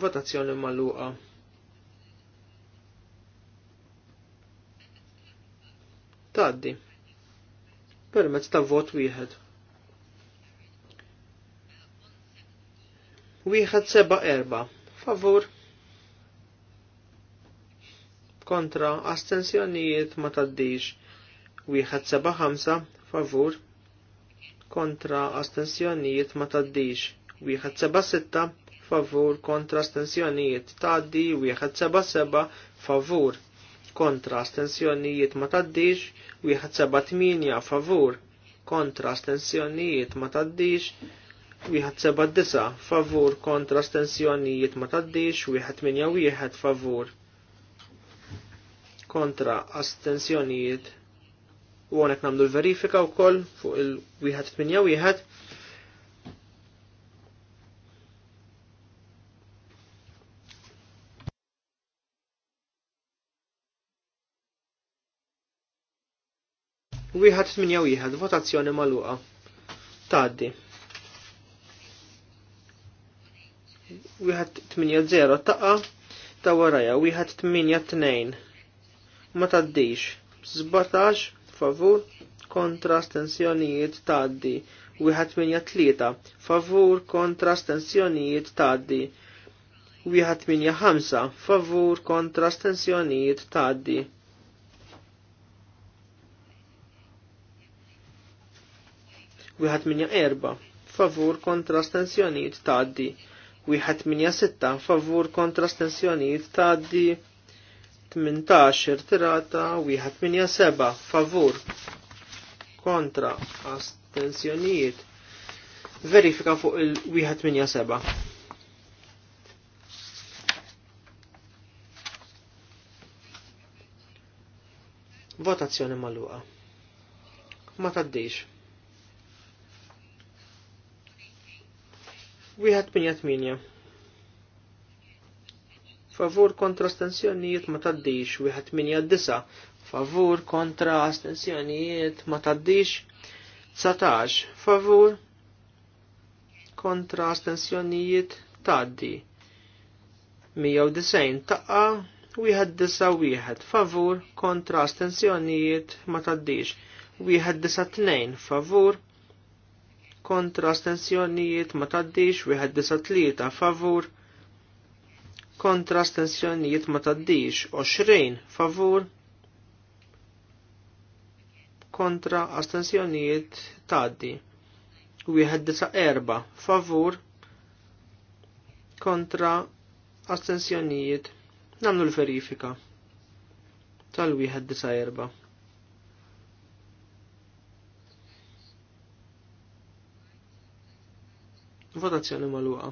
A: Votazzjoni maluqa. Taddi. Permezz ta' vot wieħed. Wieħed seba' erba. Favur. Kontra astensjonijiet ma taddix. Wieħed seba' ħamsa. Favur. Kontra astensjonijiet ma taddix. Wieħed seba' sitta favur kontra stensjonijiet taddi, wieħed seba seba favur kontra stensjonijiet ma taddix, wieħed seba tminja favur kontra stensjonijiet ma taddix, wieħed seba disa favur kontra stensjonijiet ma taddix, wieħed minja wieħed favur kontra astensjonijiet u għonek namdu l-verifika u koll fuq il wihat 8 Wieħed tminja wieħed, votazzjoni magħluqa. Tgħaddi. Wieħed tminja żero taqa ta' warajja, wieħed tminja tnejn. Ma tgħaddix. 17 favur kontra stensjonijiet tgħaddi. Wieħed tminja tlieta favur kontra stensjonijiet tgħaddi. Wieħed tminja ħamsa favur kontra stensjonijiet tgħaddi. wieħed minja erba favur kontra stensjonijiet tgħaddi. Wieħed minja sitta favur kontra stensjonijiet tgħaddi. 18 tirata wieħed minja seba favur kontra astensjonijiet. Verifika fuq il-wieħed minja seba. Votazzjoni maluqa. Ma taddix. Wieħed minja tminja. Favur kontra astensjonijiet ma taddix, wieħed minja disa. Favur kontra astensjonijiet ma taddix, 19. Favur kontra astensjonijiet taddi. 190 taqqa, wieħed disa wieħed. Favur kontra astensjonijiet ma taddix. Wieħed disa tnejn favur kontra astensjonijiet ma taddix, wieħed disa tlieta favur, kontra astensjonijiet ma taddix, 20 favur, kontra astensjonijiet taddi, wieħed disa erba favur, kontra astensjonijiet namlu l-verifika tal-wieħed disa erba'. Votazzjoni maluqa.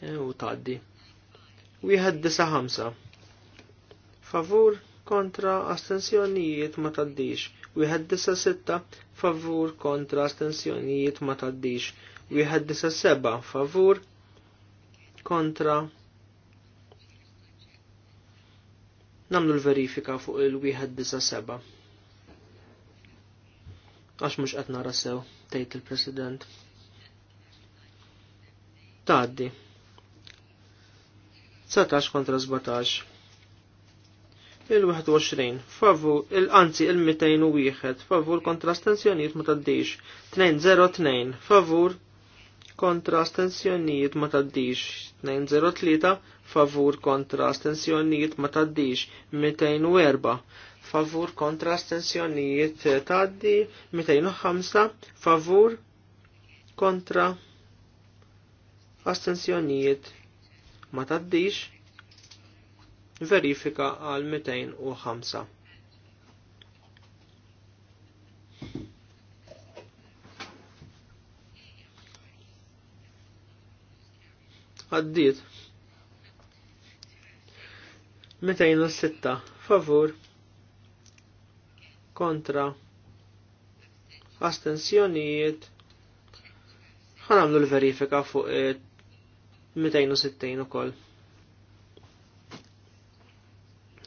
A: E, u taddi. Wieħed disa ħamsa. Favur kontra astensjonijiet ma taddix. Wieħed disa sitta. Favur kontra astensjonijiet ma taddix. Wieħed disa seba. Favur kontra namlu l-verifika fuq il-wieħed disa seba. Għax mux qed nara sew, tgħid il-President. Taddi. 19 kontra 17. Il-21. Favur, il-anzi il-201. Favur kontra stensjonijiet ma taddix. 202. Favur kontra stensjonijiet ma taddix. 203. Favur kontra stensjonijiet ma taddix. 204 favur kontra astensjonijiet taddi 205 favur kontra astensjonijiet ma taddix, verifika għal 205. Għaddit. 206 favur kontra astensjonijiet ħanamlu l-verifika fuq 260 ukoll.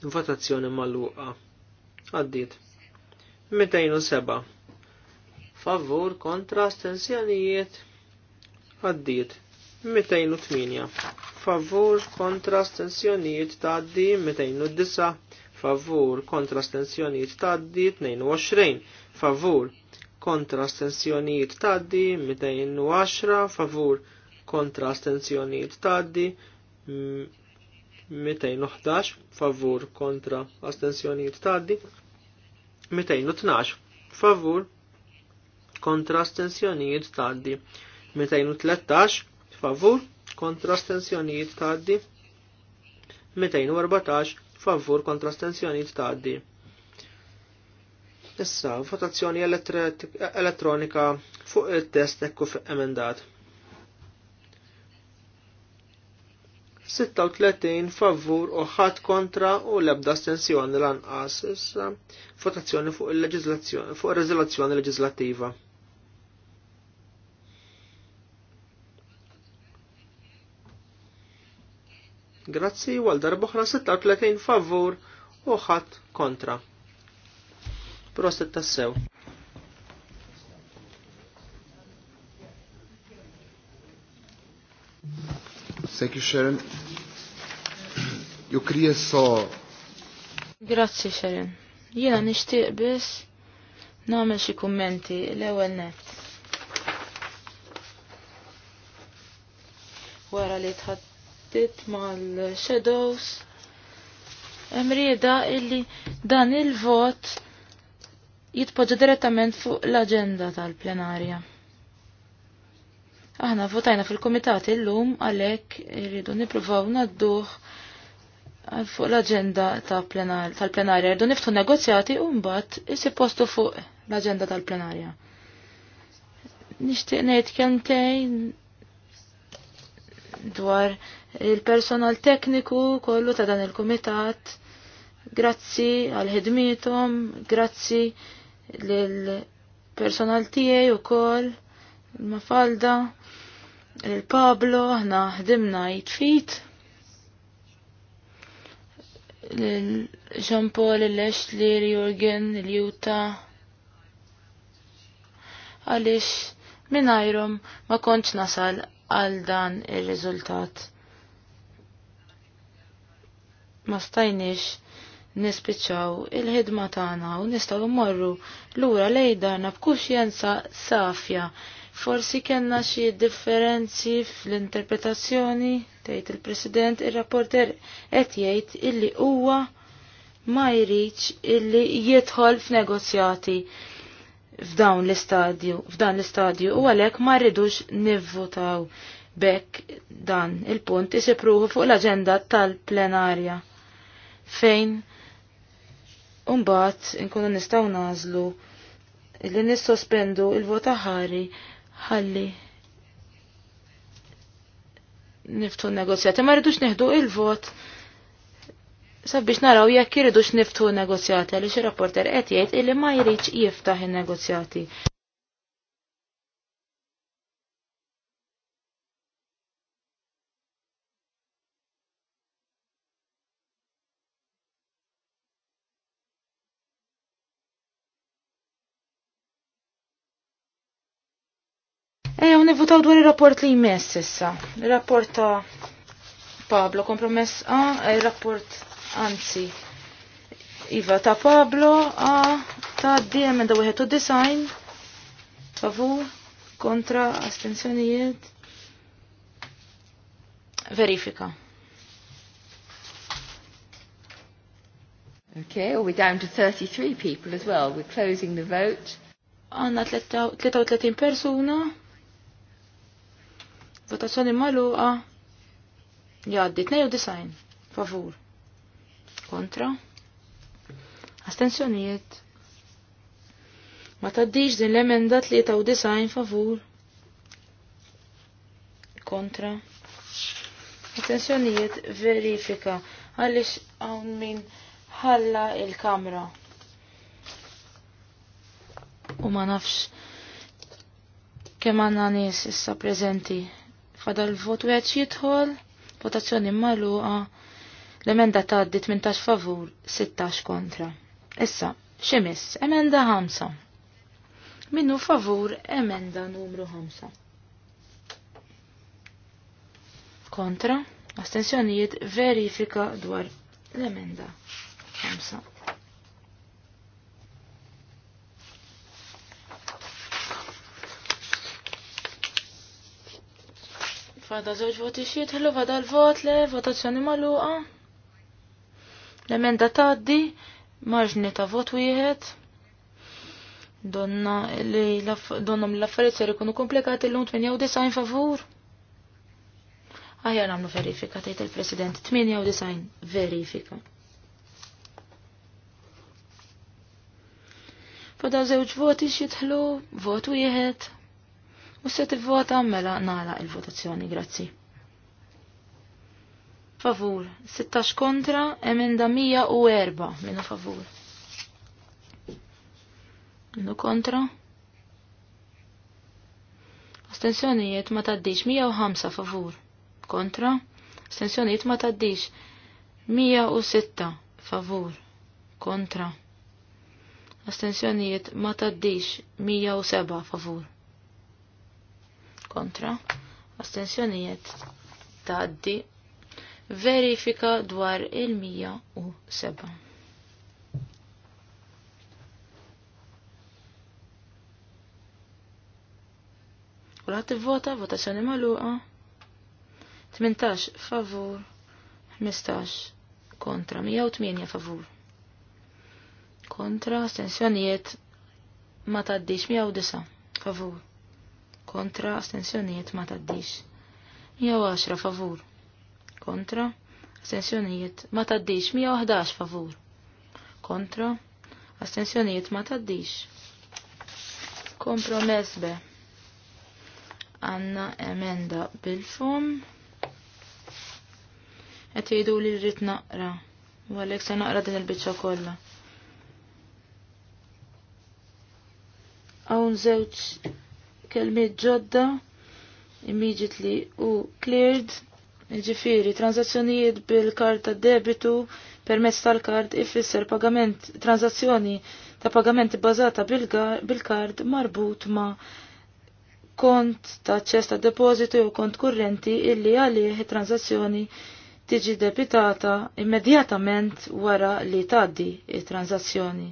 A: Votazzjoni mal-luqa. Għaddit. 207. Favur kontra astensjonijiet. Għaddit. 208. Favur kontra astensjonijiet għaddi. 209. Favur kontra astensjonijiet għaddi. 22. Favur kontra astensjonijiet għaddi. 210. Favur kontra astenzjonijiet taddi 211 favur kontra astenzjonijiet taddi 212 favur kontra astenzjonijiet taddi 213 favur kontra astenzjonijiet taddi 214 favur kontra astenzjonijiet taddi Issa, votazzjoni elettronika fuq il-test ekku emendat. 36 favur u ħadd kontra u l-ebda astensjoni lanqas issa votazzjoni fuq il-leġiżlazzjoni fuq ir reżolazzjoni leġislattiva. Grazzi għal darboħra 36 favur u ħadd kontra. Prostet tassew.
B: Thank you, Sharon ju krije
C: Grazzi, Sharon. Jena nishtiq biss namel xi kummenti l-ewwel net. Wara li tħaddit mal-shadows emrieda illi dan il-vot jitpoġġa direttament fuq l-aġenda tal-plenarja. Aħna votajna fil-komitat il-lum għalhekk irridu nippruvaw nadduh fuq l-agenda tal-plenarja. Rdu niftu negozjati u mbagħad isib postu fuq l-agenda tal-plenarja. Nixtieq ngħid kemtejn dwar il-personal tekniku kollu ta' dan il-kumitat. Grazzi għal ħidmietom, grazzi lill-personal tiegħi wkoll mafalda il-Pablo, aħna ħdimna jitfit jean paul Leslie, ashley Liuta. jurgen l-Juta. Għalix ma konċ nasal għal dan il-rizultat. Ma stajniex nispiċaw il-ħidma tagħna u nistgħu mmorru lura lejdarna b'kuxjenza safja Forsi kena xi differenzi fl-interpretazzjoni tgħid il-President ir-rapporter qed jgħid illi huwa ma jridx illi jidħol f'negozjati f'dawn l-istadju, f'dan l-istadju u għalhekk ma rridux nivvotaw bekk dan il-punt isipruħu fuq l-aġenda tal-plenarja fejn Umbat, inkunu nistaw nażlu li nissospendu il-vota ħari ħalli niftu negozjati. Ma rridux neħdu il-vot sabiex naraw jekk irridux niftu negozjati għaliex ir-rapporter qed jgħid illi ma jridx jiftaħ in-negozjati. nivutaw dwar il-rapport li jmess issa. Il-rapport ta' Pablo, kompromess A, il-rapport anzi. Iva ta' Pablo, A, ta' DM emenda wieħed u design. Favur, kontra, astensjonijiet. Verifika. Okay, we're down to 33 people as well. We're closing the vote. Għanna 33 persuna. Votazzjoni maluqa Jaddi, 92 favur kontra Astenzjonijiet? ma taddix din l-emenda 93 favur kontra attenzjonijiet verifika għalix għawn min ħalla il-kamra u ma nafx kemm għandna nies issa preżenti Fada l vot wieħed jidħol, votazzjoni magħluqa, l-emenda ta' 18 favur, 16 kontra. Issa, ximis, emenda 5. Minnu favur emenda numru 5. Kontra, astensjonijiet verifika dwar l-emenda 5. Fada żewġ voti xiet, ħallu fada l-vot le votazzjoni magħluqa. L-emenda tgħaddi marġni ta' vot wieħed. Donna li donnom l-affarijiet ser ikunu komplikati l-lum 98 favur. Aħjar nagħmlu verifika tgħid il-President 98 verifika. Fada żewġ voti xitħlu, vot wieħed. U se tivvota mela nala il-votazzjoni, grazzi. Favur, 16 kontra, emenda 104 minu favur. Minu kontra. jiet ma taddix 105 favur. Kontra. jiet ma taddix 106 favur. Kontra. jiet ma taddix 107 favur kontra astensjonijiet taddi verifika dwar il-107. U laħt vota votazzjoni maluqa 18 favur 15 kontra 108 favur. Kontra astensjonijiet ma taddix 109 favur kontra astensjonijiet ma taddix. 110 favur kontra astensjonijiet ma taddix 111 favur kontra astensjonijiet ma taddix. Kompromess be Anna emenda bil-fum Et jidu li rrid naqra. U għalhekk se naqra din il-biċċa kollha. Hawn żewġ kelmiet ġodda immediately u cleared ġifiri transazzjonijiet bil-karta debitu permezz tal-kard ifisser pagament transazzjoni ta' pagamenti bazata bil-kard marbut ma' kont ta' ċesta ta' depozitu jew kont kurrenti illi għalih transazzjoni tiġi debitata immedjatament wara li tgħaddi it-transazzjoni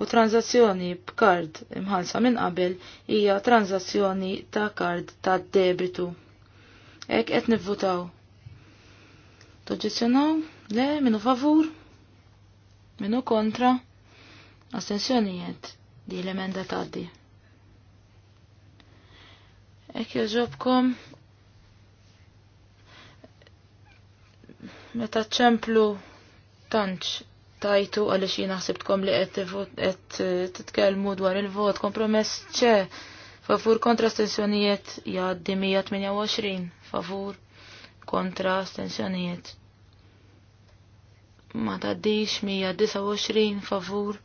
C: u tranzazzjoni b'kard imħalsa minn qabel hija tranzazzjoni ta' kard ta' debitu. Ek qed nivvutaw. Toġġezzjonaw? Le, minu favur? Minu kontra? Astensjonijiet di l-emenda taddi. Ek joġobkom meta ċemplu tantx tajtu għaliex jien ħsibtkom li qed titkellmu dwar il-vot kompromess ċe favur kontra stensjonijiet jgħaddi 128 favur kontra stensjonijiet. Ma taddix 129 favur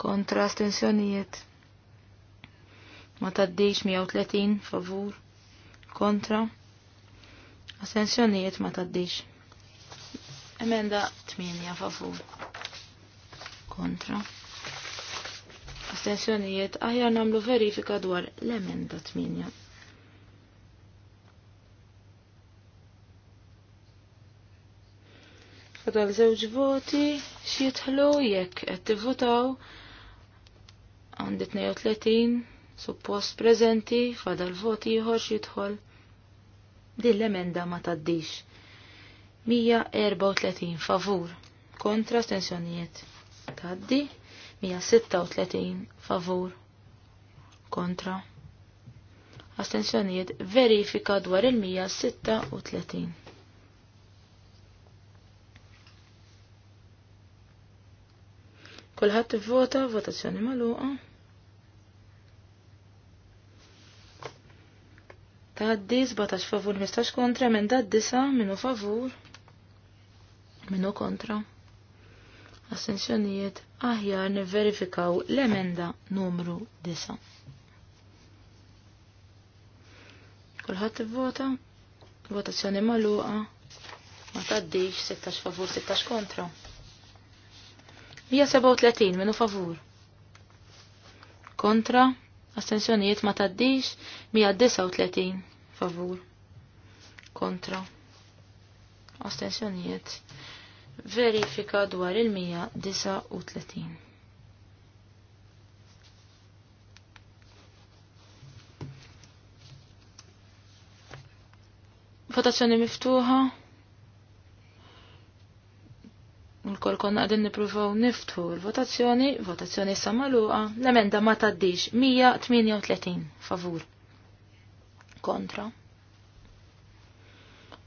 C: kontra stensjonijiet. Ma taddix 130 favur kontra astensjonijiet ma taddix. Emenda 8 favur kontra. Astensjonijiet aħjar namlu verifika dwar l-emenda 8. Fadal żewġ voti xietħlu jekk qed tivvutaw għandi 32 suppost preżenti fadal voti ieħor xidħol din l-emenda ma taddix. 134 favur kontra astensjonijiet taddi 136 favur kontra. Astenzjonijiet verifika dwar il-136. Kulħadd ivvota votazzjoni magħluqa. Taddi 17 favur 15 kontra, emenda 9 minu favur minu kontra assenzjonijiet aħjar nivverifikaw l-emenda numru 9. Kulħadd ivvota, votazzjoni magħluqa ma tgħaddix 16 favur 16 kontra. 37 minu favur. Kontra, astensjonijiet ma taddix 139 favur. Kontra, astensjonijiet verifika dwar il-139. Votazzjoni miftuħa. Nkol konna għadin nippruvaw niftħu l-votazzjoni, votazzjoni samaluqa, l-emenda ma taddix 138 favur. Kontra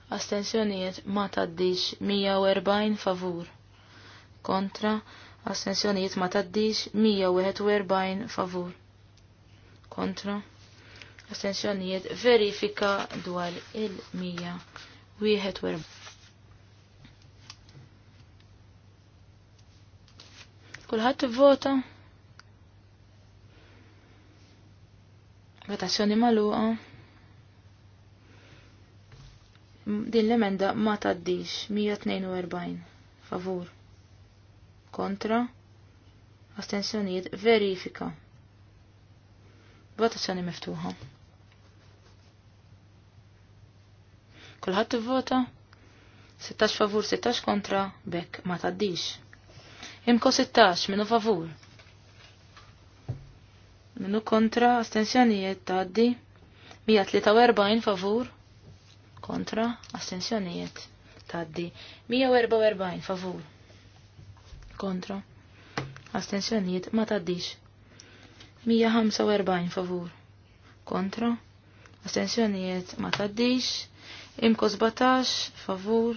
C: astensjonijiet ma taddix 140 favur. Kontra, astensjonijiet ma taddix 141 favur. Kontra, astensjonijiet verifika dwar il-141. Kulħadd vota Votazzjoni maluqa. Din l-emenda ma taddix 142 favur. Kontra. Astensjoniet verifika. Votazzjoni miftuħa. Kulħadd vota 16 favur, 16 kontra, bekk ma taddix. Imko 16, minu favur. Minu kontra, astensjoniet taddi. 143 favur, kontra astensjonijiet taddi 144 favur kontra astensjonijiet ma taddix 145 favur kontra astensjonijiet ma taddix imko 17 favur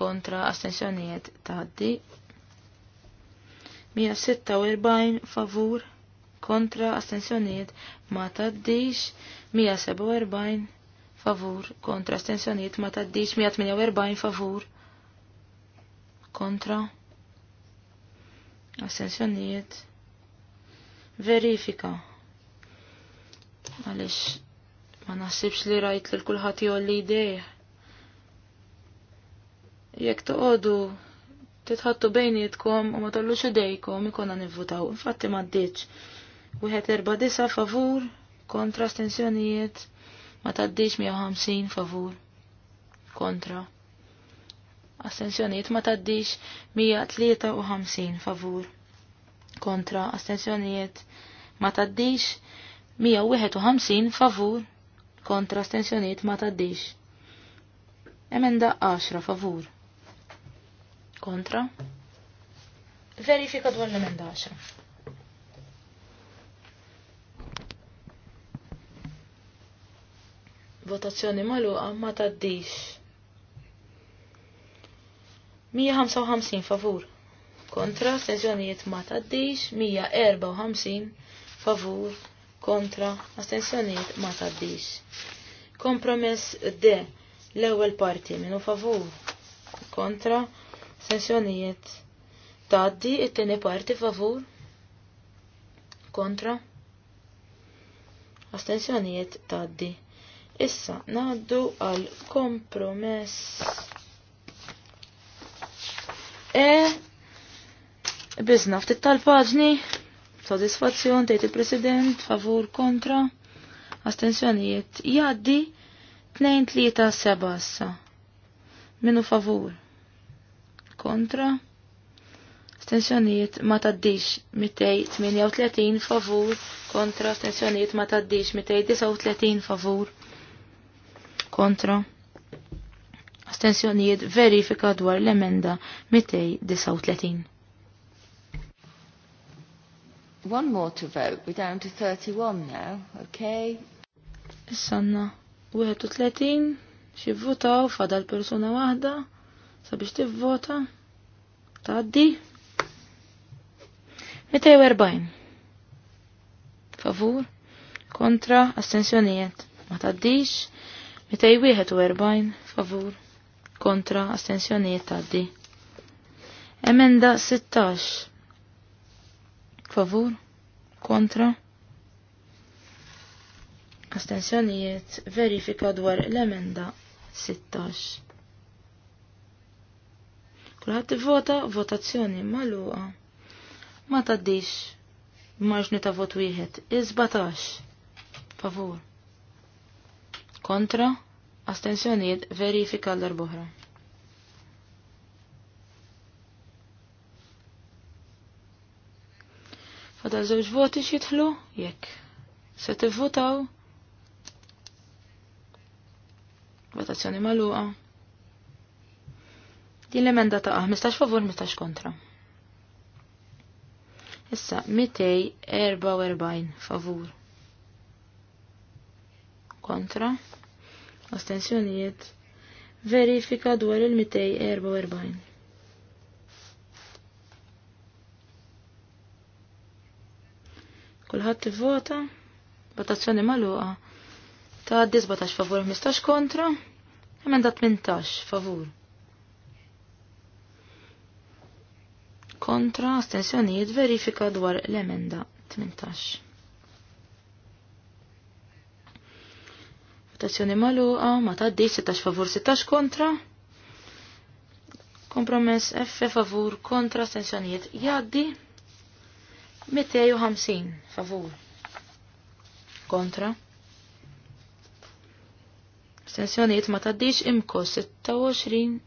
C: kontra astensjonijiet taddi 146 favur kontra astensjonijiet ma taddix 147 favur kontra astensjoniet ma taddiċ 148 favur kontra astensjoniet verifika għalix ma nasibx li rajt li l-kulħat jolli idej. jekk toqodu titħattu bejnietkom u ma tollux idejkom ikonna nivvutaw. Infatti ma ddiċ. Wieħed erba' disa favur kontra astensjoniet ma taddix 150 favur kontra. Astenzjoniet ma taddix 153 favur kontra. Astenzjoniet ma taddix 151 favur kontra. Astenzjoniet ma taddix. Emenda 10 favur kontra. Verifika dwar l-emenda 10. Votazzjoni maluqa ma taddix. 155 favur. Kontra astensjonijiet ma taddix. 154 favur. Kontra astensjonijiet ma taddix. Kompromess D. L-ewwel parti minu favur. Kontra astensjonijiet. Taddi it-tieni parti favur. Kontra astensjonijiet taddi. Issa naddu għal kompromess. E bizna ftit tal-paġni, sodisfazzjon tgħid il-President, favur kontra, astensjonijiet jgħaddi 2-3-7 Minu favur. Kontra. astensjonijiet ma taddix 238 favur kontra astensjonijiet ma taddix 239 favur kontra astensjonijiet verifika dwar l-emenda 239.
B: One more to vote. We're down to 31 now, okay?
C: Issanna, 31, xi votaw fadal persuna waħda sabiex tivvota. Taddi. 240. Favur. Kontra. Astensjonijiet. Ma taddix. Mitej wieħed u erbajn favur kontra astensjonijiet għaddi. Emenda 16. Favur? Kontra? Astensjonijiet verifika dwar l-emenda 16. Kulħadd vota votazzjoni magħluqa. Ma taddix maġni ta' vot wieħed. Iżbatax. Favur. Kontra? astensjonijiet verifika l-darbohra. Fada żewġ voti xitħlu? Jek. Se tivvotaw? Votazzjoni magħluqa. Din l-emenda ta' 15 ah, favur, 15 kontra. Issa, 244 favur. Kontra astensjonijiet verifika dwar il-244. Kulħadd tivvota, votazzjoni magħluqa ta' 17 favur 15 kontra, emenda 18 favur. Kontra astensjonijiet verifika dwar l-emenda 18. Votazzjoni maluqa, ma taddi 16 favur 16 kontra. Kompromess F favur kontra astensjonijiet jaddi. 250 favur kontra. Stensjonijiet ma taddix imko 26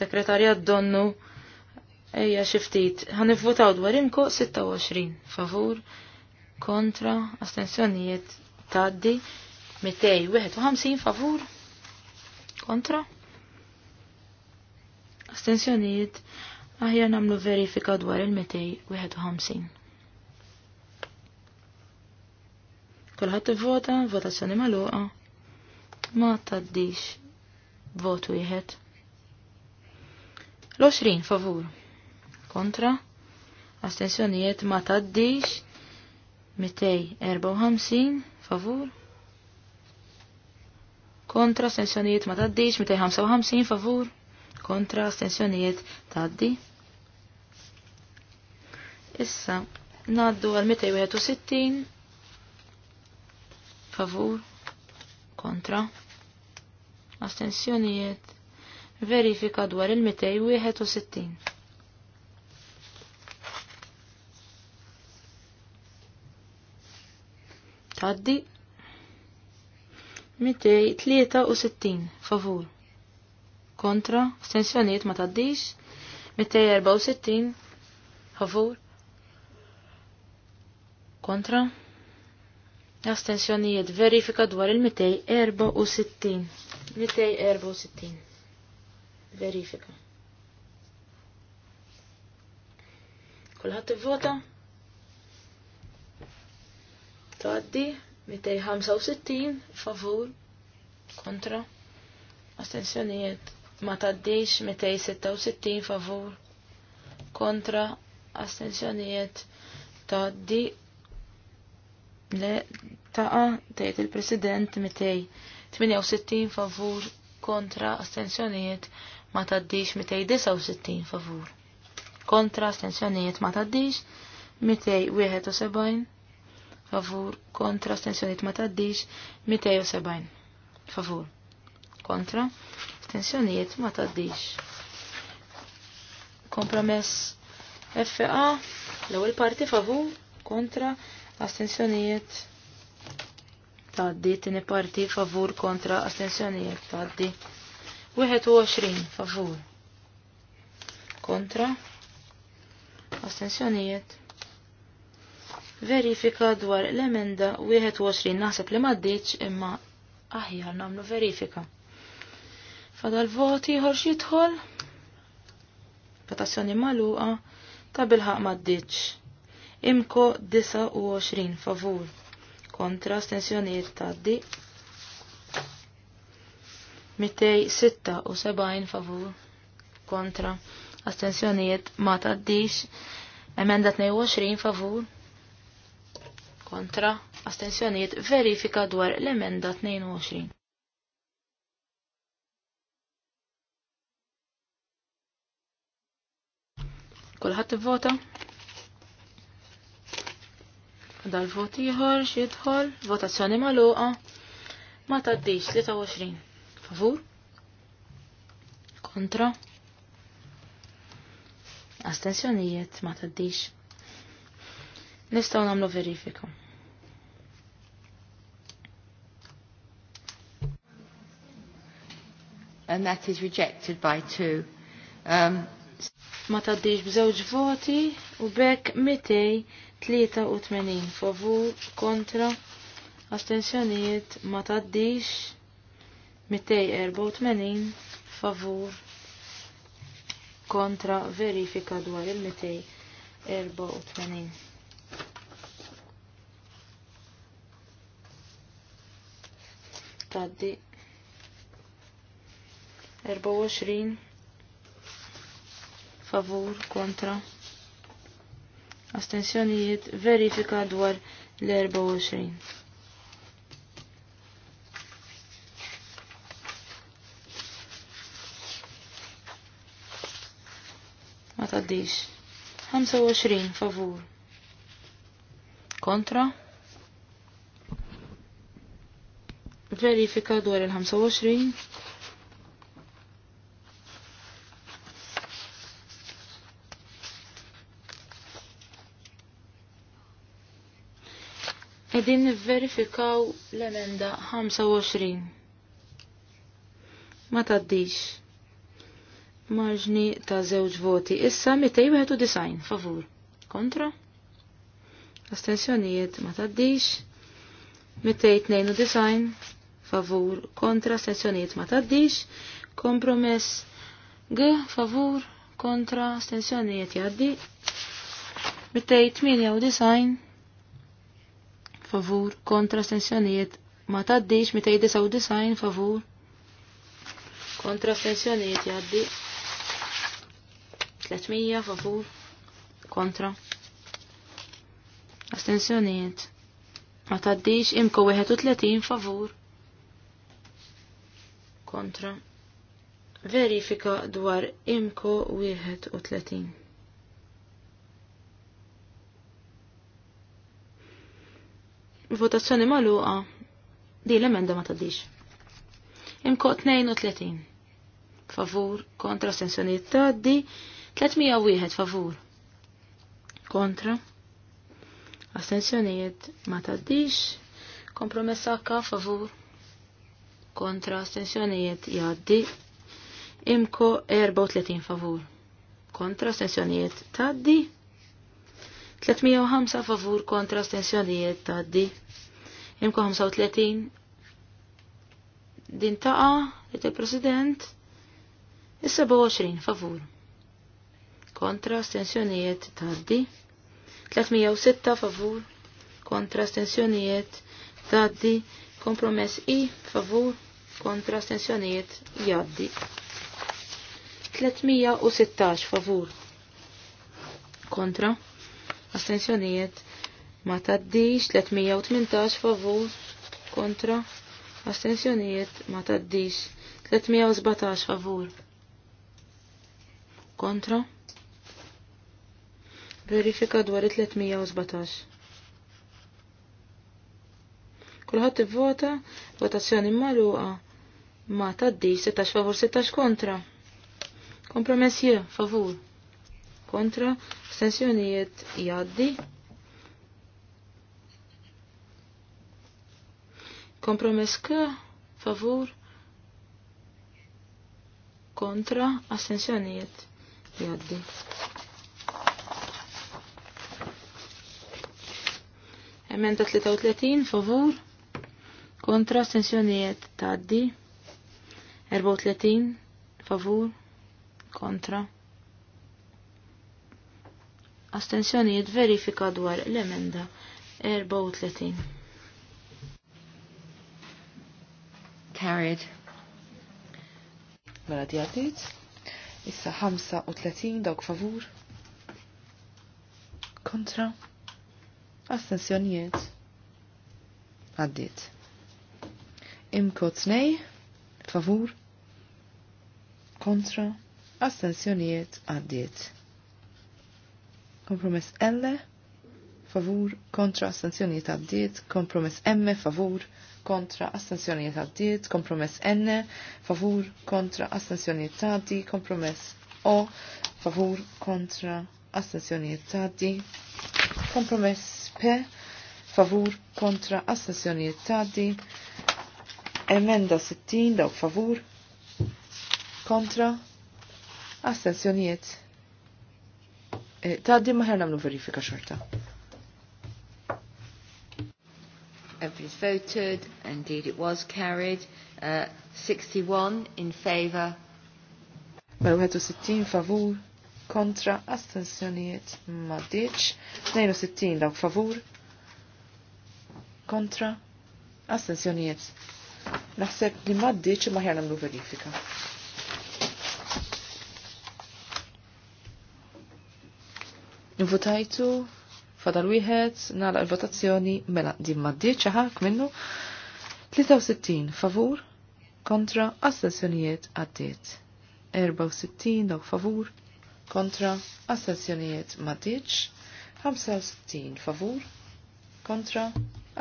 C: Sekretarjat donnu Ejja xiftit, ħan votaw dwar imko 26 favur kontra astensjonijiet taddi 251 favur kontra astensjonijiet aħjar namlu verifika dwar il-251. Kulħadd ivvota, votazzjoni maluqa, ma taddix votu wieħed. L-20 favur kontra, astensjonijiet ma taddix, 254 favur, kontra astensjonijiet ma taddix, 255 favur, kontra astensjonijiet taddi. Issa, naddu għal sittin. favur, kontra, astensjonijiet verifika dwar il mitej u sittin. Taddi. 263 favur. Kontra. Astensjoniet ma taddix. 264 favur. Kontra. Astensjonijiet verifika dwar il-264. 264. Verifika. Kulħadd ivvota? vota Taddi 265 favur kontra astensjonijiet ma taddix 266 favur kontra astensjonijiet taddi le taqa tgħid il-President 268 favur kontra astensjonijiet ma taddix 269 favur kontra astensjonijiet ma taddix 271 favur kontra astensjoniet ma taddix 270 favur kontra astensjoniet ma taddix kompromess FA l-ewwel parti favur kontra astensjoniet taddi tini parti favur kontra astensjoniet taddi 21 favur kontra astensjoniet verifika dwar l-emenda 21 naħseb li maddiċ imma aħjar namlu verifika. Fadal voti ħorx jidħol, votazzjoni maluqa ta' bilħaq maddiċ. Imko 29 favur kontra stensjoniet u 276 favur kontra astensjoniet ma taddix emenda 22 favur kontra astensjonijiet verifika dwar l-emenda 22. Kulħadd vota? Dal-vot ieħor x'jidħol, votazzjoni magħluqa ma taddix 23. Favur? Kontra? Astensjonijiet ma taddix? Nistaw namlu verifika. And that is rejected by two. Um, ma taddiġ bżewġ voti u bekk 283 favur kontra astensjonijiet ma taddix 284 favur kontra verifika dwar il-284. taddi 24 favur kontra astensjonijiet verifika dwar l-24 ma taddix 25 favur kontra Verifika dwar il-25. Edin verifikaw l-emenda 25. Ma taddix. Marġni ta' zewġ voti. Issa disajn. favur. Kontra? Astensjonijiet ma taddix. 292 favur kontra stenzjoniet ma taddix, kompromess G favur kontra stenzjoniet jaddi, design favur kontra stenzjoniet ma taddix, design favur kontra astensjonijiet jaddi, 300 favur kontra astensjonijiet ma taddix imko 31 favur kontra. Verifika dwar imko 31. Votazzjoni maluqa di l-emenda ma tadix. Imko 32. Favur kontra sensjoniet taddi 301 favur. Kontra. Astensjonijiet ma taddix. Kompromessa ka favur kontra astensjonijiet jaddi. Imko 34 favur kontra astensjonijiet taddi. 305 favur kontra astensjonijiet taddi. Imko 35 din taqa, il-president, is-27 favur. Kontra astensjonijiet taddi. 306 favur kontra astensjonijiet taddi kompromess i favur kontra astensjonijiet jaddi. 316 favur kontra astensjonijiet ma taddix 318 favur kontra astensjonijiet ma taddix 317 favur kontra verifika dwar 317 kulħadd ivvota votazzjoni magħluqa ma taddi 16 favur 16 kontra. Kompromess jie, favur. Kontra, stensjonijiet jaddi. Kompromess k, favur. Kontra, astensjonijiet jaddi. Emenda 33, favur. Kontra, astensjonijiet taddi. 34 favur kontra astensjonijiet verifika dwar l-emenda 34
B: carried mela diatit issa 35 dawk favur kontra astensjonijiet għaddit imkot nej favur, kontra, astensjonijiet għaddiet. Kompromess L, favur, kontra, astensjonijiet għaddiet. Kompromess M, favur, kontra, astensjonijiet għaddiet. Kompromess N, favur, kontra, astensjonijiet għaddi. Kompromess O, favur, kontra, astensjonijiet għaddi. Kompromess P, favur, kontra, astensjonijiet għaddi Emenda 60 dawk favur kontra astensjonijiet. Eh, ta' di maħer namlu verifika xorta. Every voted. Indeed, it was carried. Uh, 61 in favor. Mela 60, favur kontra astensjonijiet Maddiċ. 62 dawk favur kontra astensjonijiet Naħseb li maddiċ ma ħjar namlu verifika. Nvotajtu, fadal wieħed, nala l-votazzjoni, mela din maddiċ ħak minnu. 63 favur, kontra assessjonijiet għaddiet. 64 dawk favur, kontra assessjonijiet maddiċ. 65 favur, kontra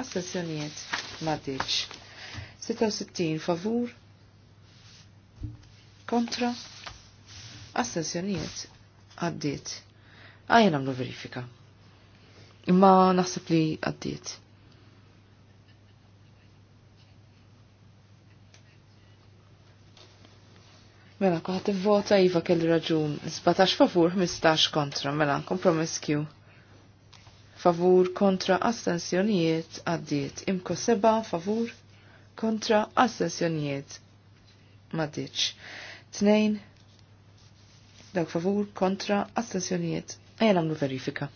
B: assessjonijiet maddiċ. 66 favur kontra astensjonijiet għaddiet. Ah, Għajja namlu verifika. Imma naħseb li għaddiet. Mela, kħat vota jiva kelli raġun. 17 favur, 15 kontra. Mela, kompromiss kju. Favur kontra astensjonijiet għaddiet. Imko seba favur kontra assessjonijiet matiċ. Tnejn dawk favur kontra assessjonijiet. Ejja għamlu verifika.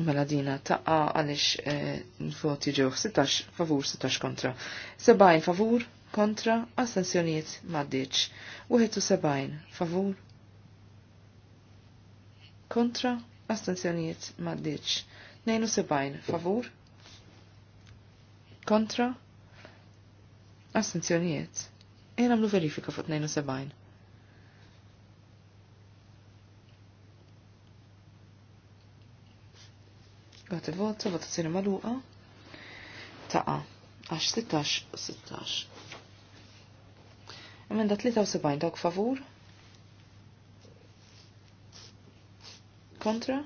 B: Mela dina taqqa għalix n-voti eh, ġew 16 favur 16 kontra. 70 favur kontra astensjonijiet maddiċ. 71 favur kontra astenzjonijiet maddiċ. 72 favur kontra astenzjonijiet. Jena mlu verifika fuq 72. Għati vota, t-sini maluqa. Taqa. għax 16, 16. Emenda 73 dawk favur. kontra,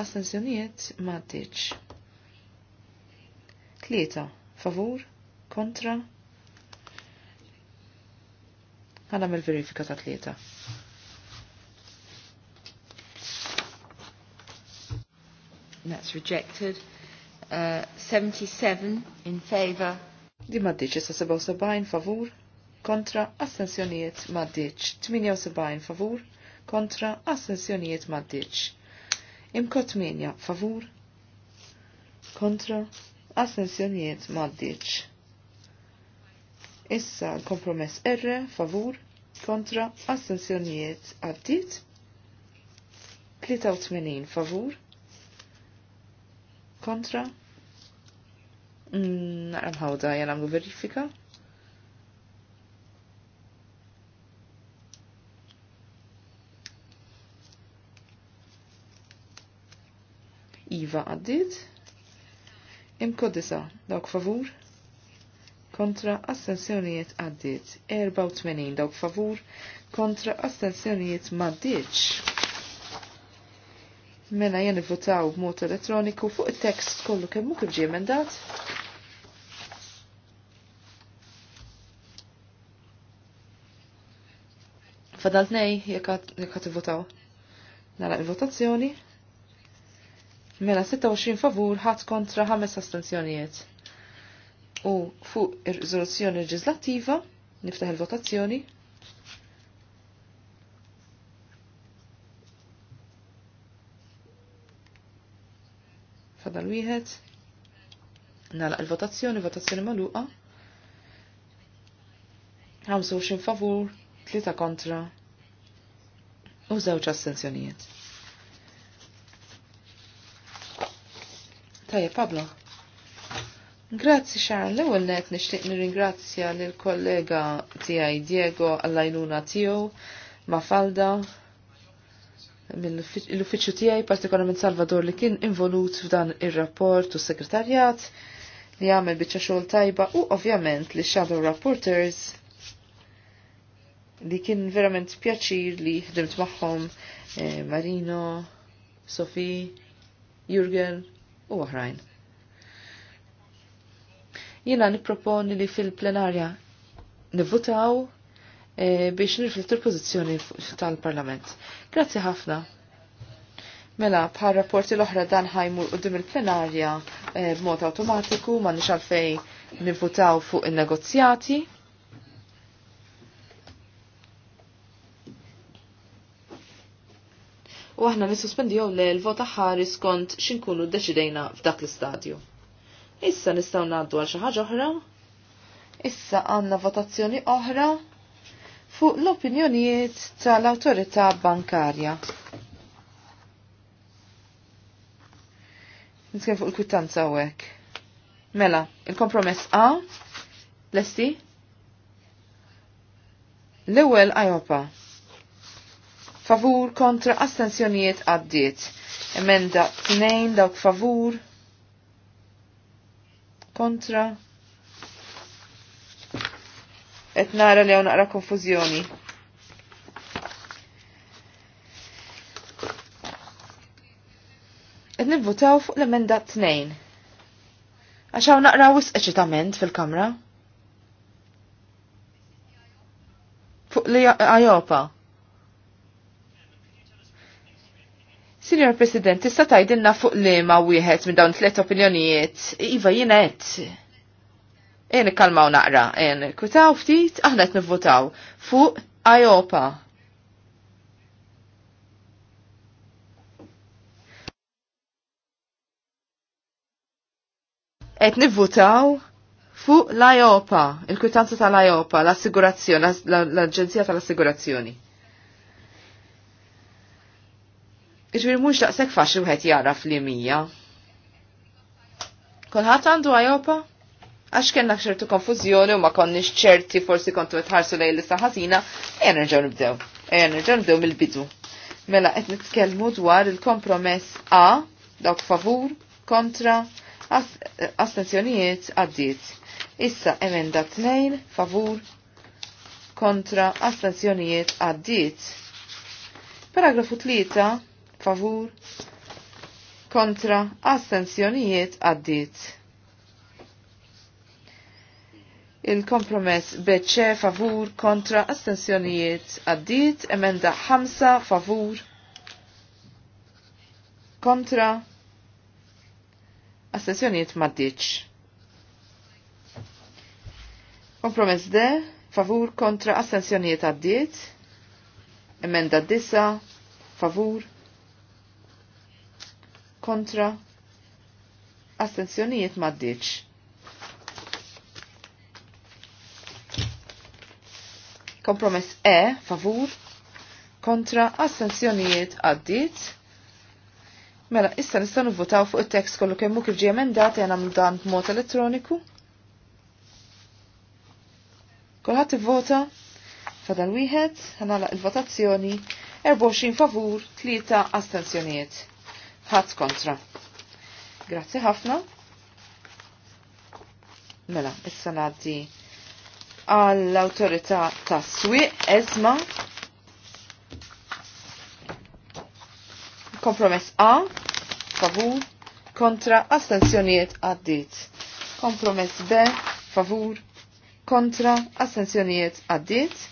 B: astensjonijiet maddiċ. Tlieta, favur, kontra, ħanam il-verifika ta' tlieta. That's rejected. Uh, 77 in favor. Di maddiċ, jessa 77 favur, kontra, astensjonijiet maddiċ, 78 favur, kontra assenzjonijiet maddiċ. Imkot minja favur kontra assenzjonijiet maddiċ. Issa l-kompromess R favur kontra assenzjonijiet għaddit. 83 favur kontra. Mm, Naqram mħawda jgħan għamlu verifika. Iva għaddit. Imko dawk favur. Kontra astensjonijiet għaddit. 84 dawk favur. Kontra astensjonijiet maddiċ. Mela jen votaw b'mod elettroniku fuq il-tekst kollu kemm kif emendat. Fadalt nej jekat ħadd votaw. Nara il-votazzjoni. Mela 26 favur ħadd kontra ħames astenzjonijiet. U fuq ir-riżoluzzjoni leġislattiva niftaħ il-votazzjoni. Fadal wieħed. Nalaq il-votazzjoni, votazzjoni magħluqa. 25 favur, 3 kontra u żewġ astenzjonijiet. Tajja, Pablo. Grazzi xar, l ewwel net nixtieq nirringrazzja lill kollega tiegħi Diego għall-għajnuna tiegħu Mafalda mill-uffiċċju tiegħi partikolarment Salvador li kien involut f'dan ir-rapport u segretarjat li għamel biċċa xogħol tajba u ovvjament li shadow rapporters li kien verament pjaċir li ħdimt magħhom eh, Marino, Sofi, Jurgen, u oħrajn. Jiena nipproponi li fil-plenarja nivvutaw e, biex nirflettu l-pożizzjoni tal-Parlament. Grazzi ħafna. Mela, bħal rapporti l-oħra dan ħajmu qudiem il-plenarja eh, b'mod e, automatiku ma nix għalfej nivvutaw fuq in-negozjati. u aħna nissuspendijaw le l-vota ħari skont xinkunu deċidejna f'dak l-istadju. Issa nistaw naddu għal xi ħaġa oħra. Issa għandna votazzjoni oħra fuq l-opinjonijiet tal-Awtorità Bankarja. Nisken fuq il-kwittanza hawnhekk. Mela, il-kompromess A, lesti? L-ewwel ajopa favur kontra astensjonijiet għaddiet. Emenda 2 dawk favur kontra et nara li għonaqra konfuzjoni. Et nivvutaw fuq l-emenda 2. Għaxaw għonaqra wisq eċitament fil-kamra. Fuq li għajopa. Signor President, tista tajdinna fuq li ma wieħed minn dawn tliet opinjonijiet, iva jiena qed. Ejn ikkalmaw naqra, ejn kutaw ftit, aħna qed nivvutaw fuq IOPA. Qed nivvutaw fuq l-IOPA, il-kwitanza tal-IOPA, l-assigurazzjoni, l-Aġenzija tal-Assigurazzjoni. Iġbir mux daqsek faċi uħet jara fl-imija. Kolħat għandu għajopa? Għax kena ċertu konfuzjoni u ma konniex ċerti forsi kontu għetħarsu lej lista ħażina, ejja nerġgħu nibdew. Ejja nerġgħu nibdew mill-bidu. Mela qed nitkellmu dwar il-kompromess A dawk favur kontra astenzjonijiet għaddiet. Issa emenda 2 favur kontra astenzjonijiet għaddiet. Paragrafu 3 favur kontra astensjonijiet għaddit. Il-kompromess beċe favur kontra astensjonijiet għaddit, emenda 5 favur kontra astensjonijiet maddiċ. Kompromess de favur kontra astensjonijiet għaddit, emenda disa, favur kontra astenzjonijiet maddiċ. Kompromess E, favur, kontra astenzjonijiet għaddit. Mela, issa nistanu votaw fuq it-tekst kollu kemm kif ġie emendati għanam dan b'mod elettroniku. Kulħadd ivvota fadal wieħed ħanalaq il-votazzjoni 24 favur, 3 astenzjonijiet ħadd kontra. Grazzi ħafna. Mela, issa ngħaddi għall awtorità tas-swieq eżma kompromess A, favur, kontra, astensjonijiet għaddit. Kompromess B, favur, kontra, astensjonijiet għaddit.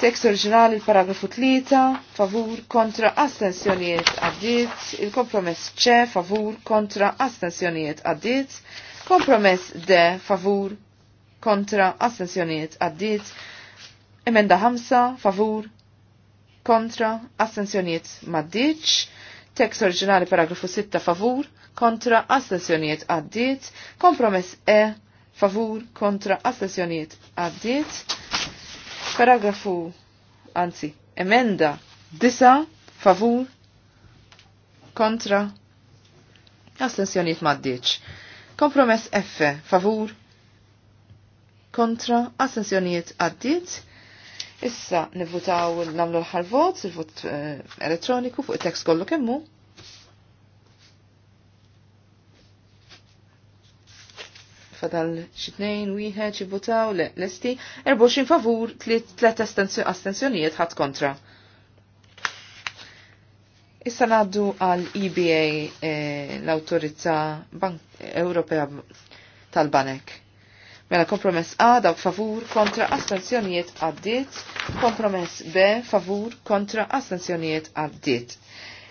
B: tekst oriġinali l-paragrafu 3, favur kontra astensjonijiet għaddit, il-kompromess C, favur kontra astensjonijiet għaddit, kompromess D, favur kontra astensjonijiet għaddit, emenda 5, favur kontra astensjonijiet maddiċ, tekst oriġinali paragrafu 6, favur kontra astensjonijiet għaddit, kompromess E, favur kontra astensjonijiet għaddit, Paragrafu, anzi, emenda disa favur kontra astensjoniet maddiċ. Kompromess F favur kontra astensjoniet għaddit. Issa nivvutaw namlu l-ħarvot, il-vot eh, elettroniku fuq il-tekst kollu kemmu. fadal xitnejn, wieħed, xibutaw, le, lesti, 24 favur, 3 astensjonijiet ħat kontra. Issa naddu għal EBA eh, l-autorizza Ewropea tal-Banek. Mela kompromess A daw favur kontra astensjonijiet għaddit, kompromess B favur kontra astensjonijiet għaddit.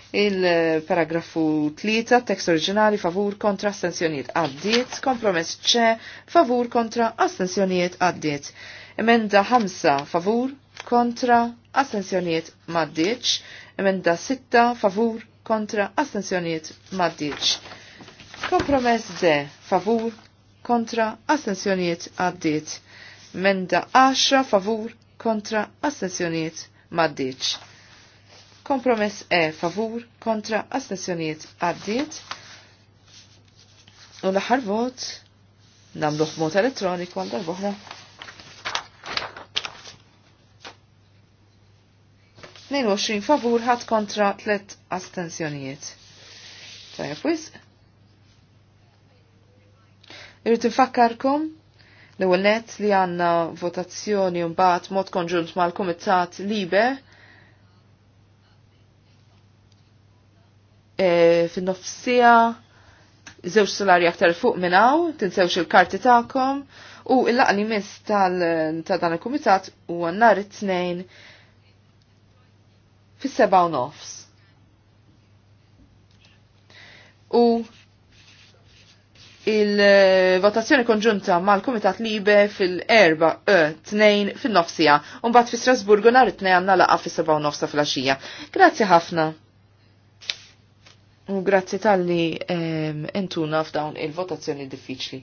B: Il-paragrafu 3, tekst oriġinali, favur kontra astensjoniet għaddiet, kompromess ċe, favur kontra astensjoniet għaddiet. Emenda 5, favur kontra astensjoniet maddiċ. Emenda 6, favur kontra astensjoniet maddiċ. Kompromess D, favur kontra astensjoniet għaddiet. Emenda 10, favur kontra astensjoniet maddiċ Kompromess E favur kontra astazzjoniet għaddiet. U l-aħħar vot namluħ mod elettroniku għal darbohra. Nejn favur ħadd kontra tlet astensjonijiet. Tajab wisq. Irrit infakkarkom l ewwel net li għanna votazzjoni mbagħad mod konġunt mal-Kumitat Libe E, fin-nofsija żewġ solari aktar fuq minn hawn, tinsewx il-karti tagħkom u l-laqni miss ta' dan il-kumitat u nhar it-tnejn fis-seba' u nofs. U il-votazzjoni konġunta mal-Komitat Libe fil-erba e tnejn fil-nofsija, un bat fi Strasburgu nar it-tnejn għanna laqa fil-7 nofsa fil-axija. Grazie ħafna. U grazzi tal-li entuna f'dawn il-votazzjoni
A: diffiċli.